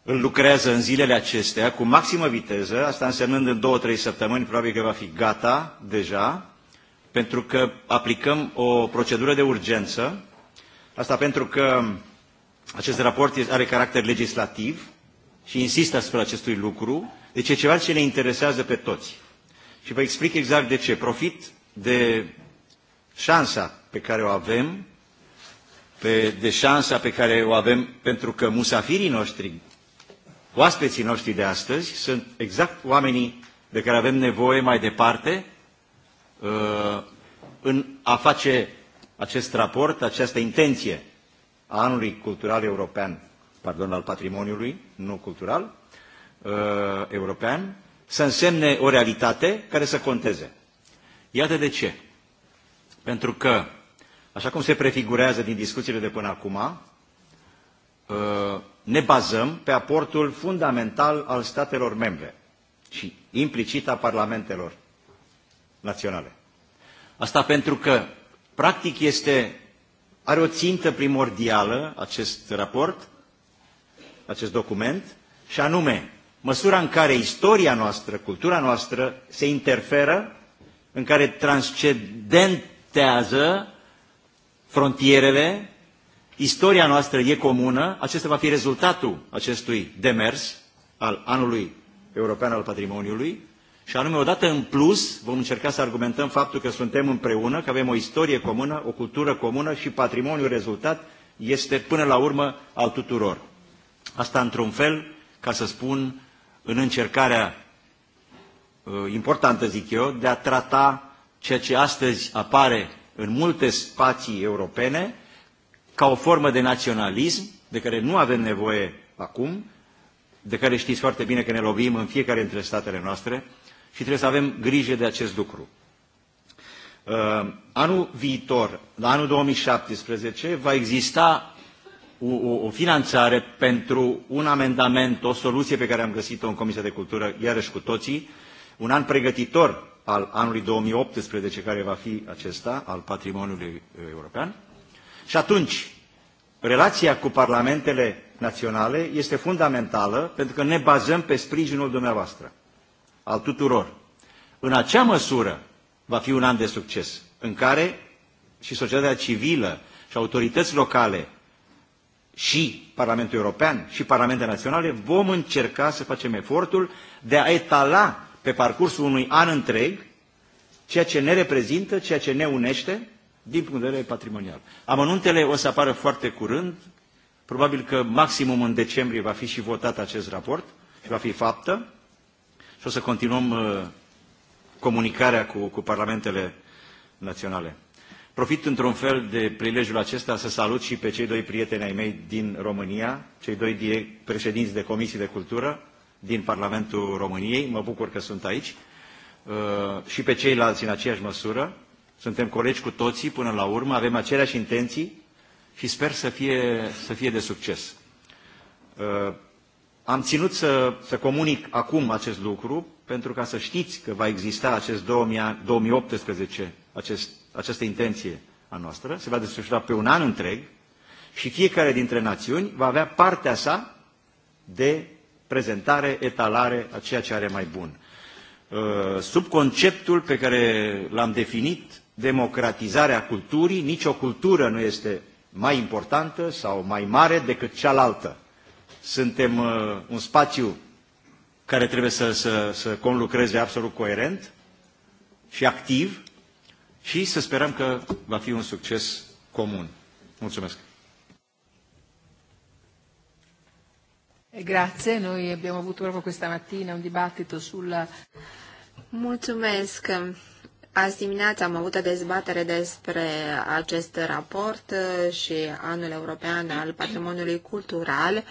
îl lucrează în zilele acestea cu maximă viteză, asta însemnând în două-trei săptămâni, probabil că va fi gata deja, pentru că aplicăm o procedură de urgență, asta pentru că acest raport are caracter legislativ și insist asupra acestui lucru, deci e ceva ce ne interesează pe toți. Și vă explic exact de ce. Profit de șansa pe care o avem, pe, de șansa pe care o avem pentru că musafirii noștri, oaspeții noștri de astăzi, sunt exact oamenii de care avem nevoie mai departe uh, în a face acest raport, această intenție a anului cultural european pardon, al patrimoniului, nu cultural, uh, european, să însemne o realitate care să conteze. Iată de ce. Pentru că, așa cum se prefigurează din discuțiile de până acum, uh, ne bazăm pe aportul fundamental al statelor membre și implicit a parlamentelor naționale. Asta pentru că, practic, este, are o țintă primordială acest raport acest document, și anume măsura în care istoria noastră, cultura noastră se interferă, în care transcendentează frontierele, istoria noastră e comună, acesta va fi rezultatul acestui demers al anului european al patrimoniului și anume odată în plus vom încerca să argumentăm faptul că suntem împreună, că avem o istorie comună, o cultură comună și patrimoniul rezultat este până la urmă al tuturor. Asta într-un fel, ca să spun, în încercarea uh, importantă, zic eu, de a trata ceea ce astăzi apare în multe spații europene ca o formă de naționalism de care nu avem nevoie acum, de care știți foarte bine că ne lovim în fiecare dintre statele noastre și trebuie să avem grijă de acest lucru. Uh, anul viitor, la anul 2017, va exista o, o, o finanțare pentru un amendament, o soluție pe care am găsit-o în Comisia de Cultură, iarăși cu toții, un an pregătitor al anului 2018, care va fi acesta, al patrimoniului uh, european. Și atunci, relația cu parlamentele naționale este fundamentală, pentru că ne bazăm pe sprijinul dumneavoastră, al tuturor. În acea măsură va fi un an de succes, în care și societatea civilă și autorități locale și Parlamentul European și Parlamentele Naționale, vom încerca să facem efortul de a etala pe parcursul unui an întreg ceea ce ne reprezintă, ceea ce ne unește din punct de vedere patrimonial. Amănuntele o să apară foarte curând, probabil că maximum în decembrie va fi și votat acest raport și va fi faptă și o să continuăm uh, comunicarea cu, cu parlamentele naționale. Profit într-un fel de prilejul acesta să salut și pe cei doi prieteni ai mei din România, cei doi președinți de comisii de cultură din Parlamentul României. Mă bucur că sunt aici. Uh, și pe ceilalți în aceeași măsură. Suntem colegi cu toții până la urmă, avem aceleași intenții și sper să fie, să fie de succes. Uh, am ținut să, să comunic acum acest lucru pentru ca să știți că va exista acest 2018, acest această intenție a noastră, se va desfășura pe un an întreg și fiecare dintre națiuni va avea partea sa de prezentare, etalare a ceea ce are mai bun. Uh, sub conceptul pe care l-am definit, democratizarea culturii, nicio cultură nu este mai importantă sau mai mare decât cealaltă. Suntem uh, un spațiu care trebuie să, să, să conlucreze absolut coerent și activ și să sperăm că va fi un succes comun. Mulțumesc! Grazie, noi abbiamo avuto proprio questa mattina un dibattito sulla... Mulțumesc! Azi dimineața am avut o dezbatere despre acest raport eh, și anul european al patrimoniului cultural.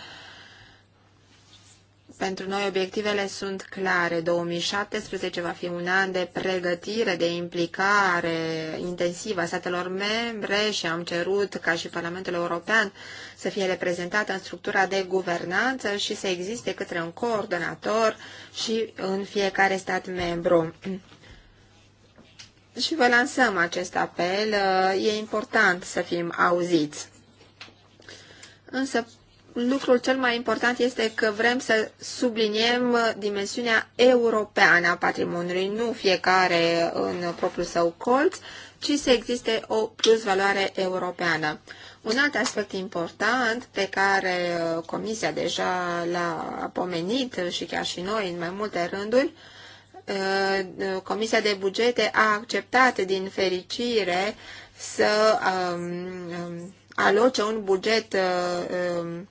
Pentru noi obiectivele sunt clare. 2017 va fi un an de pregătire, de implicare intensivă a statelor membre și am cerut ca și Parlamentul European să fie reprezentată în structura de guvernanță și să existe către un coordonator și în fiecare stat membru. Și vă lansăm acest apel. E important să fim auziți. Însă lucrul cel mai important este că vrem să subliniem dimensiunea europeană a patrimoniului, nu fiecare în propriul său colț, ci să existe o plusvaloare europeană. Un alt aspect important pe care uh, Comisia deja l-a pomenit și chiar și noi în mai multe rânduri, uh, uh, Comisia de Bugete a acceptat din fericire să um, um, aloce un buget um,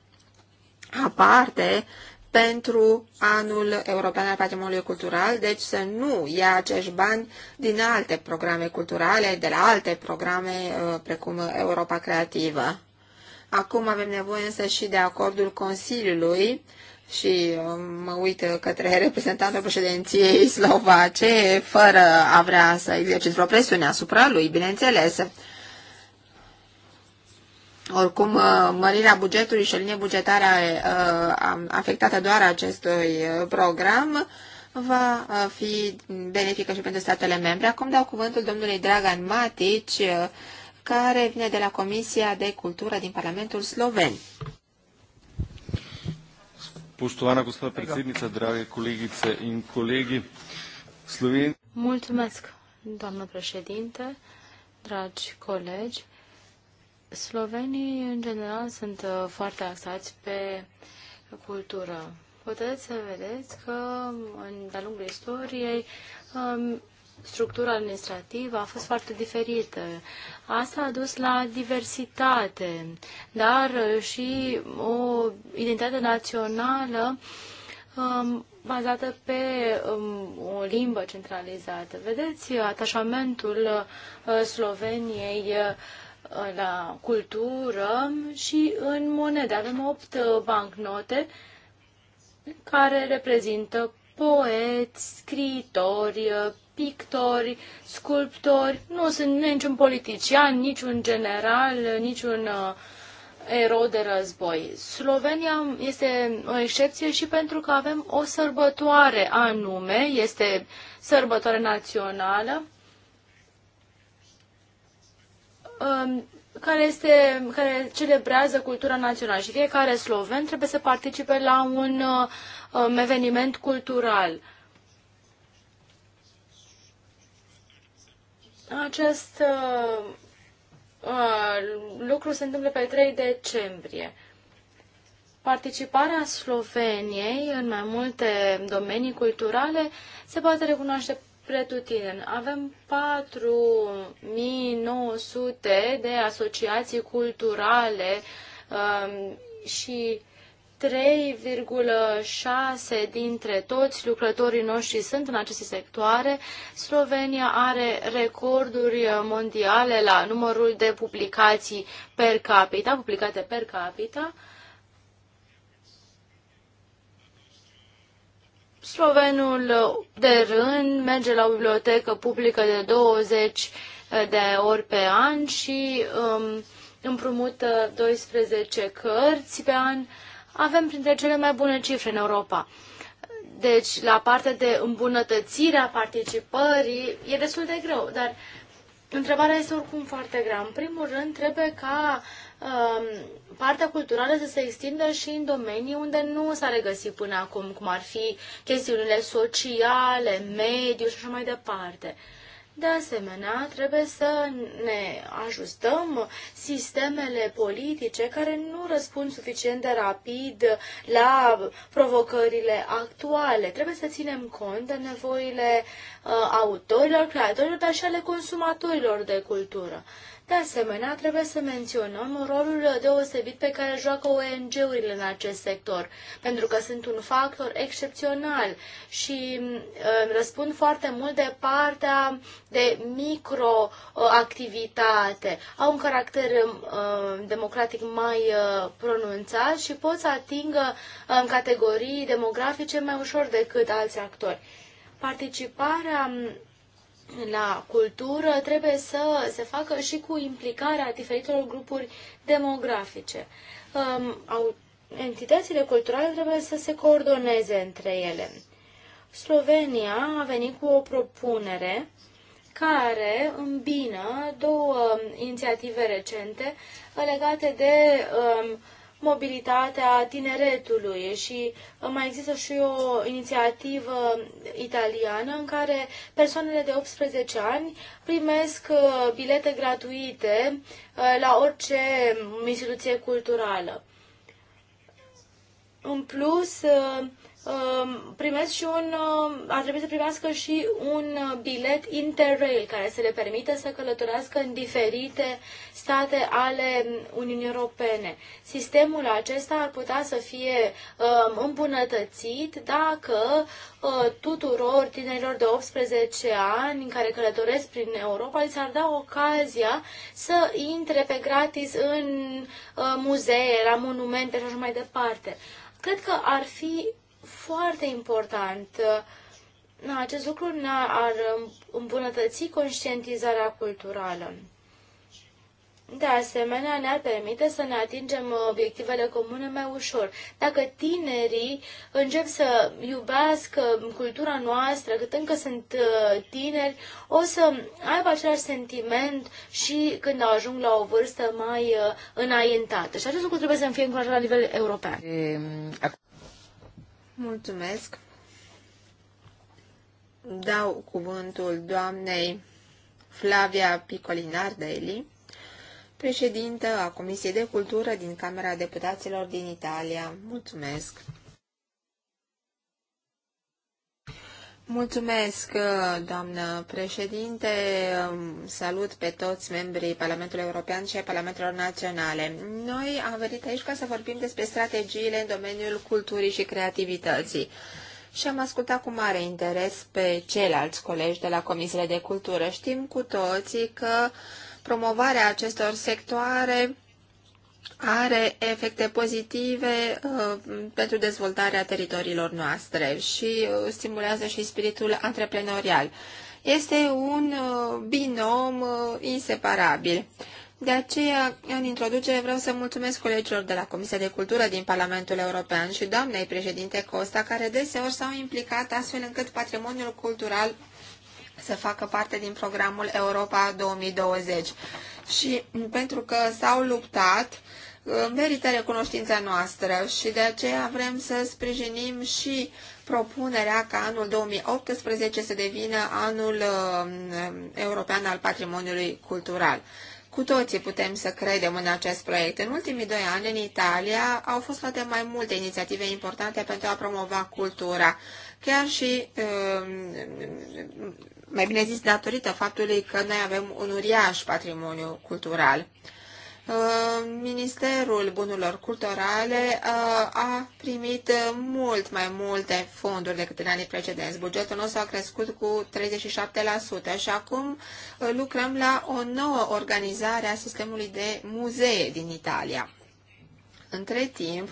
aparte pentru anul european al patrimoniului cultural, deci să nu ia acești bani din alte programe culturale, de la alte programe uh, precum Europa Creativă. Acum avem nevoie însă și de acordul Consiliului și uh, mă uit uh, către [LAUGHS] reprezentantul președinției slovace, fără a vrea să exercit vreo presiune asupra lui, bineînțeles. Oricum, uh, mărirea bugetului și o linie bugetară uh, afectată doar acestui uh, program va fi benefică și pentru statele membre. Acum dau cuvântul domnului Dragan Matici, care vine de la Comisia de Cultură din Parlamentul Sloven. Poštovana gospodă predsednica, drage colegițe și colegi, Sloven... Mulțumesc, doamnă președinte, dragi colegi. Slovenii, în general, sunt uh, foarte axați pe cultură. Puteți să vedeți că, de-a lungul istoriei, um, structura administrativă a fost foarte diferită. Asta a dus la diversitate, dar uh, și o identitate națională um, bazată pe um, o limbă centralizată. Vedeți uh, atașamentul uh, Sloveniei uh, la cultură și în monede. Avem opt uh, bancnote care reprezintă poeți, scritori, uh, pictori, sculptori. Nu sunt niciun politician, niciun general, niciun uh, erou de război. Slovenia este o excepție și pentru că avem o sărbătoare anume, este sărbătoare națională um, care, este, care celebrează cultura națională și fiecare sloven trebuie să participe la un uh, um, eveniment cultural. Acest uh, uh, lucru se întâmplă pe 3 decembrie. Participarea Sloveniei în mai multe domenii culturale se poate recunoaște pretutindeni. Avem 4900 de asociații culturale um, și 3,6 dintre toți lucrătorii noștri sunt în aceste sectoare. Slovenia are recorduri mondiale la numărul de publicații per capita, publicate per capita. Slovenul de rând merge la o bibliotecă publică de 20 de ori pe an și um, împrumută 12 cărți pe an. Avem printre cele mai bune cifre în Europa. Deci, la partea de îmbunătățirea participării, e destul de greu, dar întrebarea este oricum foarte grea. În primul rând, trebuie ca uh, Um, partea culturală să se extindă și în domenii unde nu s-a regăsit până acum, cum ar fi chestiunile sociale, mediu și așa mai departe. De asemenea, trebuie să ne ajustăm sistemele politice care nu răspund suficient de rapid la provocările actuale. Trebuie să ținem cont de nevoile uh, autorilor, creatorilor, dar și ale consumatorilor de cultură. De asemenea, trebuie să menționăm rolul deosebit pe care joacă ONG-urile în acest sector, pentru că sunt un factor excepțional și mm, răspund foarte mult de partea de microactivitate. Au un caracter mm, uh, democratic mai uh, pronunțat și pot să atingă uh, categorii demografice mai ușor decât alți actori. Participarea mm, la cultură trebuie să se facă și cu implicarea diferitelor grupuri demografice. Um, entitățile culturale trebuie să se coordoneze între ele. Slovenia a venit cu o propunere care îmbină două inițiative recente legate de um, mobilitatea tineretului și uh, mai există și o inițiativă italiană în care persoanele de 18 ani primesc uh, bilete gratuite uh, la orice instituție culturală. În plus, Um, primesc și un, um, ar trebui să primească și un uh, bilet interrail care să le permită să călătorească în diferite state ale Uniunii Europene. Sistemul acesta ar putea să fie um, îmbunătățit dacă uh, tuturor tinerilor de 18 ani care călătoresc prin Europa li s-ar da ocazia să intre pe gratis în uh, muzee, la monumente și așa mai departe cred că ar fi foarte important. Acest lucru ar îmbunătăți conștientizarea culturală. De asemenea, ne-ar permite să ne atingem obiectivele comune mai ușor. Dacă tinerii încep să iubească cultura noastră, cât încă sunt uh, tineri, o să aibă același sentiment și când ajung la o vârstă mai uh, înaintată. Și acest lucru trebuie să fie încurajat la nivel european. Ehm, Mulțumesc. Dau cuvântul doamnei Flavia Picolinardelli, președintă a Comisiei de Cultură din Camera Deputaților din Italia. Mulțumesc. Mulțumesc, uh, doamnă președinte. Um, salut pe toți membrii Parlamentului European și ai Parlamentelor Naționale. Noi am venit aici ca să vorbim despre strategiile în domeniul culturii și creativității. Și am ascultat cu mare interes pe ceilalți colegi de la Comisiile de Cultură. Știm cu toții că promovarea acestor sectoare are efecte pozitive uh, pentru dezvoltarea teritoriilor noastre și uh, stimulează și spiritul antreprenorial. Este un uh, binom uh, inseparabil. De aceea, în introducere, vreau să mulțumesc colegilor de la Comisia de Cultură din Parlamentul European și doamnei președinte Costa, care deseori s-au implicat astfel încât patrimoniul cultural să facă parte din programul Europa 2020 și pentru că s-au luptat, uh, merită recunoștința noastră și de aceea vrem să sprijinim și propunerea ca anul 2018 să devină anul uh, european al patrimoniului cultural. Cu toții putem să credem în acest proiect. În ultimii doi ani, în Italia, au fost luate mai multe inițiative importante pentru a promova cultura. Chiar și uh, mai bine zis, datorită faptului că noi avem un uriaș patrimoniu cultural. Uh, Ministerul Bunurilor Culturale uh, a primit mult mai multe fonduri decât în anii precedenți. Bugetul nostru a crescut cu 37% și acum uh, lucrăm la o nouă organizare a sistemului de muzee din Italia. Între timp,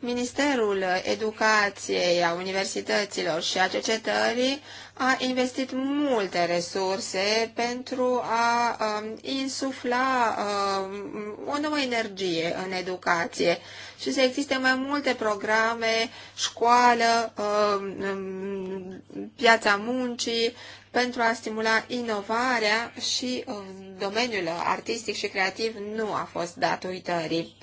Ministerul Educației, a Universităților și a Cercetării a investit multe resurse pentru a um, insufla um, o nouă energie în educație și să existe mai multe programe, școală, um, um piața muncii, pentru a stimula inovarea și um, domeniul artistic și creativ nu a fost dat uitării.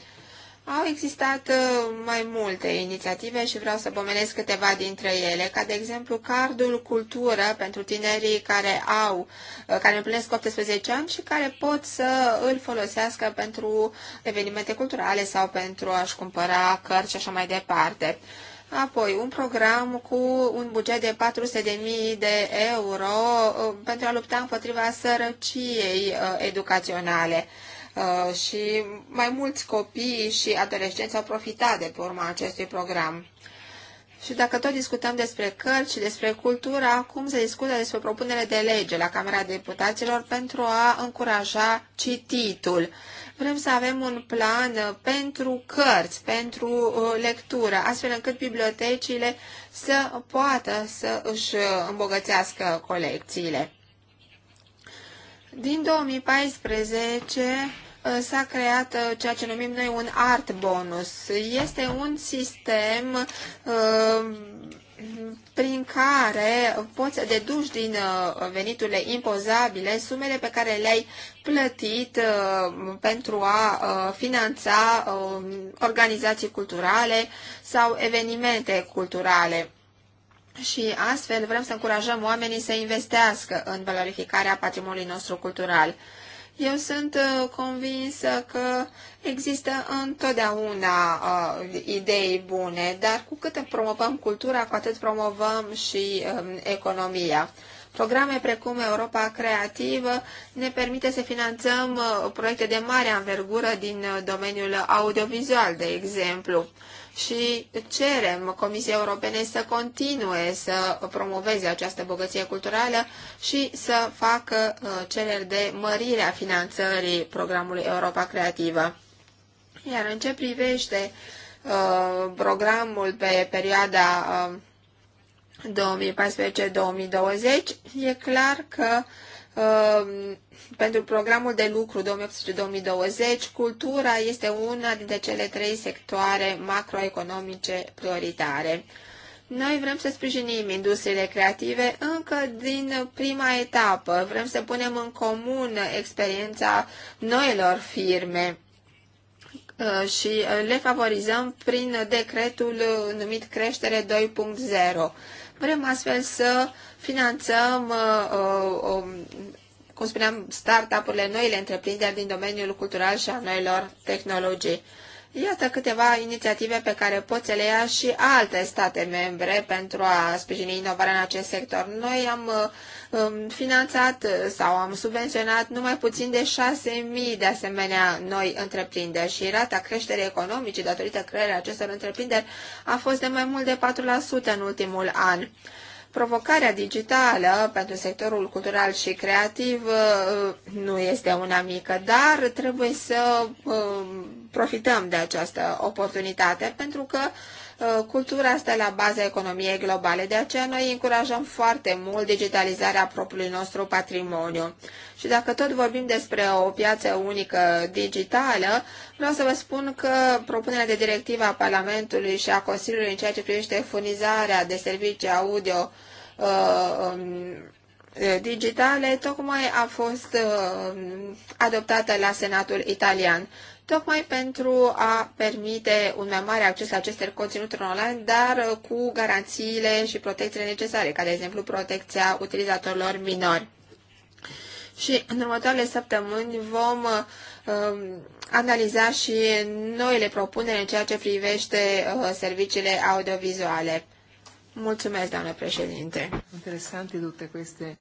Au existat uh, mai multe inițiative și vreau să pomenesc câteva dintre ele, ca de exemplu cardul cultură pentru tinerii care au, uh, care împlinesc 18 ani și care pot să îl folosească pentru evenimente culturale sau pentru a-și cumpăra cărți și așa mai departe. Apoi, un program cu un buget de 400.000 de euro uh, pentru a lupta împotriva sărăciei educaționale Uh, și mai mulți copii și adolescenți au profitat de pe urma acestui program. Și dacă tot discutăm despre cărți și despre cultură, acum se discută despre propunere de lege la Camera Deputaților pentru a încuraja cititul. Vrem să avem un plan pentru cărți, pentru uh, lectură, astfel încât bibliotecile să poată să își îmbogățească colecțiile. Din 2014, Uh, s-a creat uh, ceea ce numim noi un art bonus. Este un sistem uh, prin care poți deduci din veniturile impozabile sumele pe care le-ai plătit pentru a finanța um, organizații culturale sau evenimente culturale. Și astfel vrem să încurajăm oamenii să investească în valorificarea patrimoniului nostru cultural. Eu sunt uh, convinsă că există întotdeauna uh, idei bune, dar cu cât promovăm cultura, cu atât promovăm și um, economia. Programe precum Europa Creativă ne permite să finanțăm uh, proiecte de mare anvergură din uh, domeniul audiovizual, de exemplu și cerem Comisiei Europene să continue să promoveze această bogăție culturală și să facă uh, cereri de mărire a finanțării programului Europa Creativă. Iar în ce privește uh, programul pe perioada 2014-2020, uh, e clar că uh, Um, pentru programul de lucru 2018-2020, cultura este una dintre cele trei sectoare macroeconomice prioritare. Noi vrem să sprijinim industriile creative încă din prima etapă. Vrem să punem în comun experiența noilor firme uh, și le favorizăm prin decretul numit Creștere 2.0 Vrem astfel să finanțăm, uh, uh, um, cum spuneam, startup-urile, noile întreprinderi din domeniul cultural și a noilor tehnologii. Iată câteva inițiative pe care pot să le ia și alte state membre pentru a sprijini inovarea în acest sector. Noi am uh, Um, finanțat sau am subvenționat numai puțin de 6.000 de asemenea noi întreprinderi și rata creșterii economice datorită creării acestor întreprinderi a fost de mai mult de 4% în ultimul an. Provocarea digitală pentru sectorul cultural și creativ uh, nu este una mică, dar trebuie să um, profităm de această oportunitate pentru că Uh, cultura stă la baza economiei globale, de aceea noi încurajăm foarte mult digitalizarea propriului nostru patrimoniu. Și dacă tot vorbim despre o piață unică digitală, vreau să vă spun că propunerea de directivă a Parlamentului și a Consiliului în ceea ce privește furnizarea de servicii audio uh, um, digitale tocmai a fost uh, adoptată la Senatul italian tocmai pentru a permite un mai mare acces la aceste conținuturi online, dar cu garanțiile și protecțiile necesare, ca de exemplu protecția utilizatorilor minori. Și în următoarele săptămâni vom uh, analiza și noile propuneri în ceea ce privește uh, serviciile audiovizuale. Mulțumesc, doamnă președinte. Interesante toate aceste.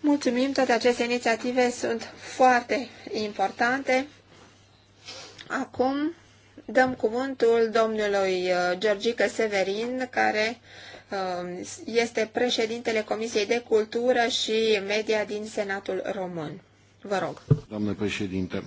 Mulțumim, toate aceste inițiative sunt foarte importante. Acum dăm cuvântul domnului uh, Georgica Severin, care um, este președintele Comisiei de Cultură și Media din Senatul Român. Vă rog. Doamnă președinte,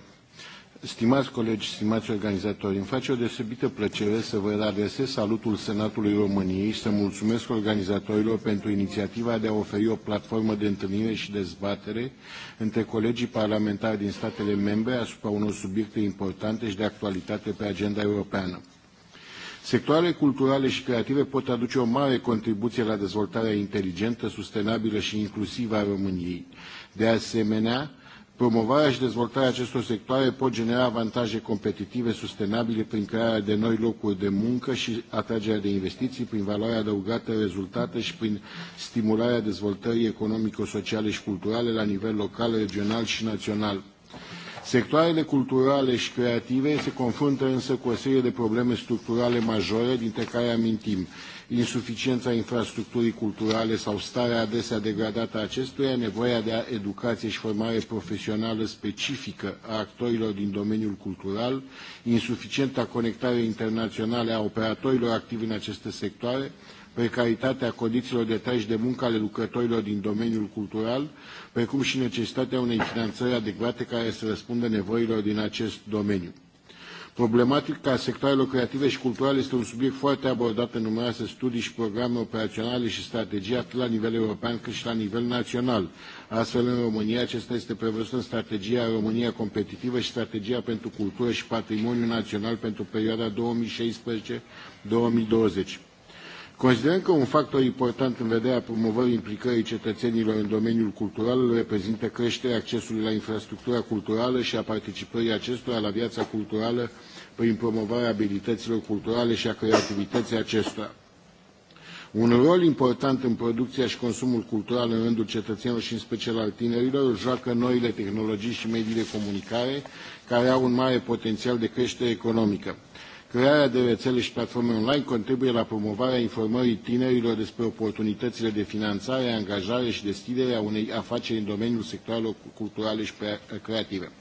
Stimați colegi, stimați organizatori, îmi face o deosebită plăcere să vă adresez salutul Senatului României și să mulțumesc organizatorilor pentru inițiativa de a oferi o platformă de întâlnire și dezbatere între colegii parlamentari din statele membre asupra unor subiecte importante și de actualitate pe agenda europeană. Sectoarele culturale și creative pot aduce o mare contribuție la dezvoltarea inteligentă, sustenabilă și inclusivă a României. De asemenea, Promovarea și dezvoltarea acestor sectoare pot genera avantaje competitive sustenabile prin crearea de noi locuri de muncă și atragerea de investiții, prin valoarea adăugată rezultată și prin stimularea dezvoltării economico-sociale și culturale la nivel local, regional și național. Sectoarele culturale și creative se confruntă însă cu o serie de probleme structurale majore, dintre care amintim insuficiența infrastructurii culturale sau starea adesea degradată a acestuia, nevoia de educație și formare profesională specifică a actorilor din domeniul cultural, insuficienta conectare internațională a operatorilor activi în aceste sectoare, precaritatea condițiilor de trai și de muncă ale lucrătorilor din domeniul cultural, precum și necesitatea unei finanțări adecvate care să răspundă nevoilor din acest domeniu. Problematica sectoarelor creative și culturale este un subiect foarte abordat în numeroase studii și programe operaționale și strategii atât la nivel european cât și la nivel național. Astfel, în România, acesta este prevăzut în strategia România competitivă și strategia pentru cultură și patrimoniu național pentru perioada 2016-2020. Considerăm că un factor important în vederea promovării implicării cetățenilor în domeniul cultural reprezintă creșterea accesului la infrastructura culturală și a participării acestora la viața culturală prin promovarea abilităților culturale și a creativității acestora. Un rol important în producția și consumul cultural în rândul cetățenilor și în special al tinerilor joacă noile tehnologii și mediile de comunicare care au un mare potențial de creștere economică. Crearea de rețele și platforme online contribuie la promovarea informării tinerilor despre oportunitățile de finanțare, angajare și deschidere a unei afaceri în domeniul sectorilor culturale și creative.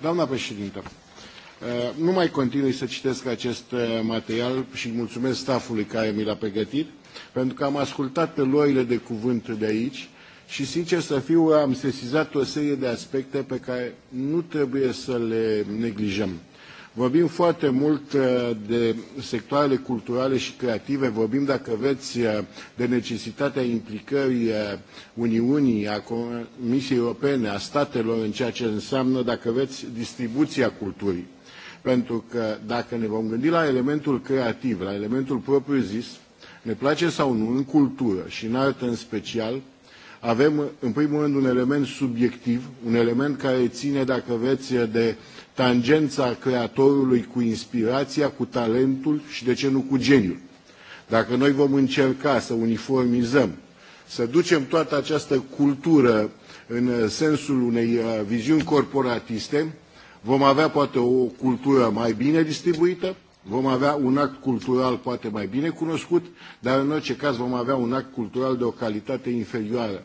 Doamna președintă, uh, nu mai continui să citesc acest uh, material și mulțumesc stafului care mi l-a pregătit, pentru că am ascultat luările de cuvânt de aici și, sincer să fiu, am sesizat o serie de aspecte pe care nu trebuie să le neglijăm. Vorbim foarte mult uh, de sectoarele culturale și creative, vorbim, dacă vreți, uh, de necesitatea implicării uh, Uniunii, a Comisiei Europene, a statelor în ceea ce înseamnă, dacă vreți, distribuția culturii. Pentru că dacă ne vom gândi la elementul creativ, la elementul propriu-zis, ne place sau nu, în cultură și în artă în special, avem, în primul rând, un element subiectiv, un element care ține, dacă vreți, de uh, tangența creatorului cu inspirația, cu talentul și, de ce nu, cu geniul. Dacă noi vom încerca să uniformizăm, să ducem toată această cultură în sensul unei uh, viziuni corporatiste, vom avea poate o cultură mai bine distribuită, vom avea un act cultural poate mai bine cunoscut, dar în orice caz vom avea un act cultural de o calitate inferioară.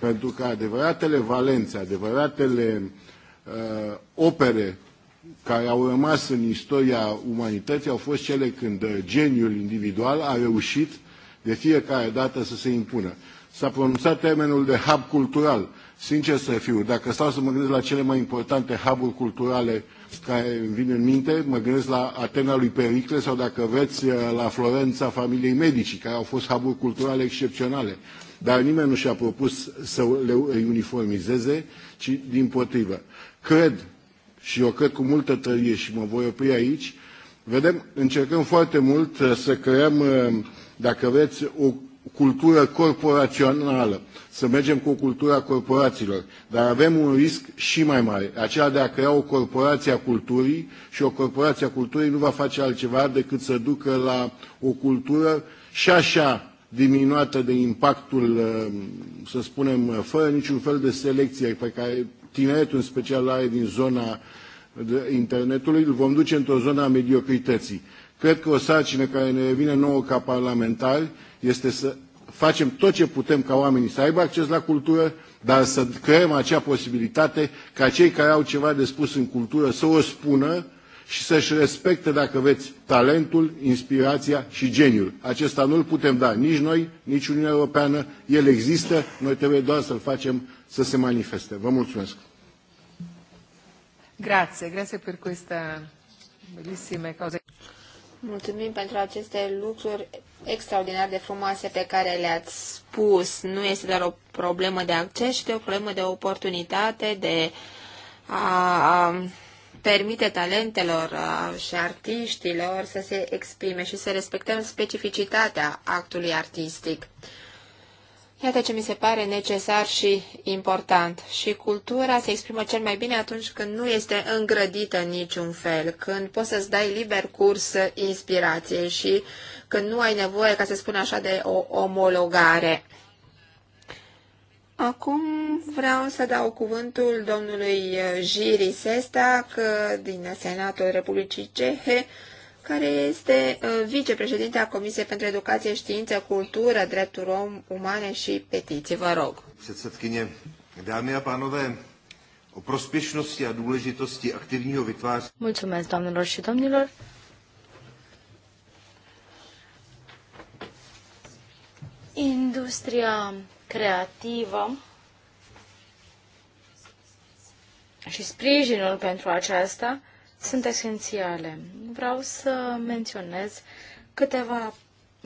Pentru că adevăratele valențe, adevăratele uh, opere care au rămas în istoria umanității au fost cele când uh, geniul individual a reușit de fiecare dată să se impună. S-a pronunțat termenul de hub cultural. Sincer să fiu, dacă stau să mă gândesc la cele mai importante hub-uri culturale care îmi vin în minte, mă gândesc la Atena lui Pericle sau, dacă vreți, uh, la Florența familiei Medici, care au fost hub-uri culturale excepționale. Dar nimeni nu și-a propus să le uniformizeze, ci din potrivă. Cred și eu cred cu multă tărie și mă voi opri aici, vedem, încercăm foarte mult uh, să creăm, uh, dacă vreți, o cultură corporațională, să mergem cu cultura corporațiilor, dar avem un risc și mai mare, acela de a crea o corporație a culturii și o corporație a culturii nu va face altceva decât să ducă la o cultură și așa diminuată de impactul, uh, să spunem, fără niciun fel de selecție pe care tineretul, în special are din zona internetului, îl vom duce într-o zonă a mediocrității. Cred că o sarcină care ne revine nouă ca parlamentari este să facem tot ce putem ca oamenii să aibă acces la cultură, dar să creăm acea posibilitate ca cei care au ceva de spus în cultură să o spună și să-și respecte, dacă veți, talentul, inspirația și geniul. Acesta nu-l putem da nici noi, nici Uniunea Europeană. El există, noi trebuie doar să-l facem să se manifeste. Vă mulțumesc! Grazie, grazie per questa bellissime cose. Mulțumim pentru aceste lucruri extraordinar de frumoase pe care le-ați spus. Nu este doar o problemă de acces, ci de o problemă de oportunitate, de a, a permite talentelor uh, și artiștilor să se exprime și să respectăm specificitatea actului artistic. Iată ce mi se pare necesar și important. Și cultura se exprimă cel mai bine atunci când nu este îngrădită în niciun fel, când poți să-ți dai liber curs inspirației și când nu ai nevoie, ca să spun așa, de o omologare. Acum vreau să dau cuvântul domnului eh, Jiri Sestac din Senatul Republicii Cehe, care este eh, vicepreședinte a Comisiei pentru Educație, Știință, Cultură, Drepturi Om, Umane și Petiții. Vă rog. Předsedkyně, dámy a pánové, o prospěšnosti a důležitosti aktivního vytváření. Mulțumesc, doamnelor și domnilor. Industria creativă și sprijinul pentru aceasta sunt esențiale. Vreau să menționez câteva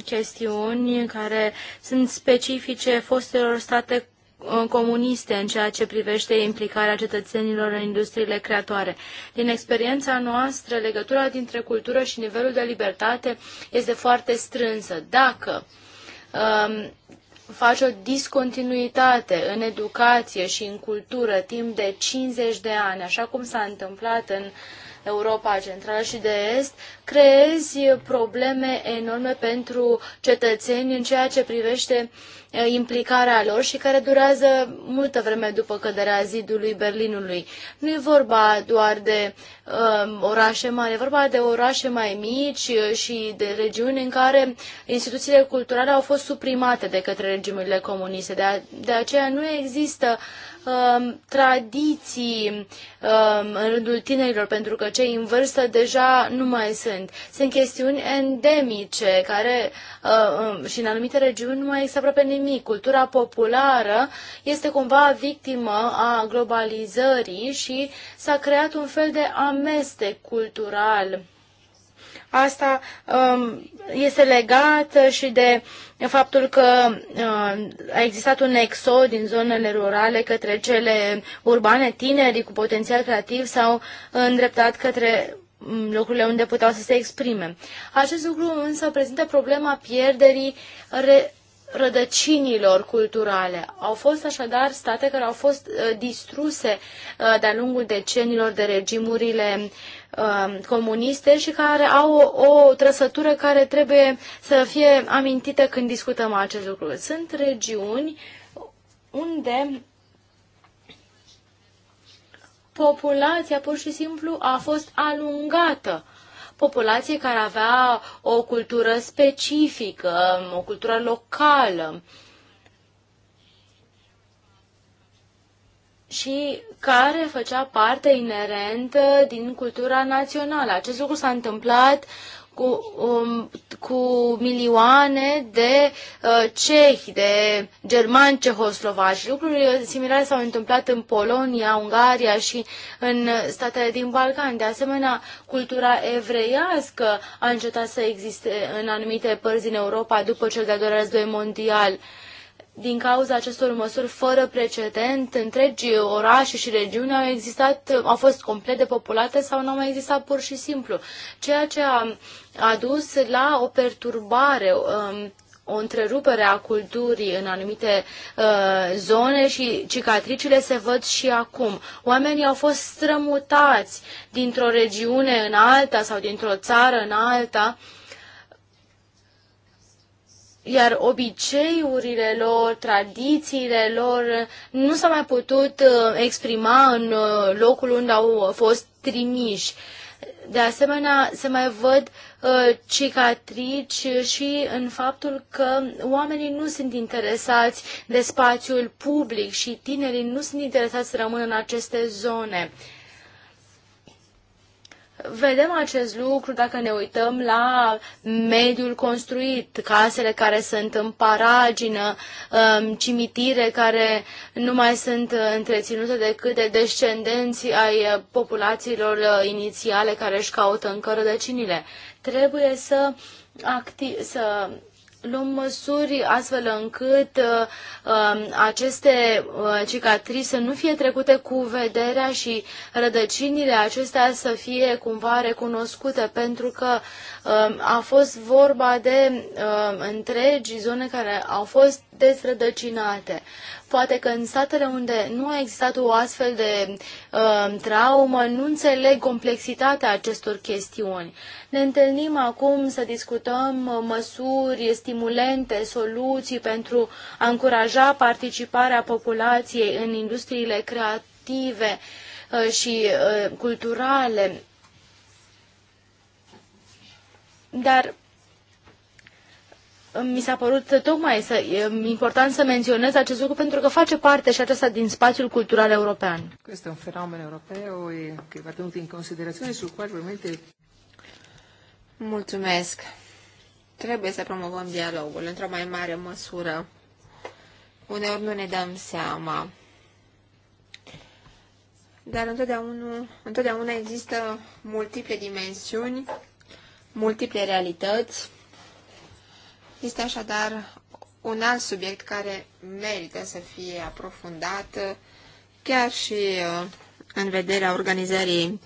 chestiuni care sunt specifice fostelor state uh, comuniste în ceea ce privește implicarea cetățenilor în industriile creatoare. Din experiența noastră, legătura dintre cultură și nivelul de libertate este foarte strânsă. Dacă um, face o discontinuitate în educație și în cultură timp de 50 de ani, așa cum s-a întâmplat în Europa Centrală și de Est, creezi probleme enorme pentru cetățeni în ceea ce privește implicarea lor și care durează multă vreme după căderea zidului Berlinului. Nu e vorba doar de uh, orașe mari, e vorba de orașe mai mici și de regiuni în care instituțiile culturale au fost suprimate de către regimurile comuniste. De, a, de aceea nu există uh, Um, tradiții um, în rândul tinerilor, pentru că cei în vârstă deja nu mai sunt. Sunt chestiuni endemice care uh, um, și în anumite regiuni nu mai există aproape nimic. Cultura populară este cumva victimă a globalizării și s-a creat un fel de amestec cultural Asta um, este legat și de faptul că um, a existat un exod din zonele rurale către cele urbane, tinerii cu potențial creativ s-au îndreptat către um, locurile unde puteau să se exprime. Acest lucru însă prezintă problema pierderii re- rădăcinilor culturale. Au fost așadar state care au fost uh, distruse uh, de-a lungul decenilor de regimurile Um, comuniste și care au o, o trăsătură care trebuie să fie amintită când discutăm acest lucru. Sunt regiuni unde populația pur și simplu a fost alungată. Populație care avea o cultură specifică, o cultură locală. Uh, și care făcea parte inerentă din cultura națională. Acest lucru s-a întâmplat cu, um, cu milioane de uh, cehi, de germani cehoslovaci. Lucruri similare s-au întâmplat în Polonia, Ungaria și în statele din Balcan. De asemenea, cultura evreiască a încetat să existe în anumite părți din Europa după cel de-al doilea război mondial. Uh, din cauza acestor măsuri fără precedent, întregi orașe și regiuni au existat, au fost complet depopulate sau nu au mai existat pur și simplu, ceea ce a adus la o perturbare, um, o întrerupere a culturii în anumite uh, zone și cicatricile se văd și acum. Oamenii au fost strămutați dintr-o regiune în alta sau dintr-o țară în alta iar obiceiurile lor, tradițiile lor nu s-au mai putut uh, exprima în uh, locul unde au fost trimiși. De asemenea, se mai văd uh, cicatrici și în faptul că oamenii nu sunt interesați de spațiul public și tinerii nu sunt interesați să rămână în aceste zone. Uh, Vedem acest lucru dacă ne uităm la mediul construit, casele care sunt în paragină, um, cimitire care nu mai sunt uh, întreținute decât de descendenții ai uh, populațiilor uh, inițiale care își caută încă rădăcinile. Trebuie să, acti- să luăm măsuri astfel încât uh, um, aceste uh, să nu fie trecute cu vederea și rădăcinile acestea să fie cumva recunoscute, pentru că uh, a fost vorba de uh, întregi zone care au fost desrădăcinate. Poate că în statele unde nu a existat o astfel de uh, traumă, nu înțeleg complexitatea acestor chestiuni. Ne întâlnim acum să discutăm uh, măsuri stimulente, soluții pentru a încuraja participarea populației în industriile creative uh, și uh, culturale. Dar mi s-a părut tocmai să, important să menționez acest lucru pentru că face parte și acesta din spațiul cultural european. Este un fenomen europeu care va tenut în considerație și probabilmente... Mulțumesc. Trebuie să promovăm dialogul într-o mai mare măsură. Uneori nu ne dăm seama. Dar întotdeauna, întotdeauna există multiple dimensiuni, multiple realități, este așadar un alt subiect care merită să fie aprofundat uh, chiar și uh, în vederea organizării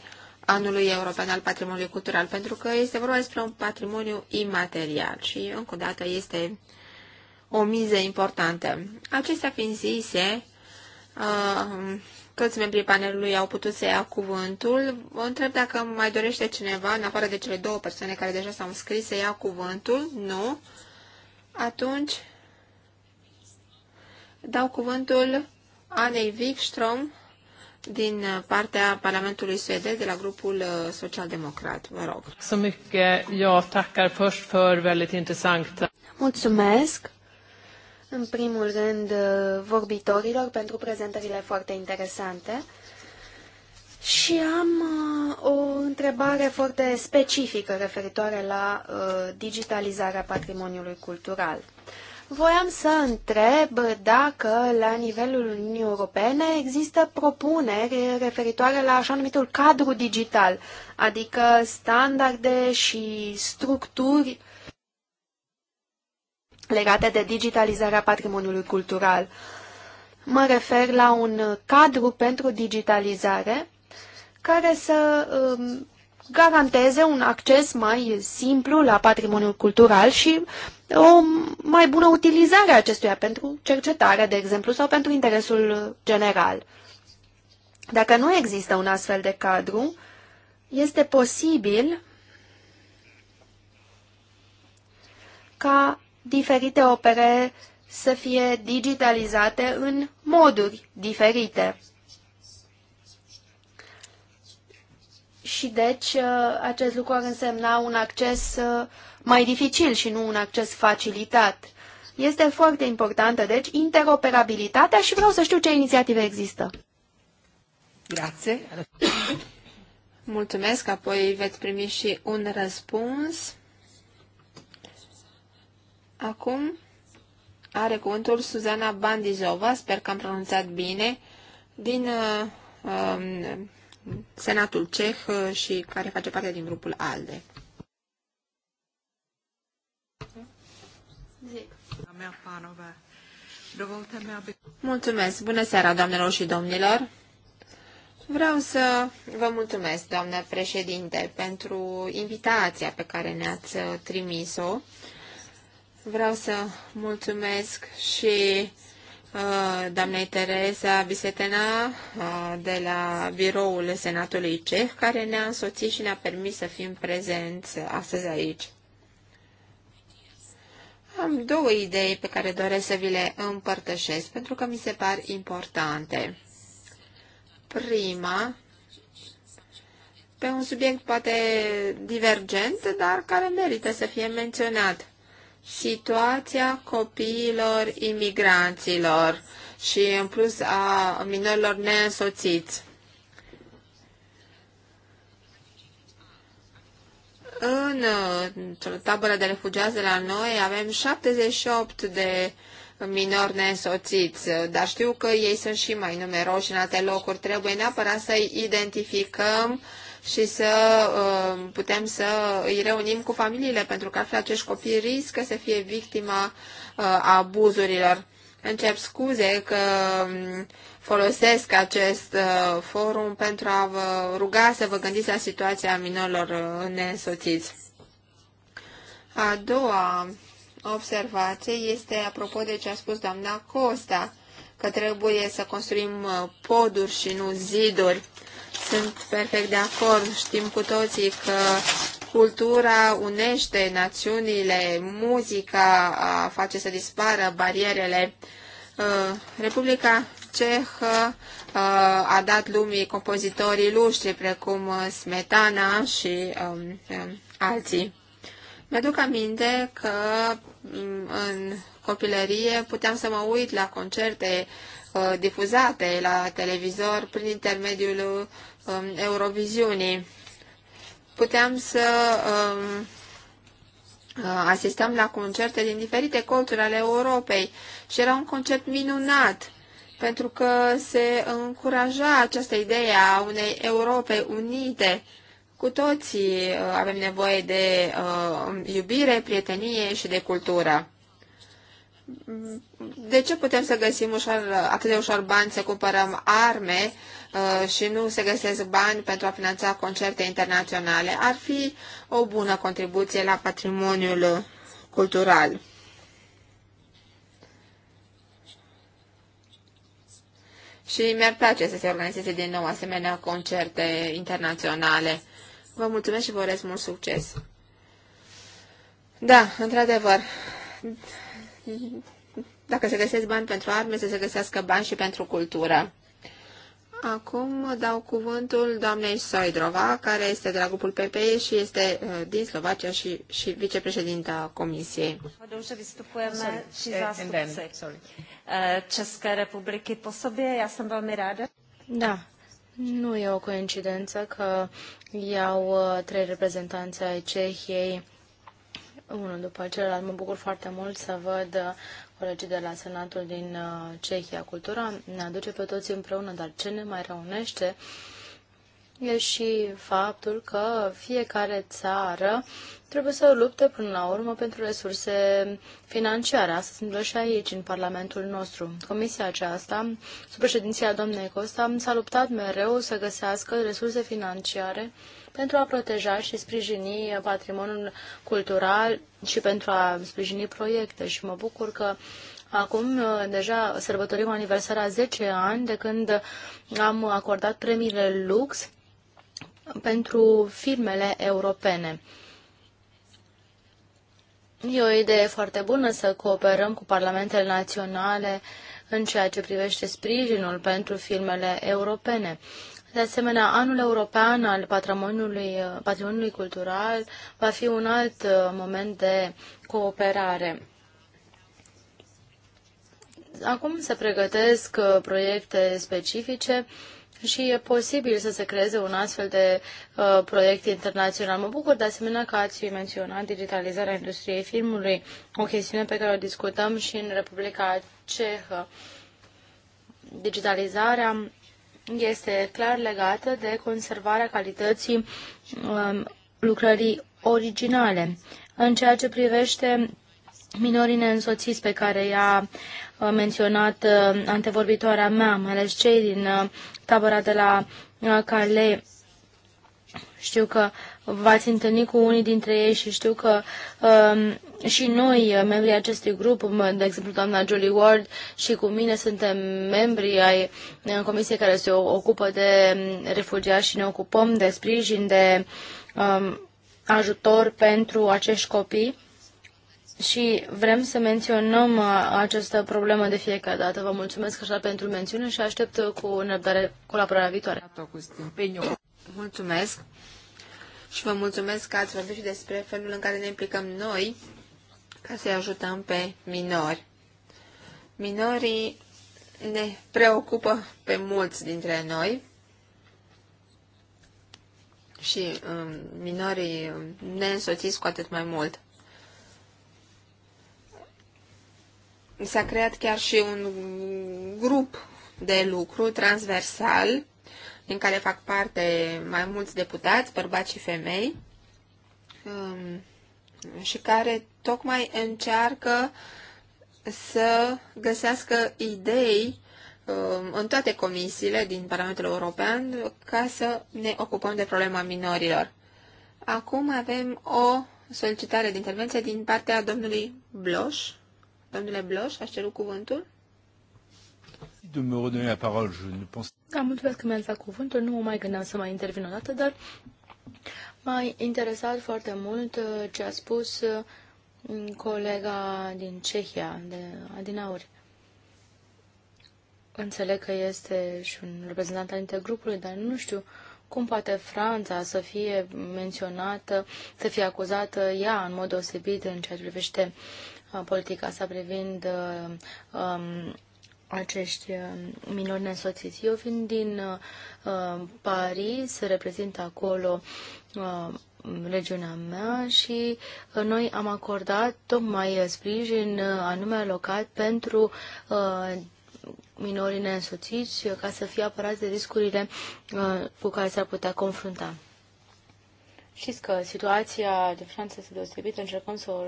anului european al patrimoniului cultural, pentru că este vorba despre un patrimoniu imaterial și, încă o dată, este o miză importantă. Acestea fiind zise, uh, toți membrii panelului au putut să ia cuvântul. Vă întreb dacă mai dorește cineva, în afară de cele două persoane care deja s-au înscris, să ia cuvântul. Nu. Atunci, dau cuvântul Anei Wikström din partea Parlamentului Suedez de la grupul uh, social-democrat. Vă rog. Mulțumesc. În primul rând, uh, vorbitorilor pentru prezentările foarte interesante. Și am uh, o întrebare foarte specifică referitoare la uh, digitalizarea patrimoniului cultural. Voiam să întreb dacă la nivelul Uniunii Europene există propuneri referitoare la așa numitul cadru digital, adică standarde și structuri legate de digitalizarea patrimoniului cultural. Mă refer la un cadru pentru digitalizare care să um, garanteze un acces mai simplu la patrimoniul cultural și o mai bună utilizare a acestuia pentru cercetare, de exemplu, sau pentru interesul general. Dacă nu există un astfel de cadru, este posibil ca diferite opere să fie digitalizate în moduri diferite. și deci uh, acest lucru ar însemna un acces uh, mai dificil și nu un acces facilitat. Este foarte importantă, deci, interoperabilitatea și vreau să știu ce inițiative există. Grație. Mulțumesc, apoi veți primi și un răspuns. Acum are cuvântul Suzana Bandizova, sper că am pronunțat bine, din uh, um, Senatul Ceh uh, și care face parte din grupul ALDE. Mulțumesc! Bună seara, doamnelor și domnilor! Vreau să vă mulțumesc, doamnă președinte, pentru invitația pe care ne-ați trimis-o. Vreau să mulțumesc și Uh, doamnei Teresa Bisetena uh, de la biroul Senatului Ceh, care ne-a însoțit și ne-a permis să fim prezenți astăzi aici. Am două idei pe care doresc să vi le împărtășesc, pentru că mi se par importante. Prima, pe un subiect poate divergent, dar care merită să fie menționat situația copiilor imigranților și în plus a minorilor neînsoțiți. În tabără de refugiați de la noi avem 78 de minori neînsoțiți, dar știu că ei sunt și mai numeroși în alte locuri. Trebuie neapărat să-i identificăm și să uh, putem să îi reunim cu familiile, pentru că altfel acești copii riscă să fie victima uh, abuzurilor. Încep scuze că um, folosesc acest uh, forum pentru a vă ruga să vă gândiți la situația minorilor nesoțiți. A doua observație este apropo de ce a spus doamna Costa, că trebuie să construim poduri și nu ziduri. Sunt perfect de acord. Știm cu toții că cultura unește națiunile, muzica face să dispară barierele. Uh, Republica Cehă uh, a dat lumii compozitorii luștri precum Smetana și um, um alții. Mi-aduc aminte că mm, în copilărie puteam să mă uit la concerte Uh, difuzate la televizor prin intermediul um, Euroviziunii. Puteam să um, uh, asistăm la concerte din diferite colțuri ale Europei și era un concert minunat pentru că se încuraja această idee a unei Europe unite. Cu toții uh, avem nevoie de uh, iubire, prietenie și de cultură de ce putem să găsim ușor, atât de ușor bani să cumpărăm arme uh, și nu se găsesc bani pentru a finanța concerte internaționale? Ar fi o bună contribuție la patrimoniul cultural. Și mi-ar place să se organizeze din nou asemenea concerte internaționale. Vă mulțumesc și vă urez mult succes! Da, într-adevăr, dacă se găsesc bani pentru arme, să se găsească bani și pentru cultură. Acum dau cuvântul doamnei Soidrova, care este de la grupul PPE și este uh, din Slovacia și, și vicepreședinta Comisiei. și eh, eh, České republiky po sobě. Já jsem velmi ráda. Da, nu e o coincidență că iau eh, trei reprezentanți ai Cehiei, unul după celălalt. Mă bucur foarte mult să văd uh, colegii de la Senatul din uh, Cehia. Cultura ne aduce pe toți împreună, dar ce ne mai reunește e și faptul că fiecare țară trebuie să lupte până la urmă pentru resurse financiare. Asta se întâmplă și aici, în Parlamentul nostru. Comisia aceasta, sub președinția doamnei Costa, s-a luptat mereu să găsească resurse financiare uh, pentru a proteja și sprijini patrimoniul cultural și pentru a sprijini proiecte. Și mă bucur că Acum uh, deja sărbătorim aniversarea 10 ani de când am acordat premiile Lux pentru filmele europene. E o idee foarte bună să cooperăm cu parlamentele naționale în ceea ce privește sprijinul pentru filmele europene. De asemenea, anul european al patrimoniului, patrimoniului cultural va fi un alt uh, moment de cooperare. Acum se pregătesc uh, proiecte specifice și e posibil să se creeze un astfel de uh, proiect internațional. Mă bucur de asemenea că ați menționat digitalizarea industriei filmului, o chestiune pe care o discutăm și în Republica Cehă. Digitalizarea este clar legată de conservarea calității um, lucrării originale. În ceea ce privește minorii neînsoțiți pe care i-a uh, menționat uh, antevorbitoarea mea, mai ales cei din uh, tabăra de la Calais, știu că uh, v-ați întâlnit cu unii dintre ei și știu că um, și noi, uh, membrii acestui grup, um, de exemplu doamna Julie Ward și cu mine suntem membri ai uh, comisiei care se ocupă de um, refugiați și ne ocupăm de sprijin, de um, ajutor pentru acești copii. Și vrem să menționăm uh, această problemă de fiecare dată. Vă mulțumesc așa pentru mențiune și aștept cu nerăbdare colaborarea viitoare. Mulțumesc! și vă mulțumesc că ați vorbit și despre felul în care ne implicăm noi ca să-i ajutăm pe minori. Minorii ne preocupă pe mulți dintre noi și um, minorii um, ne însoțiți cu atât mai mult. S-a creat chiar și un grup de lucru transversal din care fac parte mai mulți deputați, bărbați și femei, um, și care tocmai încearcă să găsească idei um, în toate comisiile din Parlamentul European ca să ne ocupăm de problema minorilor. Acum avem o solicitare de intervenție din partea domnului Bloș. Domnule Bloș, aș cerut cuvântul de me redonner la parole. Je ne pense... Da, mulțumesc că mi-ați dat cuvântul. Nu mă mai gândeam să mai intervin o dată, dar m-a interesat foarte mult uh, ce a spus uh, colega din Cehia, de Adinauri. Înțeleg că este și un reprezentant al intergrupului, dar nu știu cum poate Franța să fie menționată, să fie acuzată ea în mod deosebit în ceea ce privește uh, politica sa privind um, acești uh, minori nesoțiți. Eu vin din uh, Paris, reprezint acolo uh, regiunea mea și uh, noi am acordat tocmai sprijin uh, anume alocat pentru uh, minorii neînsoțiți ca să fie apărați de riscurile uh, cu care s-ar putea confrunta. Știți că situația de Franța este deosebită, încercăm să o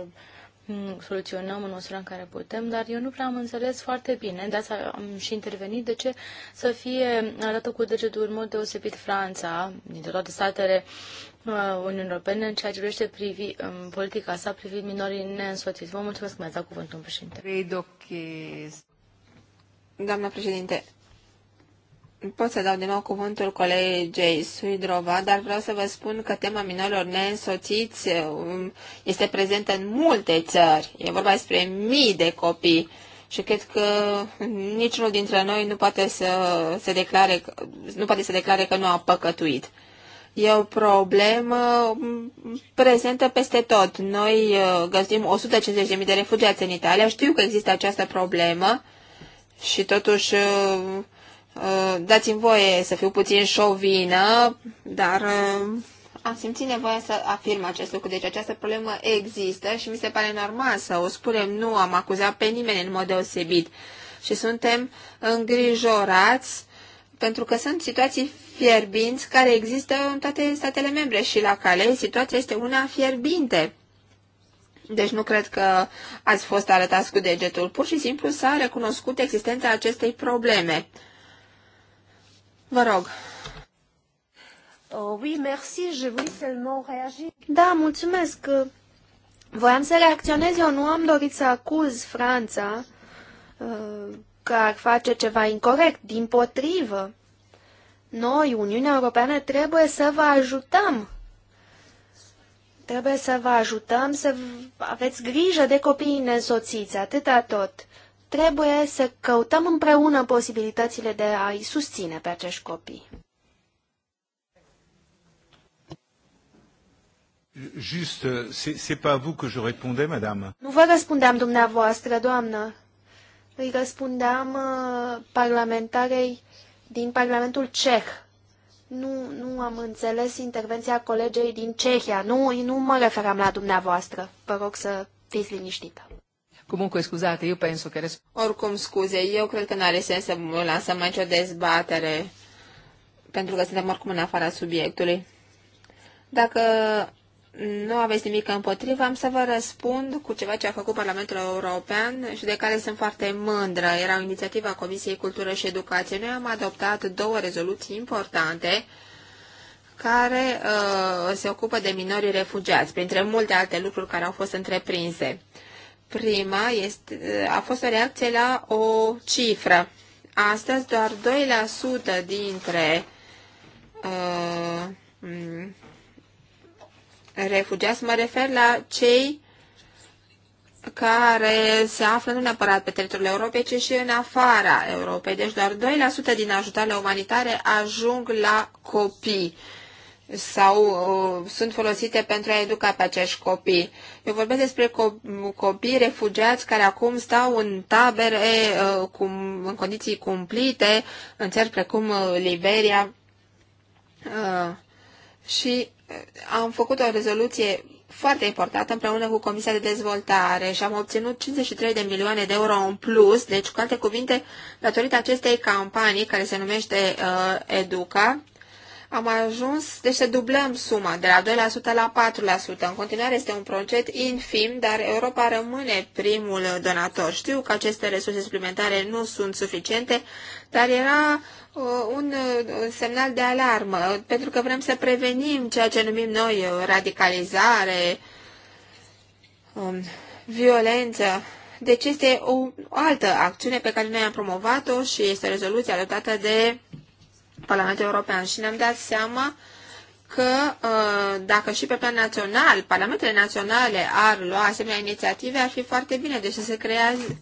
soluționăm în măsura în care putem, dar eu nu prea am înțeles foarte bine, de asta am și intervenit, de ce să fie arată cu degetul în mod deosebit Franța, dintre toate statele uh, Uniunii Europene, în ceea ce privește privi, în um, politica sa privind minorii neînsoțiți. Vă mulțumesc că mi-ați dat cuvântul, președinte. Doamna președinte, pot să dau din nou cuvântul colegei Suidrova, dar vreau să vă spun că tema minorilor neînsoțiți um, este prezentă în multe țări. E vorba despre mii de copii și cred că niciunul dintre noi nu poate să se declare, nu poate să declare că nu a păcătuit. E o problemă um, prezentă peste tot. Noi uh, găsim 150.000 de refugiați în Italia, știu că există această problemă și totuși uh, Uh, dați-mi voie să fiu puțin șovină, dar uh, am simțit nevoia să afirm acest lucru. Deci această problemă există și mi se pare normal să o spunem. Nu am acuzat pe nimeni în mod deosebit și suntem îngrijorați pentru că sunt situații fierbinți care există în toate statele membre și la cale situația este una fierbinte. Deci nu cred că ați fost arătați cu degetul, pur și simplu s-a recunoscut existența acestei probleme. Vă rog. Oh, oui, merci, je voulais seulement réagir. Da, mulțumesc. Voiam să reacționez, eu nu am dorit să acuz Franța uh, că ar face ceva incorrect, din potrivă. Noi, Uniunea Europeană, trebuie să vă ajutăm. Trebuie să vă ajutăm să aveți grijă de copiii nesoțiți, atâta tot. Trebuie să căutăm împreună posibilitățile de a-i susține pe acești copii. Just, c'est pas vous que je répondais, madame. Nu vă răspundeam dumneavoastră, doamnă. Îi răspundeam uh, parlamentarei din Parlamentul Ceh. Nu, nu am înțeles intervenția colegei din Cehia. Nu, nu mă referam la dumneavoastră. Vă rog să fiți liniștită. Comunque, scusate, eu penso că... Oricum, scuze, eu cred că nu are sens să lansăm aici o dezbatere, pentru că suntem oricum în afara subiectului. Dacă nu aveți nimic împotrivă, am să vă răspund cu ceva ce a făcut Parlamentul European și de care sunt foarte mândră. Era o inițiativă a Comisiei Cultură și Educație. Noi am adoptat două rezoluții importante care uh, se ocupă de minorii refugiați, printre multe alte lucruri care au fost întreprinse. Prima este, a fost o reacție la o cifră. Astăzi doar 2% dintre uh, refugiați, mă refer la cei care se află nu neapărat pe teritoriul Europei, ci și în afara Europei. Deci doar 2% din ajutoarele umanitare ajung la copii sau uh, sunt folosite pentru a educa pe acești copii. Eu vorbesc despre co- copii refugiați care acum stau în tabere uh, cum, în condiții cumplite, în țări precum uh, Liberia. Uh, și uh, am făcut o rezoluție foarte importantă împreună cu Comisia de Dezvoltare și am obținut 53 de milioane de euro în plus, deci cu alte cuvinte, datorită acestei campanii care se numește uh, Educa, am ajuns, deci să dublăm suma de la 2% la 4%. În continuare este un proiect infim, dar Europa rămâne primul donator. Știu că aceste resurse suplimentare nu sunt suficiente, dar era uh, un uh, semnal de alarmă, pentru că vrem să prevenim ceea ce numim noi radicalizare, um, violență. Deci este o altă acțiune pe care noi am promovat-o și este rezoluția adoptată de Parlamentul European și ne-am dat seama că uh, dacă și pe plan național, parlamentele naționale ar lua asemenea inițiative, ar fi foarte bine. Deci să se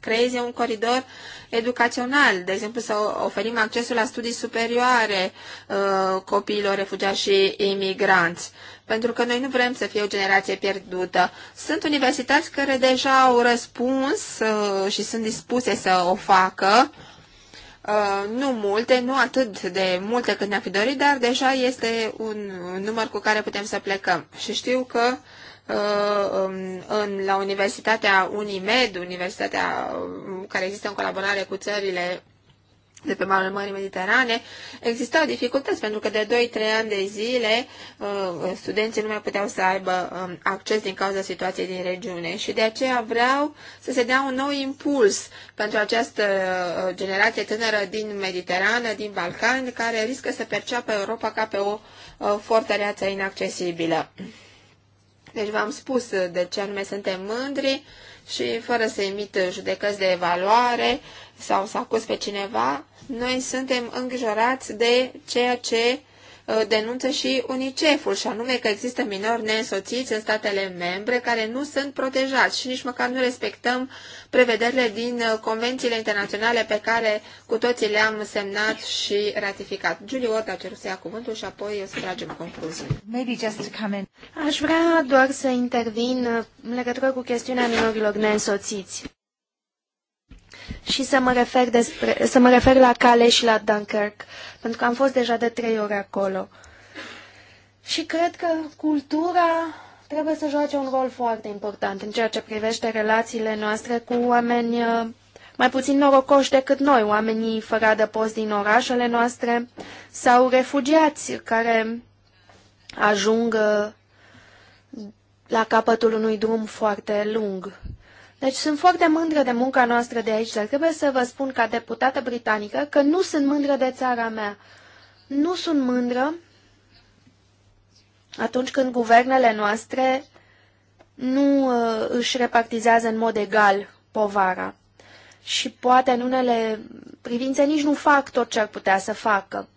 creeze un coridor educațional, de exemplu să oferim accesul la studii superioare uh, copiilor refugiați și imigranți. Pentru că noi nu vrem să fie o generație pierdută. Sunt universități care deja au răspuns uh, și sunt dispuse să o facă Uh, nu multe, nu atât de multe cât ne-am fi dorit, dar deja este un număr cu care putem să plecăm. Și știu că uh, um, în, la Universitatea Unimed, universitatea um, care există în colaborare cu țările de pe malul Mării Mediterane, existau dificultăți pentru că de 2-3 ani de zile uh, studenții nu mai puteau să aibă um, acces din cauza situației din regiune și de aceea vreau să se dea un nou impuls pentru această uh, generație tânără din Mediterană, din Balcani, care riscă să perceapă Europa ca pe o uh, fortăreață inaccesibilă. Deci v-am spus de ce anume suntem mândri și fără să emit judecăți de evaluare sau să acuz pe cineva, noi suntem îngrijorați de ceea ce uh, denunță și UNICEF-ul, și anume că există minori neînsoțiți în statele membre care nu sunt protejați și nici măcar nu respectăm prevederile din uh, convențiile internaționale pe care cu toții le-am semnat și ratificat. Julie Ward a cerut să ia cuvântul și apoi o să tragem concluzii. Maybe just come in. Aș vrea doar să intervin uh, în legătură cu chestiunea minorilor neînsoțiți și să mă, refer despre, să mă refer la Cale și la Dunkirk, pentru că am fost deja de trei ori acolo. Și cred că cultura trebuie să joace un rol foarte important în ceea ce privește relațiile noastre cu oameni uh, mai puțin norocoși decât noi, oamenii fără adăpost din orașele noastre sau refugiați care ajung uh, la capătul unui drum foarte lung. Deci sunt foarte mândră de munca noastră de aici, dar trebuie să vă spun ca deputată britanică că nu sunt mândră de țara mea. Nu sunt mândră atunci când guvernele noastre nu uh, își repartizează în mod egal povara. Și poate în unele privințe nici nu fac tot ce ar putea să facă.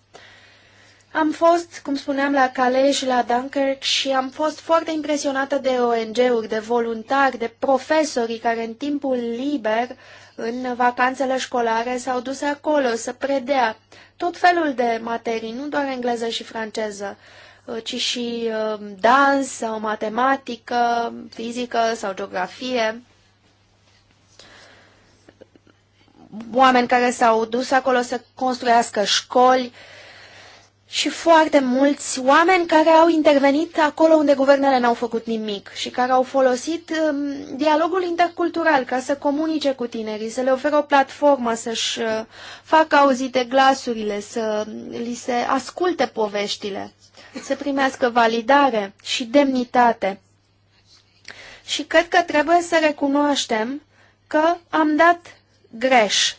Am fost, cum spuneam, la Calais și la Dunkirk și am fost foarte impresionată de ONG-uri, de voluntari, de profesorii care în timpul liber, în vacanțele școlare, s-au dus acolo să predea tot felul de materii, nu doar engleză și franceză, ci și uh, dans sau matematică, fizică sau geografie. Oameni care s-au dus acolo să construiască școli, și foarte mulți oameni care au intervenit acolo unde guvernele n-au făcut nimic și care au folosit um, dialogul intercultural ca să comunice cu tinerii, să le oferă o platformă, să-și uh, facă auzite glasurile, să li se asculte poveștile, să primească validare și demnitate. Și cred că trebuie să recunoaștem că am dat greș.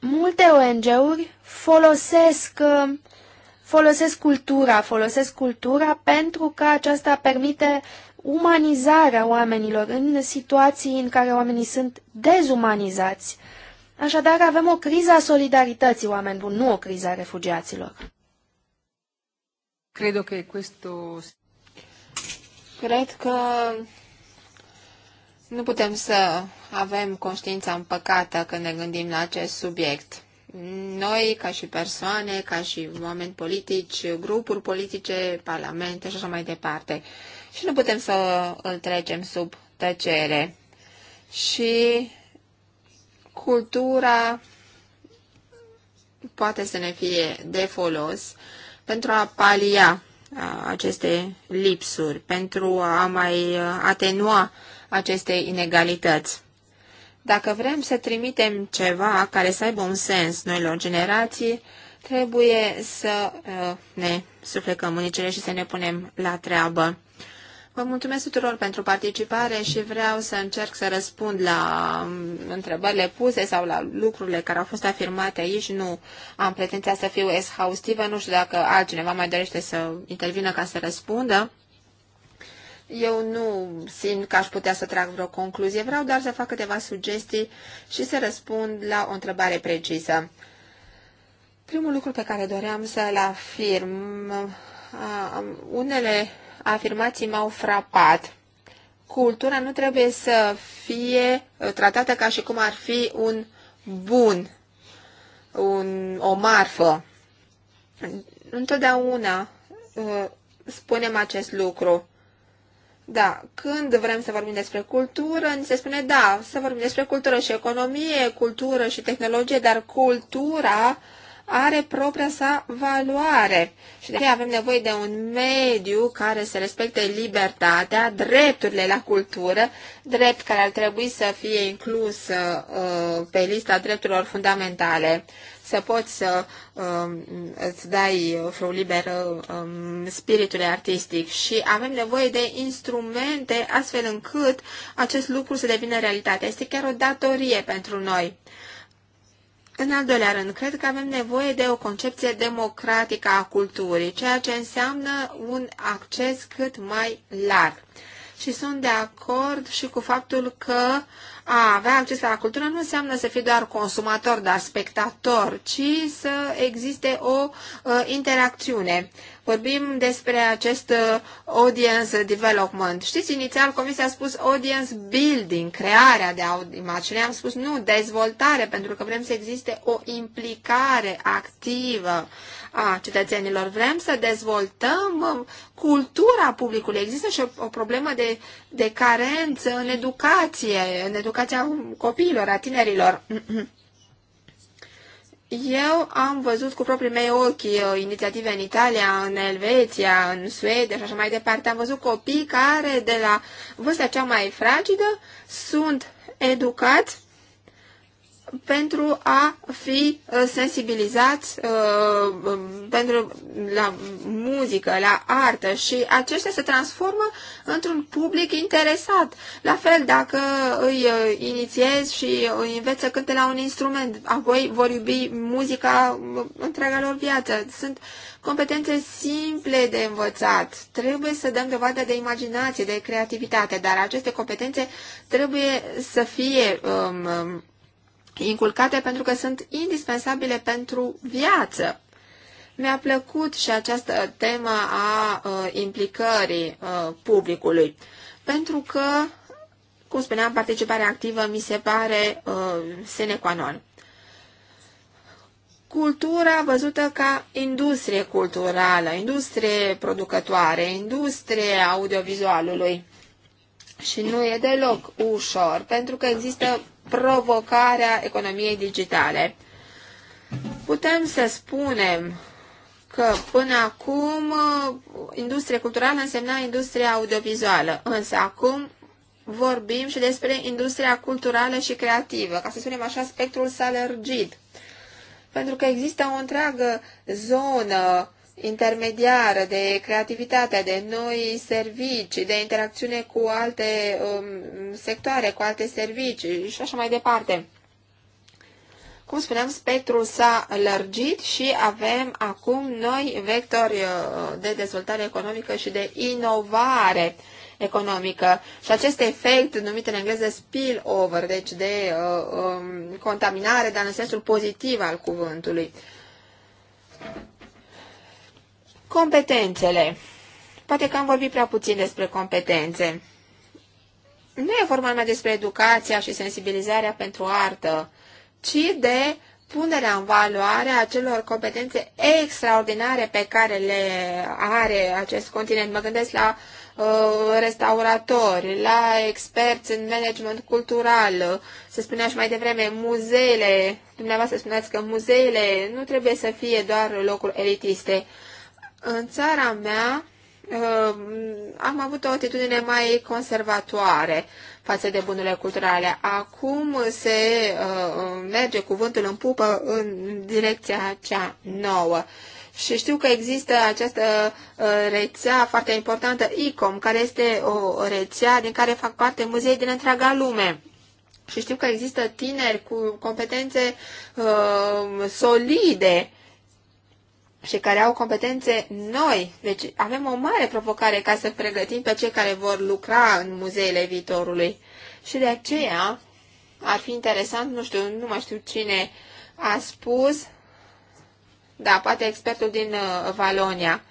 Multe ONG-uri folosesc, uh, folosesc cultura, folosesc cultura pentru că aceasta permite umanizarea oamenilor în situații în care oamenii sunt dezumanizați. Așadar, avem o criză a solidarității, oameni buni, nu o criză a refugiaților. Cred că questo... Cred că nu putem să avem conștiința împăcată când ne gândim la acest subiect noi, ca și persoane, ca și oameni politici, grupuri politice, parlamente și așa mai departe. Și nu putem să îl trecem sub tăcere. Și cultura poate să ne fie de folos pentru a palia aceste lipsuri, pentru a mai atenua aceste inegalități. Dacă vrem să trimitem ceva care să aibă un sens noilor generații, trebuie să uh, ne suflecăm unicele și să ne punem la treabă. Vă mulțumesc tuturor pentru participare și vreau să încerc să răspund la um, întrebările puse sau la lucrurile care au fost afirmate aici. Nu am pretenția să fiu exhaustivă, nu știu dacă altcineva mai dorește să intervină ca să răspundă. Eu nu simt că aș putea să trag vreo concluzie, vreau doar să fac câteva sugestii și să răspund la o întrebare precisă. Primul lucru pe care doream să-l afirm, unele afirmații m-au frapat. Cultura nu trebuie să fie uh, tratată ca și cum ar fi un bun, un, o marfă. Întotdeauna uh, spunem acest lucru. Da, când vrem să vorbim despre cultură, ni se spune, da, să vorbim despre cultură și economie, cultură și tehnologie, dar cultura are propria sa valoare și de aceea avem nevoie de un mediu care să respecte libertatea, drepturile la cultură, drept care ar trebui să fie inclus uh, pe lista drepturilor fundamentale să poți să uh, îți dai frâu liber uh, spiritului artistic și avem nevoie de instrumente astfel încât acest lucru să devină realitate. Este chiar o datorie pentru noi. În al doilea rând, cred că avem nevoie de o concepție democratică a culturii, ceea ce înseamnă un acces cât mai larg. Și sunt de acord și cu faptul că uh, a avea acces la cultură nu înseamnă să fii doar consumator, dar spectator, ci să existe o uh, interacțiune. Vorbim despre acest uh, audience development. Știți, inițial Comisia a spus audience building, crearea de imagine. Am spus nu, dezvoltare, pentru că vrem să existe o implicare activă a cetățenilor. Vrem să dezvoltăm uh, cultura publicului. Există și o, o problemă de, de carență în educație, în educația copiilor, a tinerilor. [CLEARS THROAT] Eu am văzut cu proprii mei ochi uh, inițiative în Italia, în Elveția, în Suedia și așa mai departe. Am văzut copii care de la vârsta cea mai fragidă sunt educați pentru a fi uh, sensibilizați uh, um, pentru la muzică, la artă și aceștia se transformă într-un public interesat. La fel, dacă îi uh, inițiezi și îi înveți să cânte la un instrument, apoi vor iubi muzica uh, întreaga lor viață. Sunt competențe simple de învățat. Trebuie să dăm dovadă de imaginație, de creativitate, dar aceste competențe trebuie să fie um, um inculcate pentru că sunt indispensabile pentru viață. Mi-a plăcut și această temă a uh, implicării uh, publicului, pentru că, cum spuneam, participarea activă mi se pare uh, sine qua non. Cultura văzută ca industrie culturală, industrie producătoare, industrie audiovizualului. Și nu e deloc ușor, pentru că există provocarea economiei digitale. Putem să spunem că până acum uh, industria culturală însemna industria audiovizuală, însă acum vorbim și despre industria culturală și creativă, ca să spunem așa, spectrul s-a lărgit. Pentru că există o întreagă zonă intermediară, de creativitate, de noi servicii, de interacțiune cu alte um, sectoare, cu alte servicii și așa mai departe. Cum spuneam, spectrul s-a lărgit și avem acum noi vectori uh, de dezvoltare economică și de inovare economică și acest efect numit în engleză spillover, deci de uh, um, contaminare, dar în sensul pozitiv al cuvântului. Competențele. Poate că am vorbit prea puțin despre competențe. Nu e vorba numai despre educația și sensibilizarea pentru artă, ci de punerea în valoare a celor competențe extraordinare pe care le are acest continent. Mă gândesc la uh, restauratori, la experți în management cultural, se spunea și mai devreme, muzeele, dumneavoastră spuneați că muzeele nu trebuie să fie doar locuri elitiste, în țara mea um, am avut o atitudine mai conservatoare față de bunurile culturale. Acum se uh, merge cuvântul în pupă în direcția cea nouă. Și știu că există această uh, rețea foarte importantă, ICOM, care este o rețea din care fac parte muzei din întreaga lume. Și știu că există tineri cu competențe uh, solide și care au competențe noi. Deci avem o mare provocare ca să pregătim pe cei care vor lucra în muzeele viitorului. Și de aceea ar fi interesant, nu știu, nu mai știu cine a spus, da, poate expertul din uh, Valonia.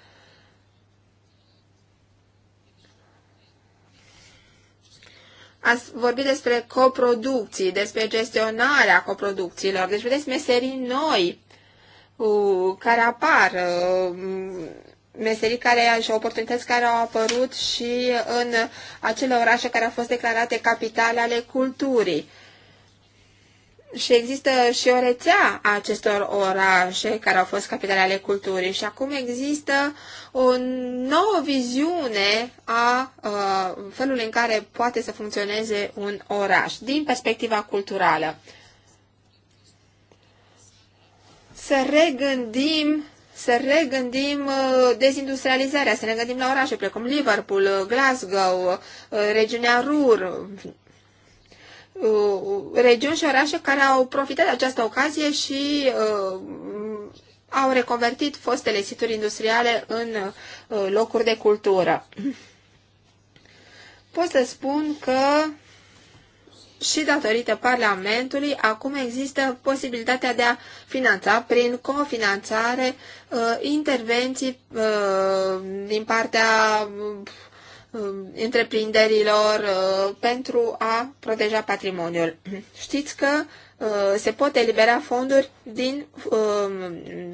Ați vorbit despre coproducții, despre gestionarea coproducțiilor, deci vedeți meserii noi care apar, uh, meserii care și oportunități care au apărut și în acele orașe care au fost declarate capitale ale culturii. Și există și o rețea a acestor orașe care au fost capitale ale culturii și acum există o nouă viziune a, a uh, felului în care poate să funcționeze un oraș din perspectiva culturală. să regândim să regândim uh, dezindustrializarea, să ne gândim la orașe precum Liverpool, uh, Glasgow, uh, regiunea Rur, regiuni și orașe care au profitat de această ocazie și au reconvertit fostele situri industriale în locuri de cultură. Pot să spun că și datorită Parlamentului, acum există posibilitatea de a finanța prin cofinanțare uh, intervenții uh, din partea uh, întreprinderilor pentru a proteja patrimoniul. Știți că se pot elibera fonduri din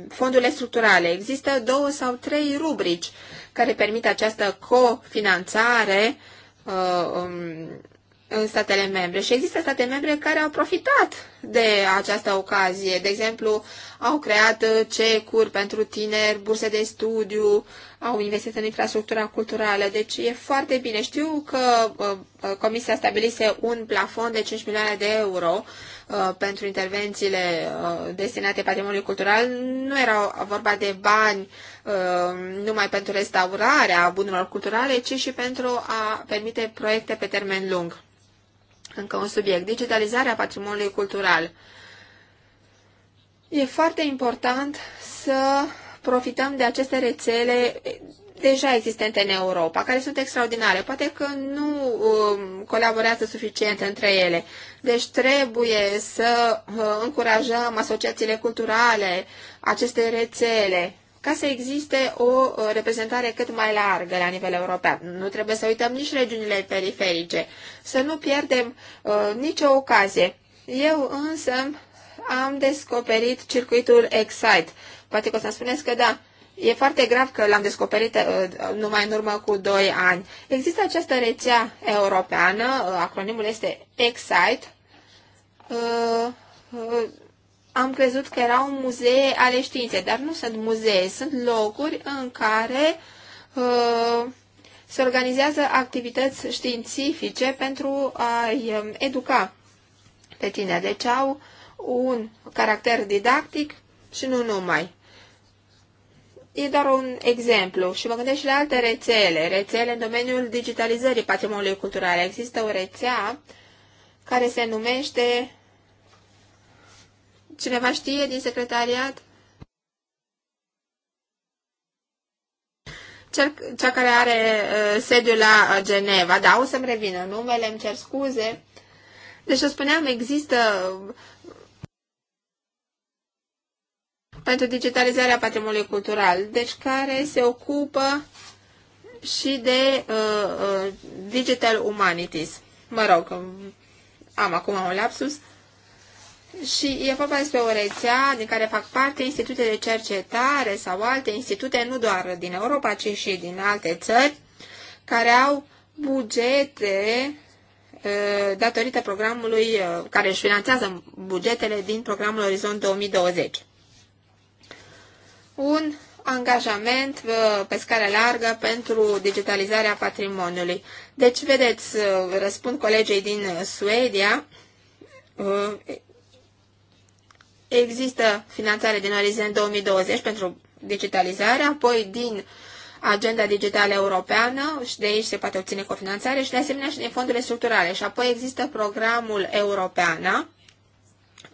fondurile structurale. Există două sau trei rubrici care permit această cofinanțare um, în statele membre și există state membre care au profitat de această ocazie. De exemplu, au creat uh, cecuri pentru tineri, burse de studiu, au investit în infrastructura culturală. Deci e foarte bine. Știu că uh, uh, Comisia stabilise un plafon de 5 milioane de euro pentru intervențiile destinate patrimoniului cultural. Nu era vorba de bani numai pentru restaurarea bunurilor culturale, ci și pentru a permite proiecte pe termen lung încă un subiect, digitalizarea patrimoniului cultural. E foarte important să profităm de aceste rețele deja existente în Europa, care sunt extraordinare. Poate că nu um, colaborează suficient între ele. Deci trebuie să uh, încurajăm asociațiile culturale, aceste rețele, ca să existe o uh, reprezentare cât mai largă la nivel european. Nu trebuie să uităm nici regiunile periferice, să nu pierdem uh, nicio ocazie. Eu însă am descoperit circuitul Excite. Poate că o să spuneți că da, e foarte grav că l-am descoperit uh, numai în urmă cu 2 ani. Există această rețea europeană, uh, acronimul este Excite, uh, uh am crezut că erau muzee ale științei, dar nu sunt muzee, sunt locuri în care uh, se organizează activități științifice pentru a-i um, educa pe tine. Deci au un caracter didactic și nu numai. E doar un exemplu și mă gândesc și la alte rețele, rețele în domeniul digitalizării patrimoniului cultural. Există o rețea care se numește Cineva știe din secretariat? Cel, cea care are uh, sediul la uh, Geneva, da, o să-mi revină numele, îmi cer scuze. Deci, o spuneam, există uh, pentru digitalizarea patrimoniului cultural, deci care se ocupă și de uh, uh, Digital Humanities. Mă rog, am acum un lapsus. Și e vorba despre o rețea din care fac parte institute de cercetare sau alte institute, nu doar din Europa, ci și din alte țări, care au bugete datorită programului care își finanțează bugetele din programul Orizont 2020. Un angajament pe scară largă pentru digitalizarea patrimoniului. Deci, vedeți, răspund colegii din Suedia, Există finanțare din Orizont 2020 pentru digitalizare, apoi din Agenda Digitală Europeană și de aici se poate obține cofinanțare și de asemenea și din fondurile structurale. Și apoi există programul european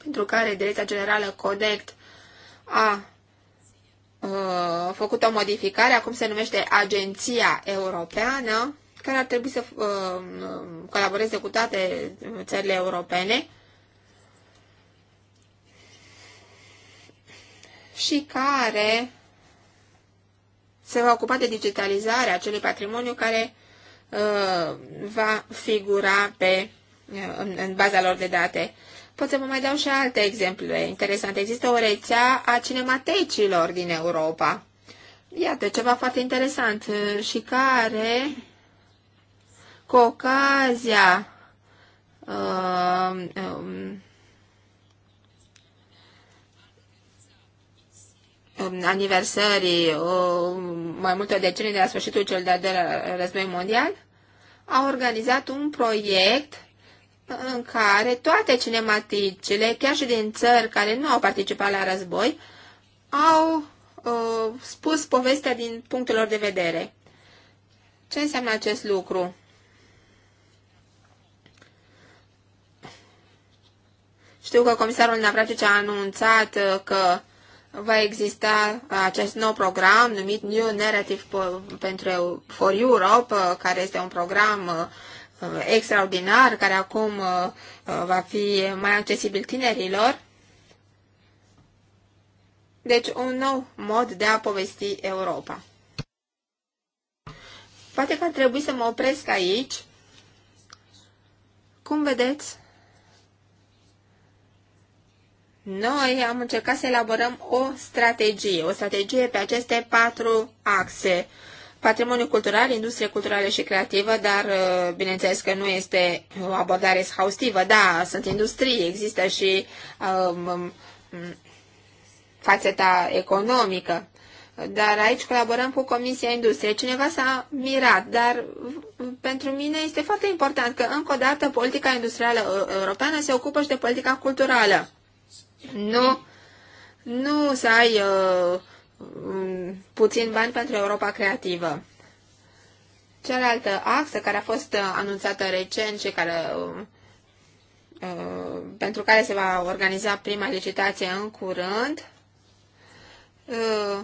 pentru care Direcția Generală Codect a uh, făcut o modificare, acum se numește Agenția Europeană, care ar trebui să uh, colaboreze cu toate uh, țările europene și care se va ocupa de digitalizarea acelui patrimoniu care uh, va figura pe, uh, în, în baza lor de date. Pot să vă mai dau și alte exemple interesante. Există o rețea a cinematecilor din Europa. Iată, ceva foarte interesant uh, și care, cu ocazia uh, um, Um, aniversării mai multe decenii de la sfârșitul cel de-al doilea război mondial, a organizat un proiect în care toate cinematicile, chiar și din țări care nu au participat la război, au uh, spus povestea din punctul lor de vedere. Ce înseamnă acest lucru? Știu că comisarul Navracic a anunțat uh, că va exista acest nou program numit New Narrative pentru for Europe, care este un program uh, uh, extraordinar, care acum uh, va fi mai accesibil tinerilor. Deci un nou mod de a povesti Europa. Poate că ar trebui să mă opresc aici. Cum vedeți, noi am încercat să elaborăm o strategie, o strategie pe aceste patru axe. Patrimoniul cultural, industrie culturală și creativă, dar uh, bineînțeles că nu este o abordare exhaustivă. Da, sunt industrie, există și um, um fațeta economică. Dar aici colaborăm cu Comisia Industriei. Cineva s-a mirat, dar pentru mine este foarte important că, încă o dată, politica industrială uh, europeană se ocupă și de politica culturală. Nu, nu să ai uh, puțin bani pentru Europa Creativă. Cealaltă axă care a fost uh, anunțată recent și care, uh, uh, pentru care se va organiza prima licitație în curând, uh,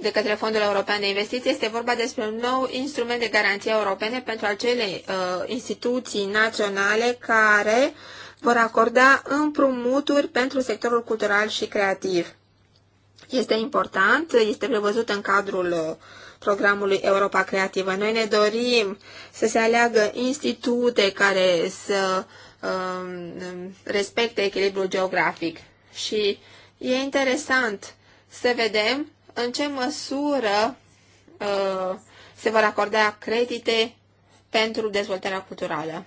de către Fondul European de Investiții este vorba despre un nou instrument de garanție europene pentru acele uh, instituții naționale care uh, vor acorda împrumuturi pentru sectorul cultural și creativ. Este important, este prevăzut în cadrul uh, programului Europa Creativă. Noi ne dorim să se aleagă institute care să um, respecte echilibrul geografic. Și e interesant să vedem în ce măsură uh, se vor acorda credite pentru dezvoltarea culturală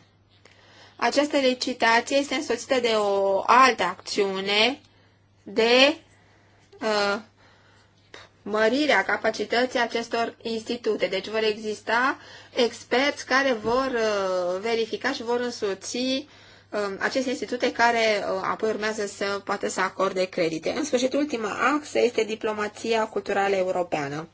această licitație este însoțită de o altă acțiune de uh, mărirea capacității acestor institute. Deci vor exista experți care vor uh, verifica și vor însoți uh, aceste institute care uh, apoi urmează să poată să acorde credite. În sfârșit, ultima axă este diplomația culturală europeană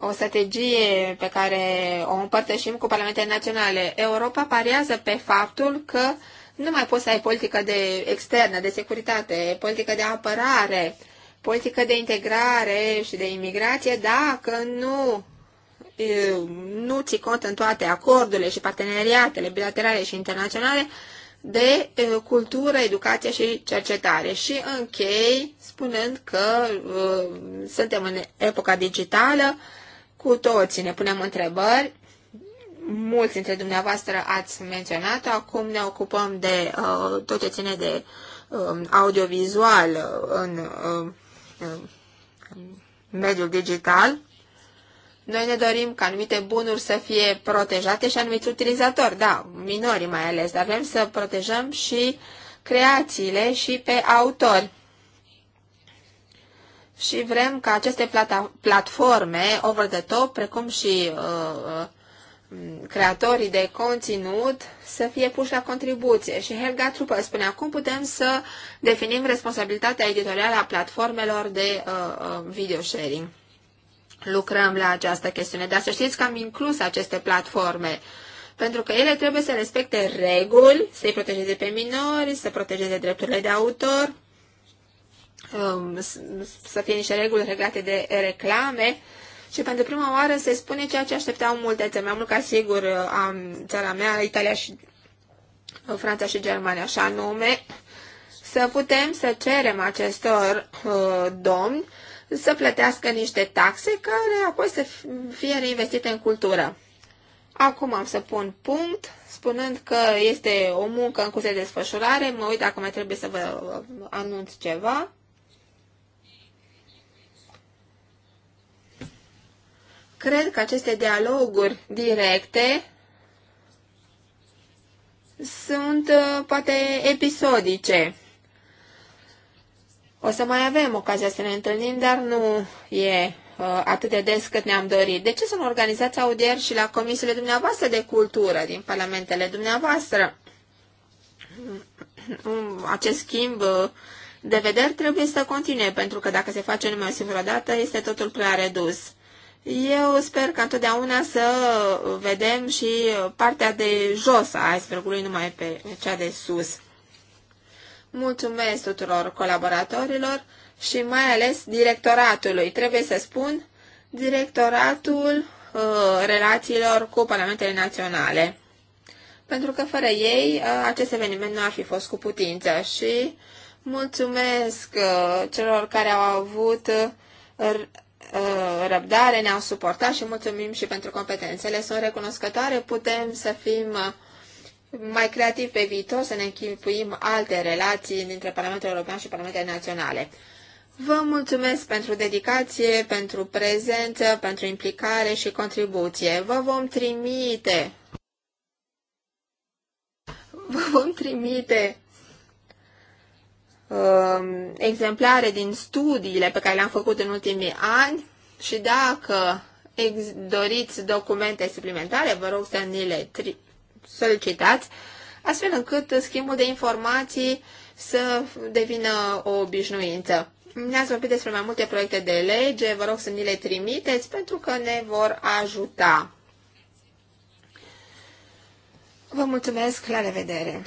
o strategie pe care o împărtășim cu parlamentele naționale. Europa pariază pe faptul că nu mai poți să ai politică de externă, de securitate, politică de apărare, politică de integrare și de imigrație dacă nu nu ți cont în toate acordurile și parteneriatele bilaterale și internaționale de cultură, educație și cercetare. Și închei spunând că uh, suntem în epoca digitală, cu toții ne punem întrebări. Mulți dintre dumneavoastră ați menționat Acum ne ocupăm de uh, tot ce ține de uh, audiovizual în uh, uh, mediul digital. Noi ne dorim ca anumite bunuri să fie protejate și anumiți utilizatori, da, minorii mai ales, dar vrem să protejăm și creațiile și pe autori și vrem ca aceste platforme over the top, precum și uh, uh, creatorii de conținut să fie puși la contribuție. Și Helga Trupă spune, acum putem să definim responsabilitatea editorială a platformelor de uh, uh, video sharing. Lucrăm la această chestiune, dar să știți că am inclus aceste platforme pentru că ele trebuie să respecte reguli, să-i protejeze pe minori, să protejeze drepturile de autor, Um, să fie niște reguli reglate de reclame și pentru prima oară se spune ceea ce așteptau multe țări, mai mult ca sigur uh, am, țara mea, Italia și uh, Franța și Germania, așa nume, să putem să cerem acestor uh, domni să plătească niște taxe care apoi să fie reinvestite în cultură. Acum am să pun punct, spunând că este o muncă în curs de desfășurare. Mă uit dacă mai trebuie să vă uh, anunț ceva. Cred că aceste dialoguri directe sunt uh, poate episodice. O să mai avem ocazia să ne întâlnim, dar nu e uh, atât de des cât ne-am dorit. De ce să nu organizați audieri și la comisiile dumneavoastră de cultură din parlamentele dumneavoastră? Mm, acest schimb uh, de vederi trebuie să continue, pentru că dacă se face numai o singură dată, este totul prea redus. Eu sper că întotdeauna să vedem și partea de jos a icebergului, numai pe cea de sus. Mulțumesc tuturor colaboratorilor și mai ales directoratului. Trebuie să spun, directoratul uh, relațiilor cu parlamentele naționale. Pentru că fără ei uh, acest eveniment nu ar fi fost cu putință și mulțumesc uh, celor care au avut uh, Uh, răbdare, ne-au suportat și mulțumim și pentru competențele. Sunt recunoscătoare, putem să fim uh, mai creativi pe viitor, să ne închipuim alte relații dintre Parlamentul European și Parlamentele Naționale. Vă mulțumesc pentru dedicație, pentru prezență, pentru implicare și contribuție. Vă vom trimite vă vom trimite Um, exemplare din studiile pe care le-am făcut în ultimii ani și dacă ex- doriți documente suplimentare, vă rog să ni le tri- solicitați, astfel încât schimbul de informații să devină o obișnuință. Ne-ați vorbit despre mai multe proiecte de lege, vă rog să ni le trimiteți pentru că ne vor ajuta. Vă mulțumesc, la revedere!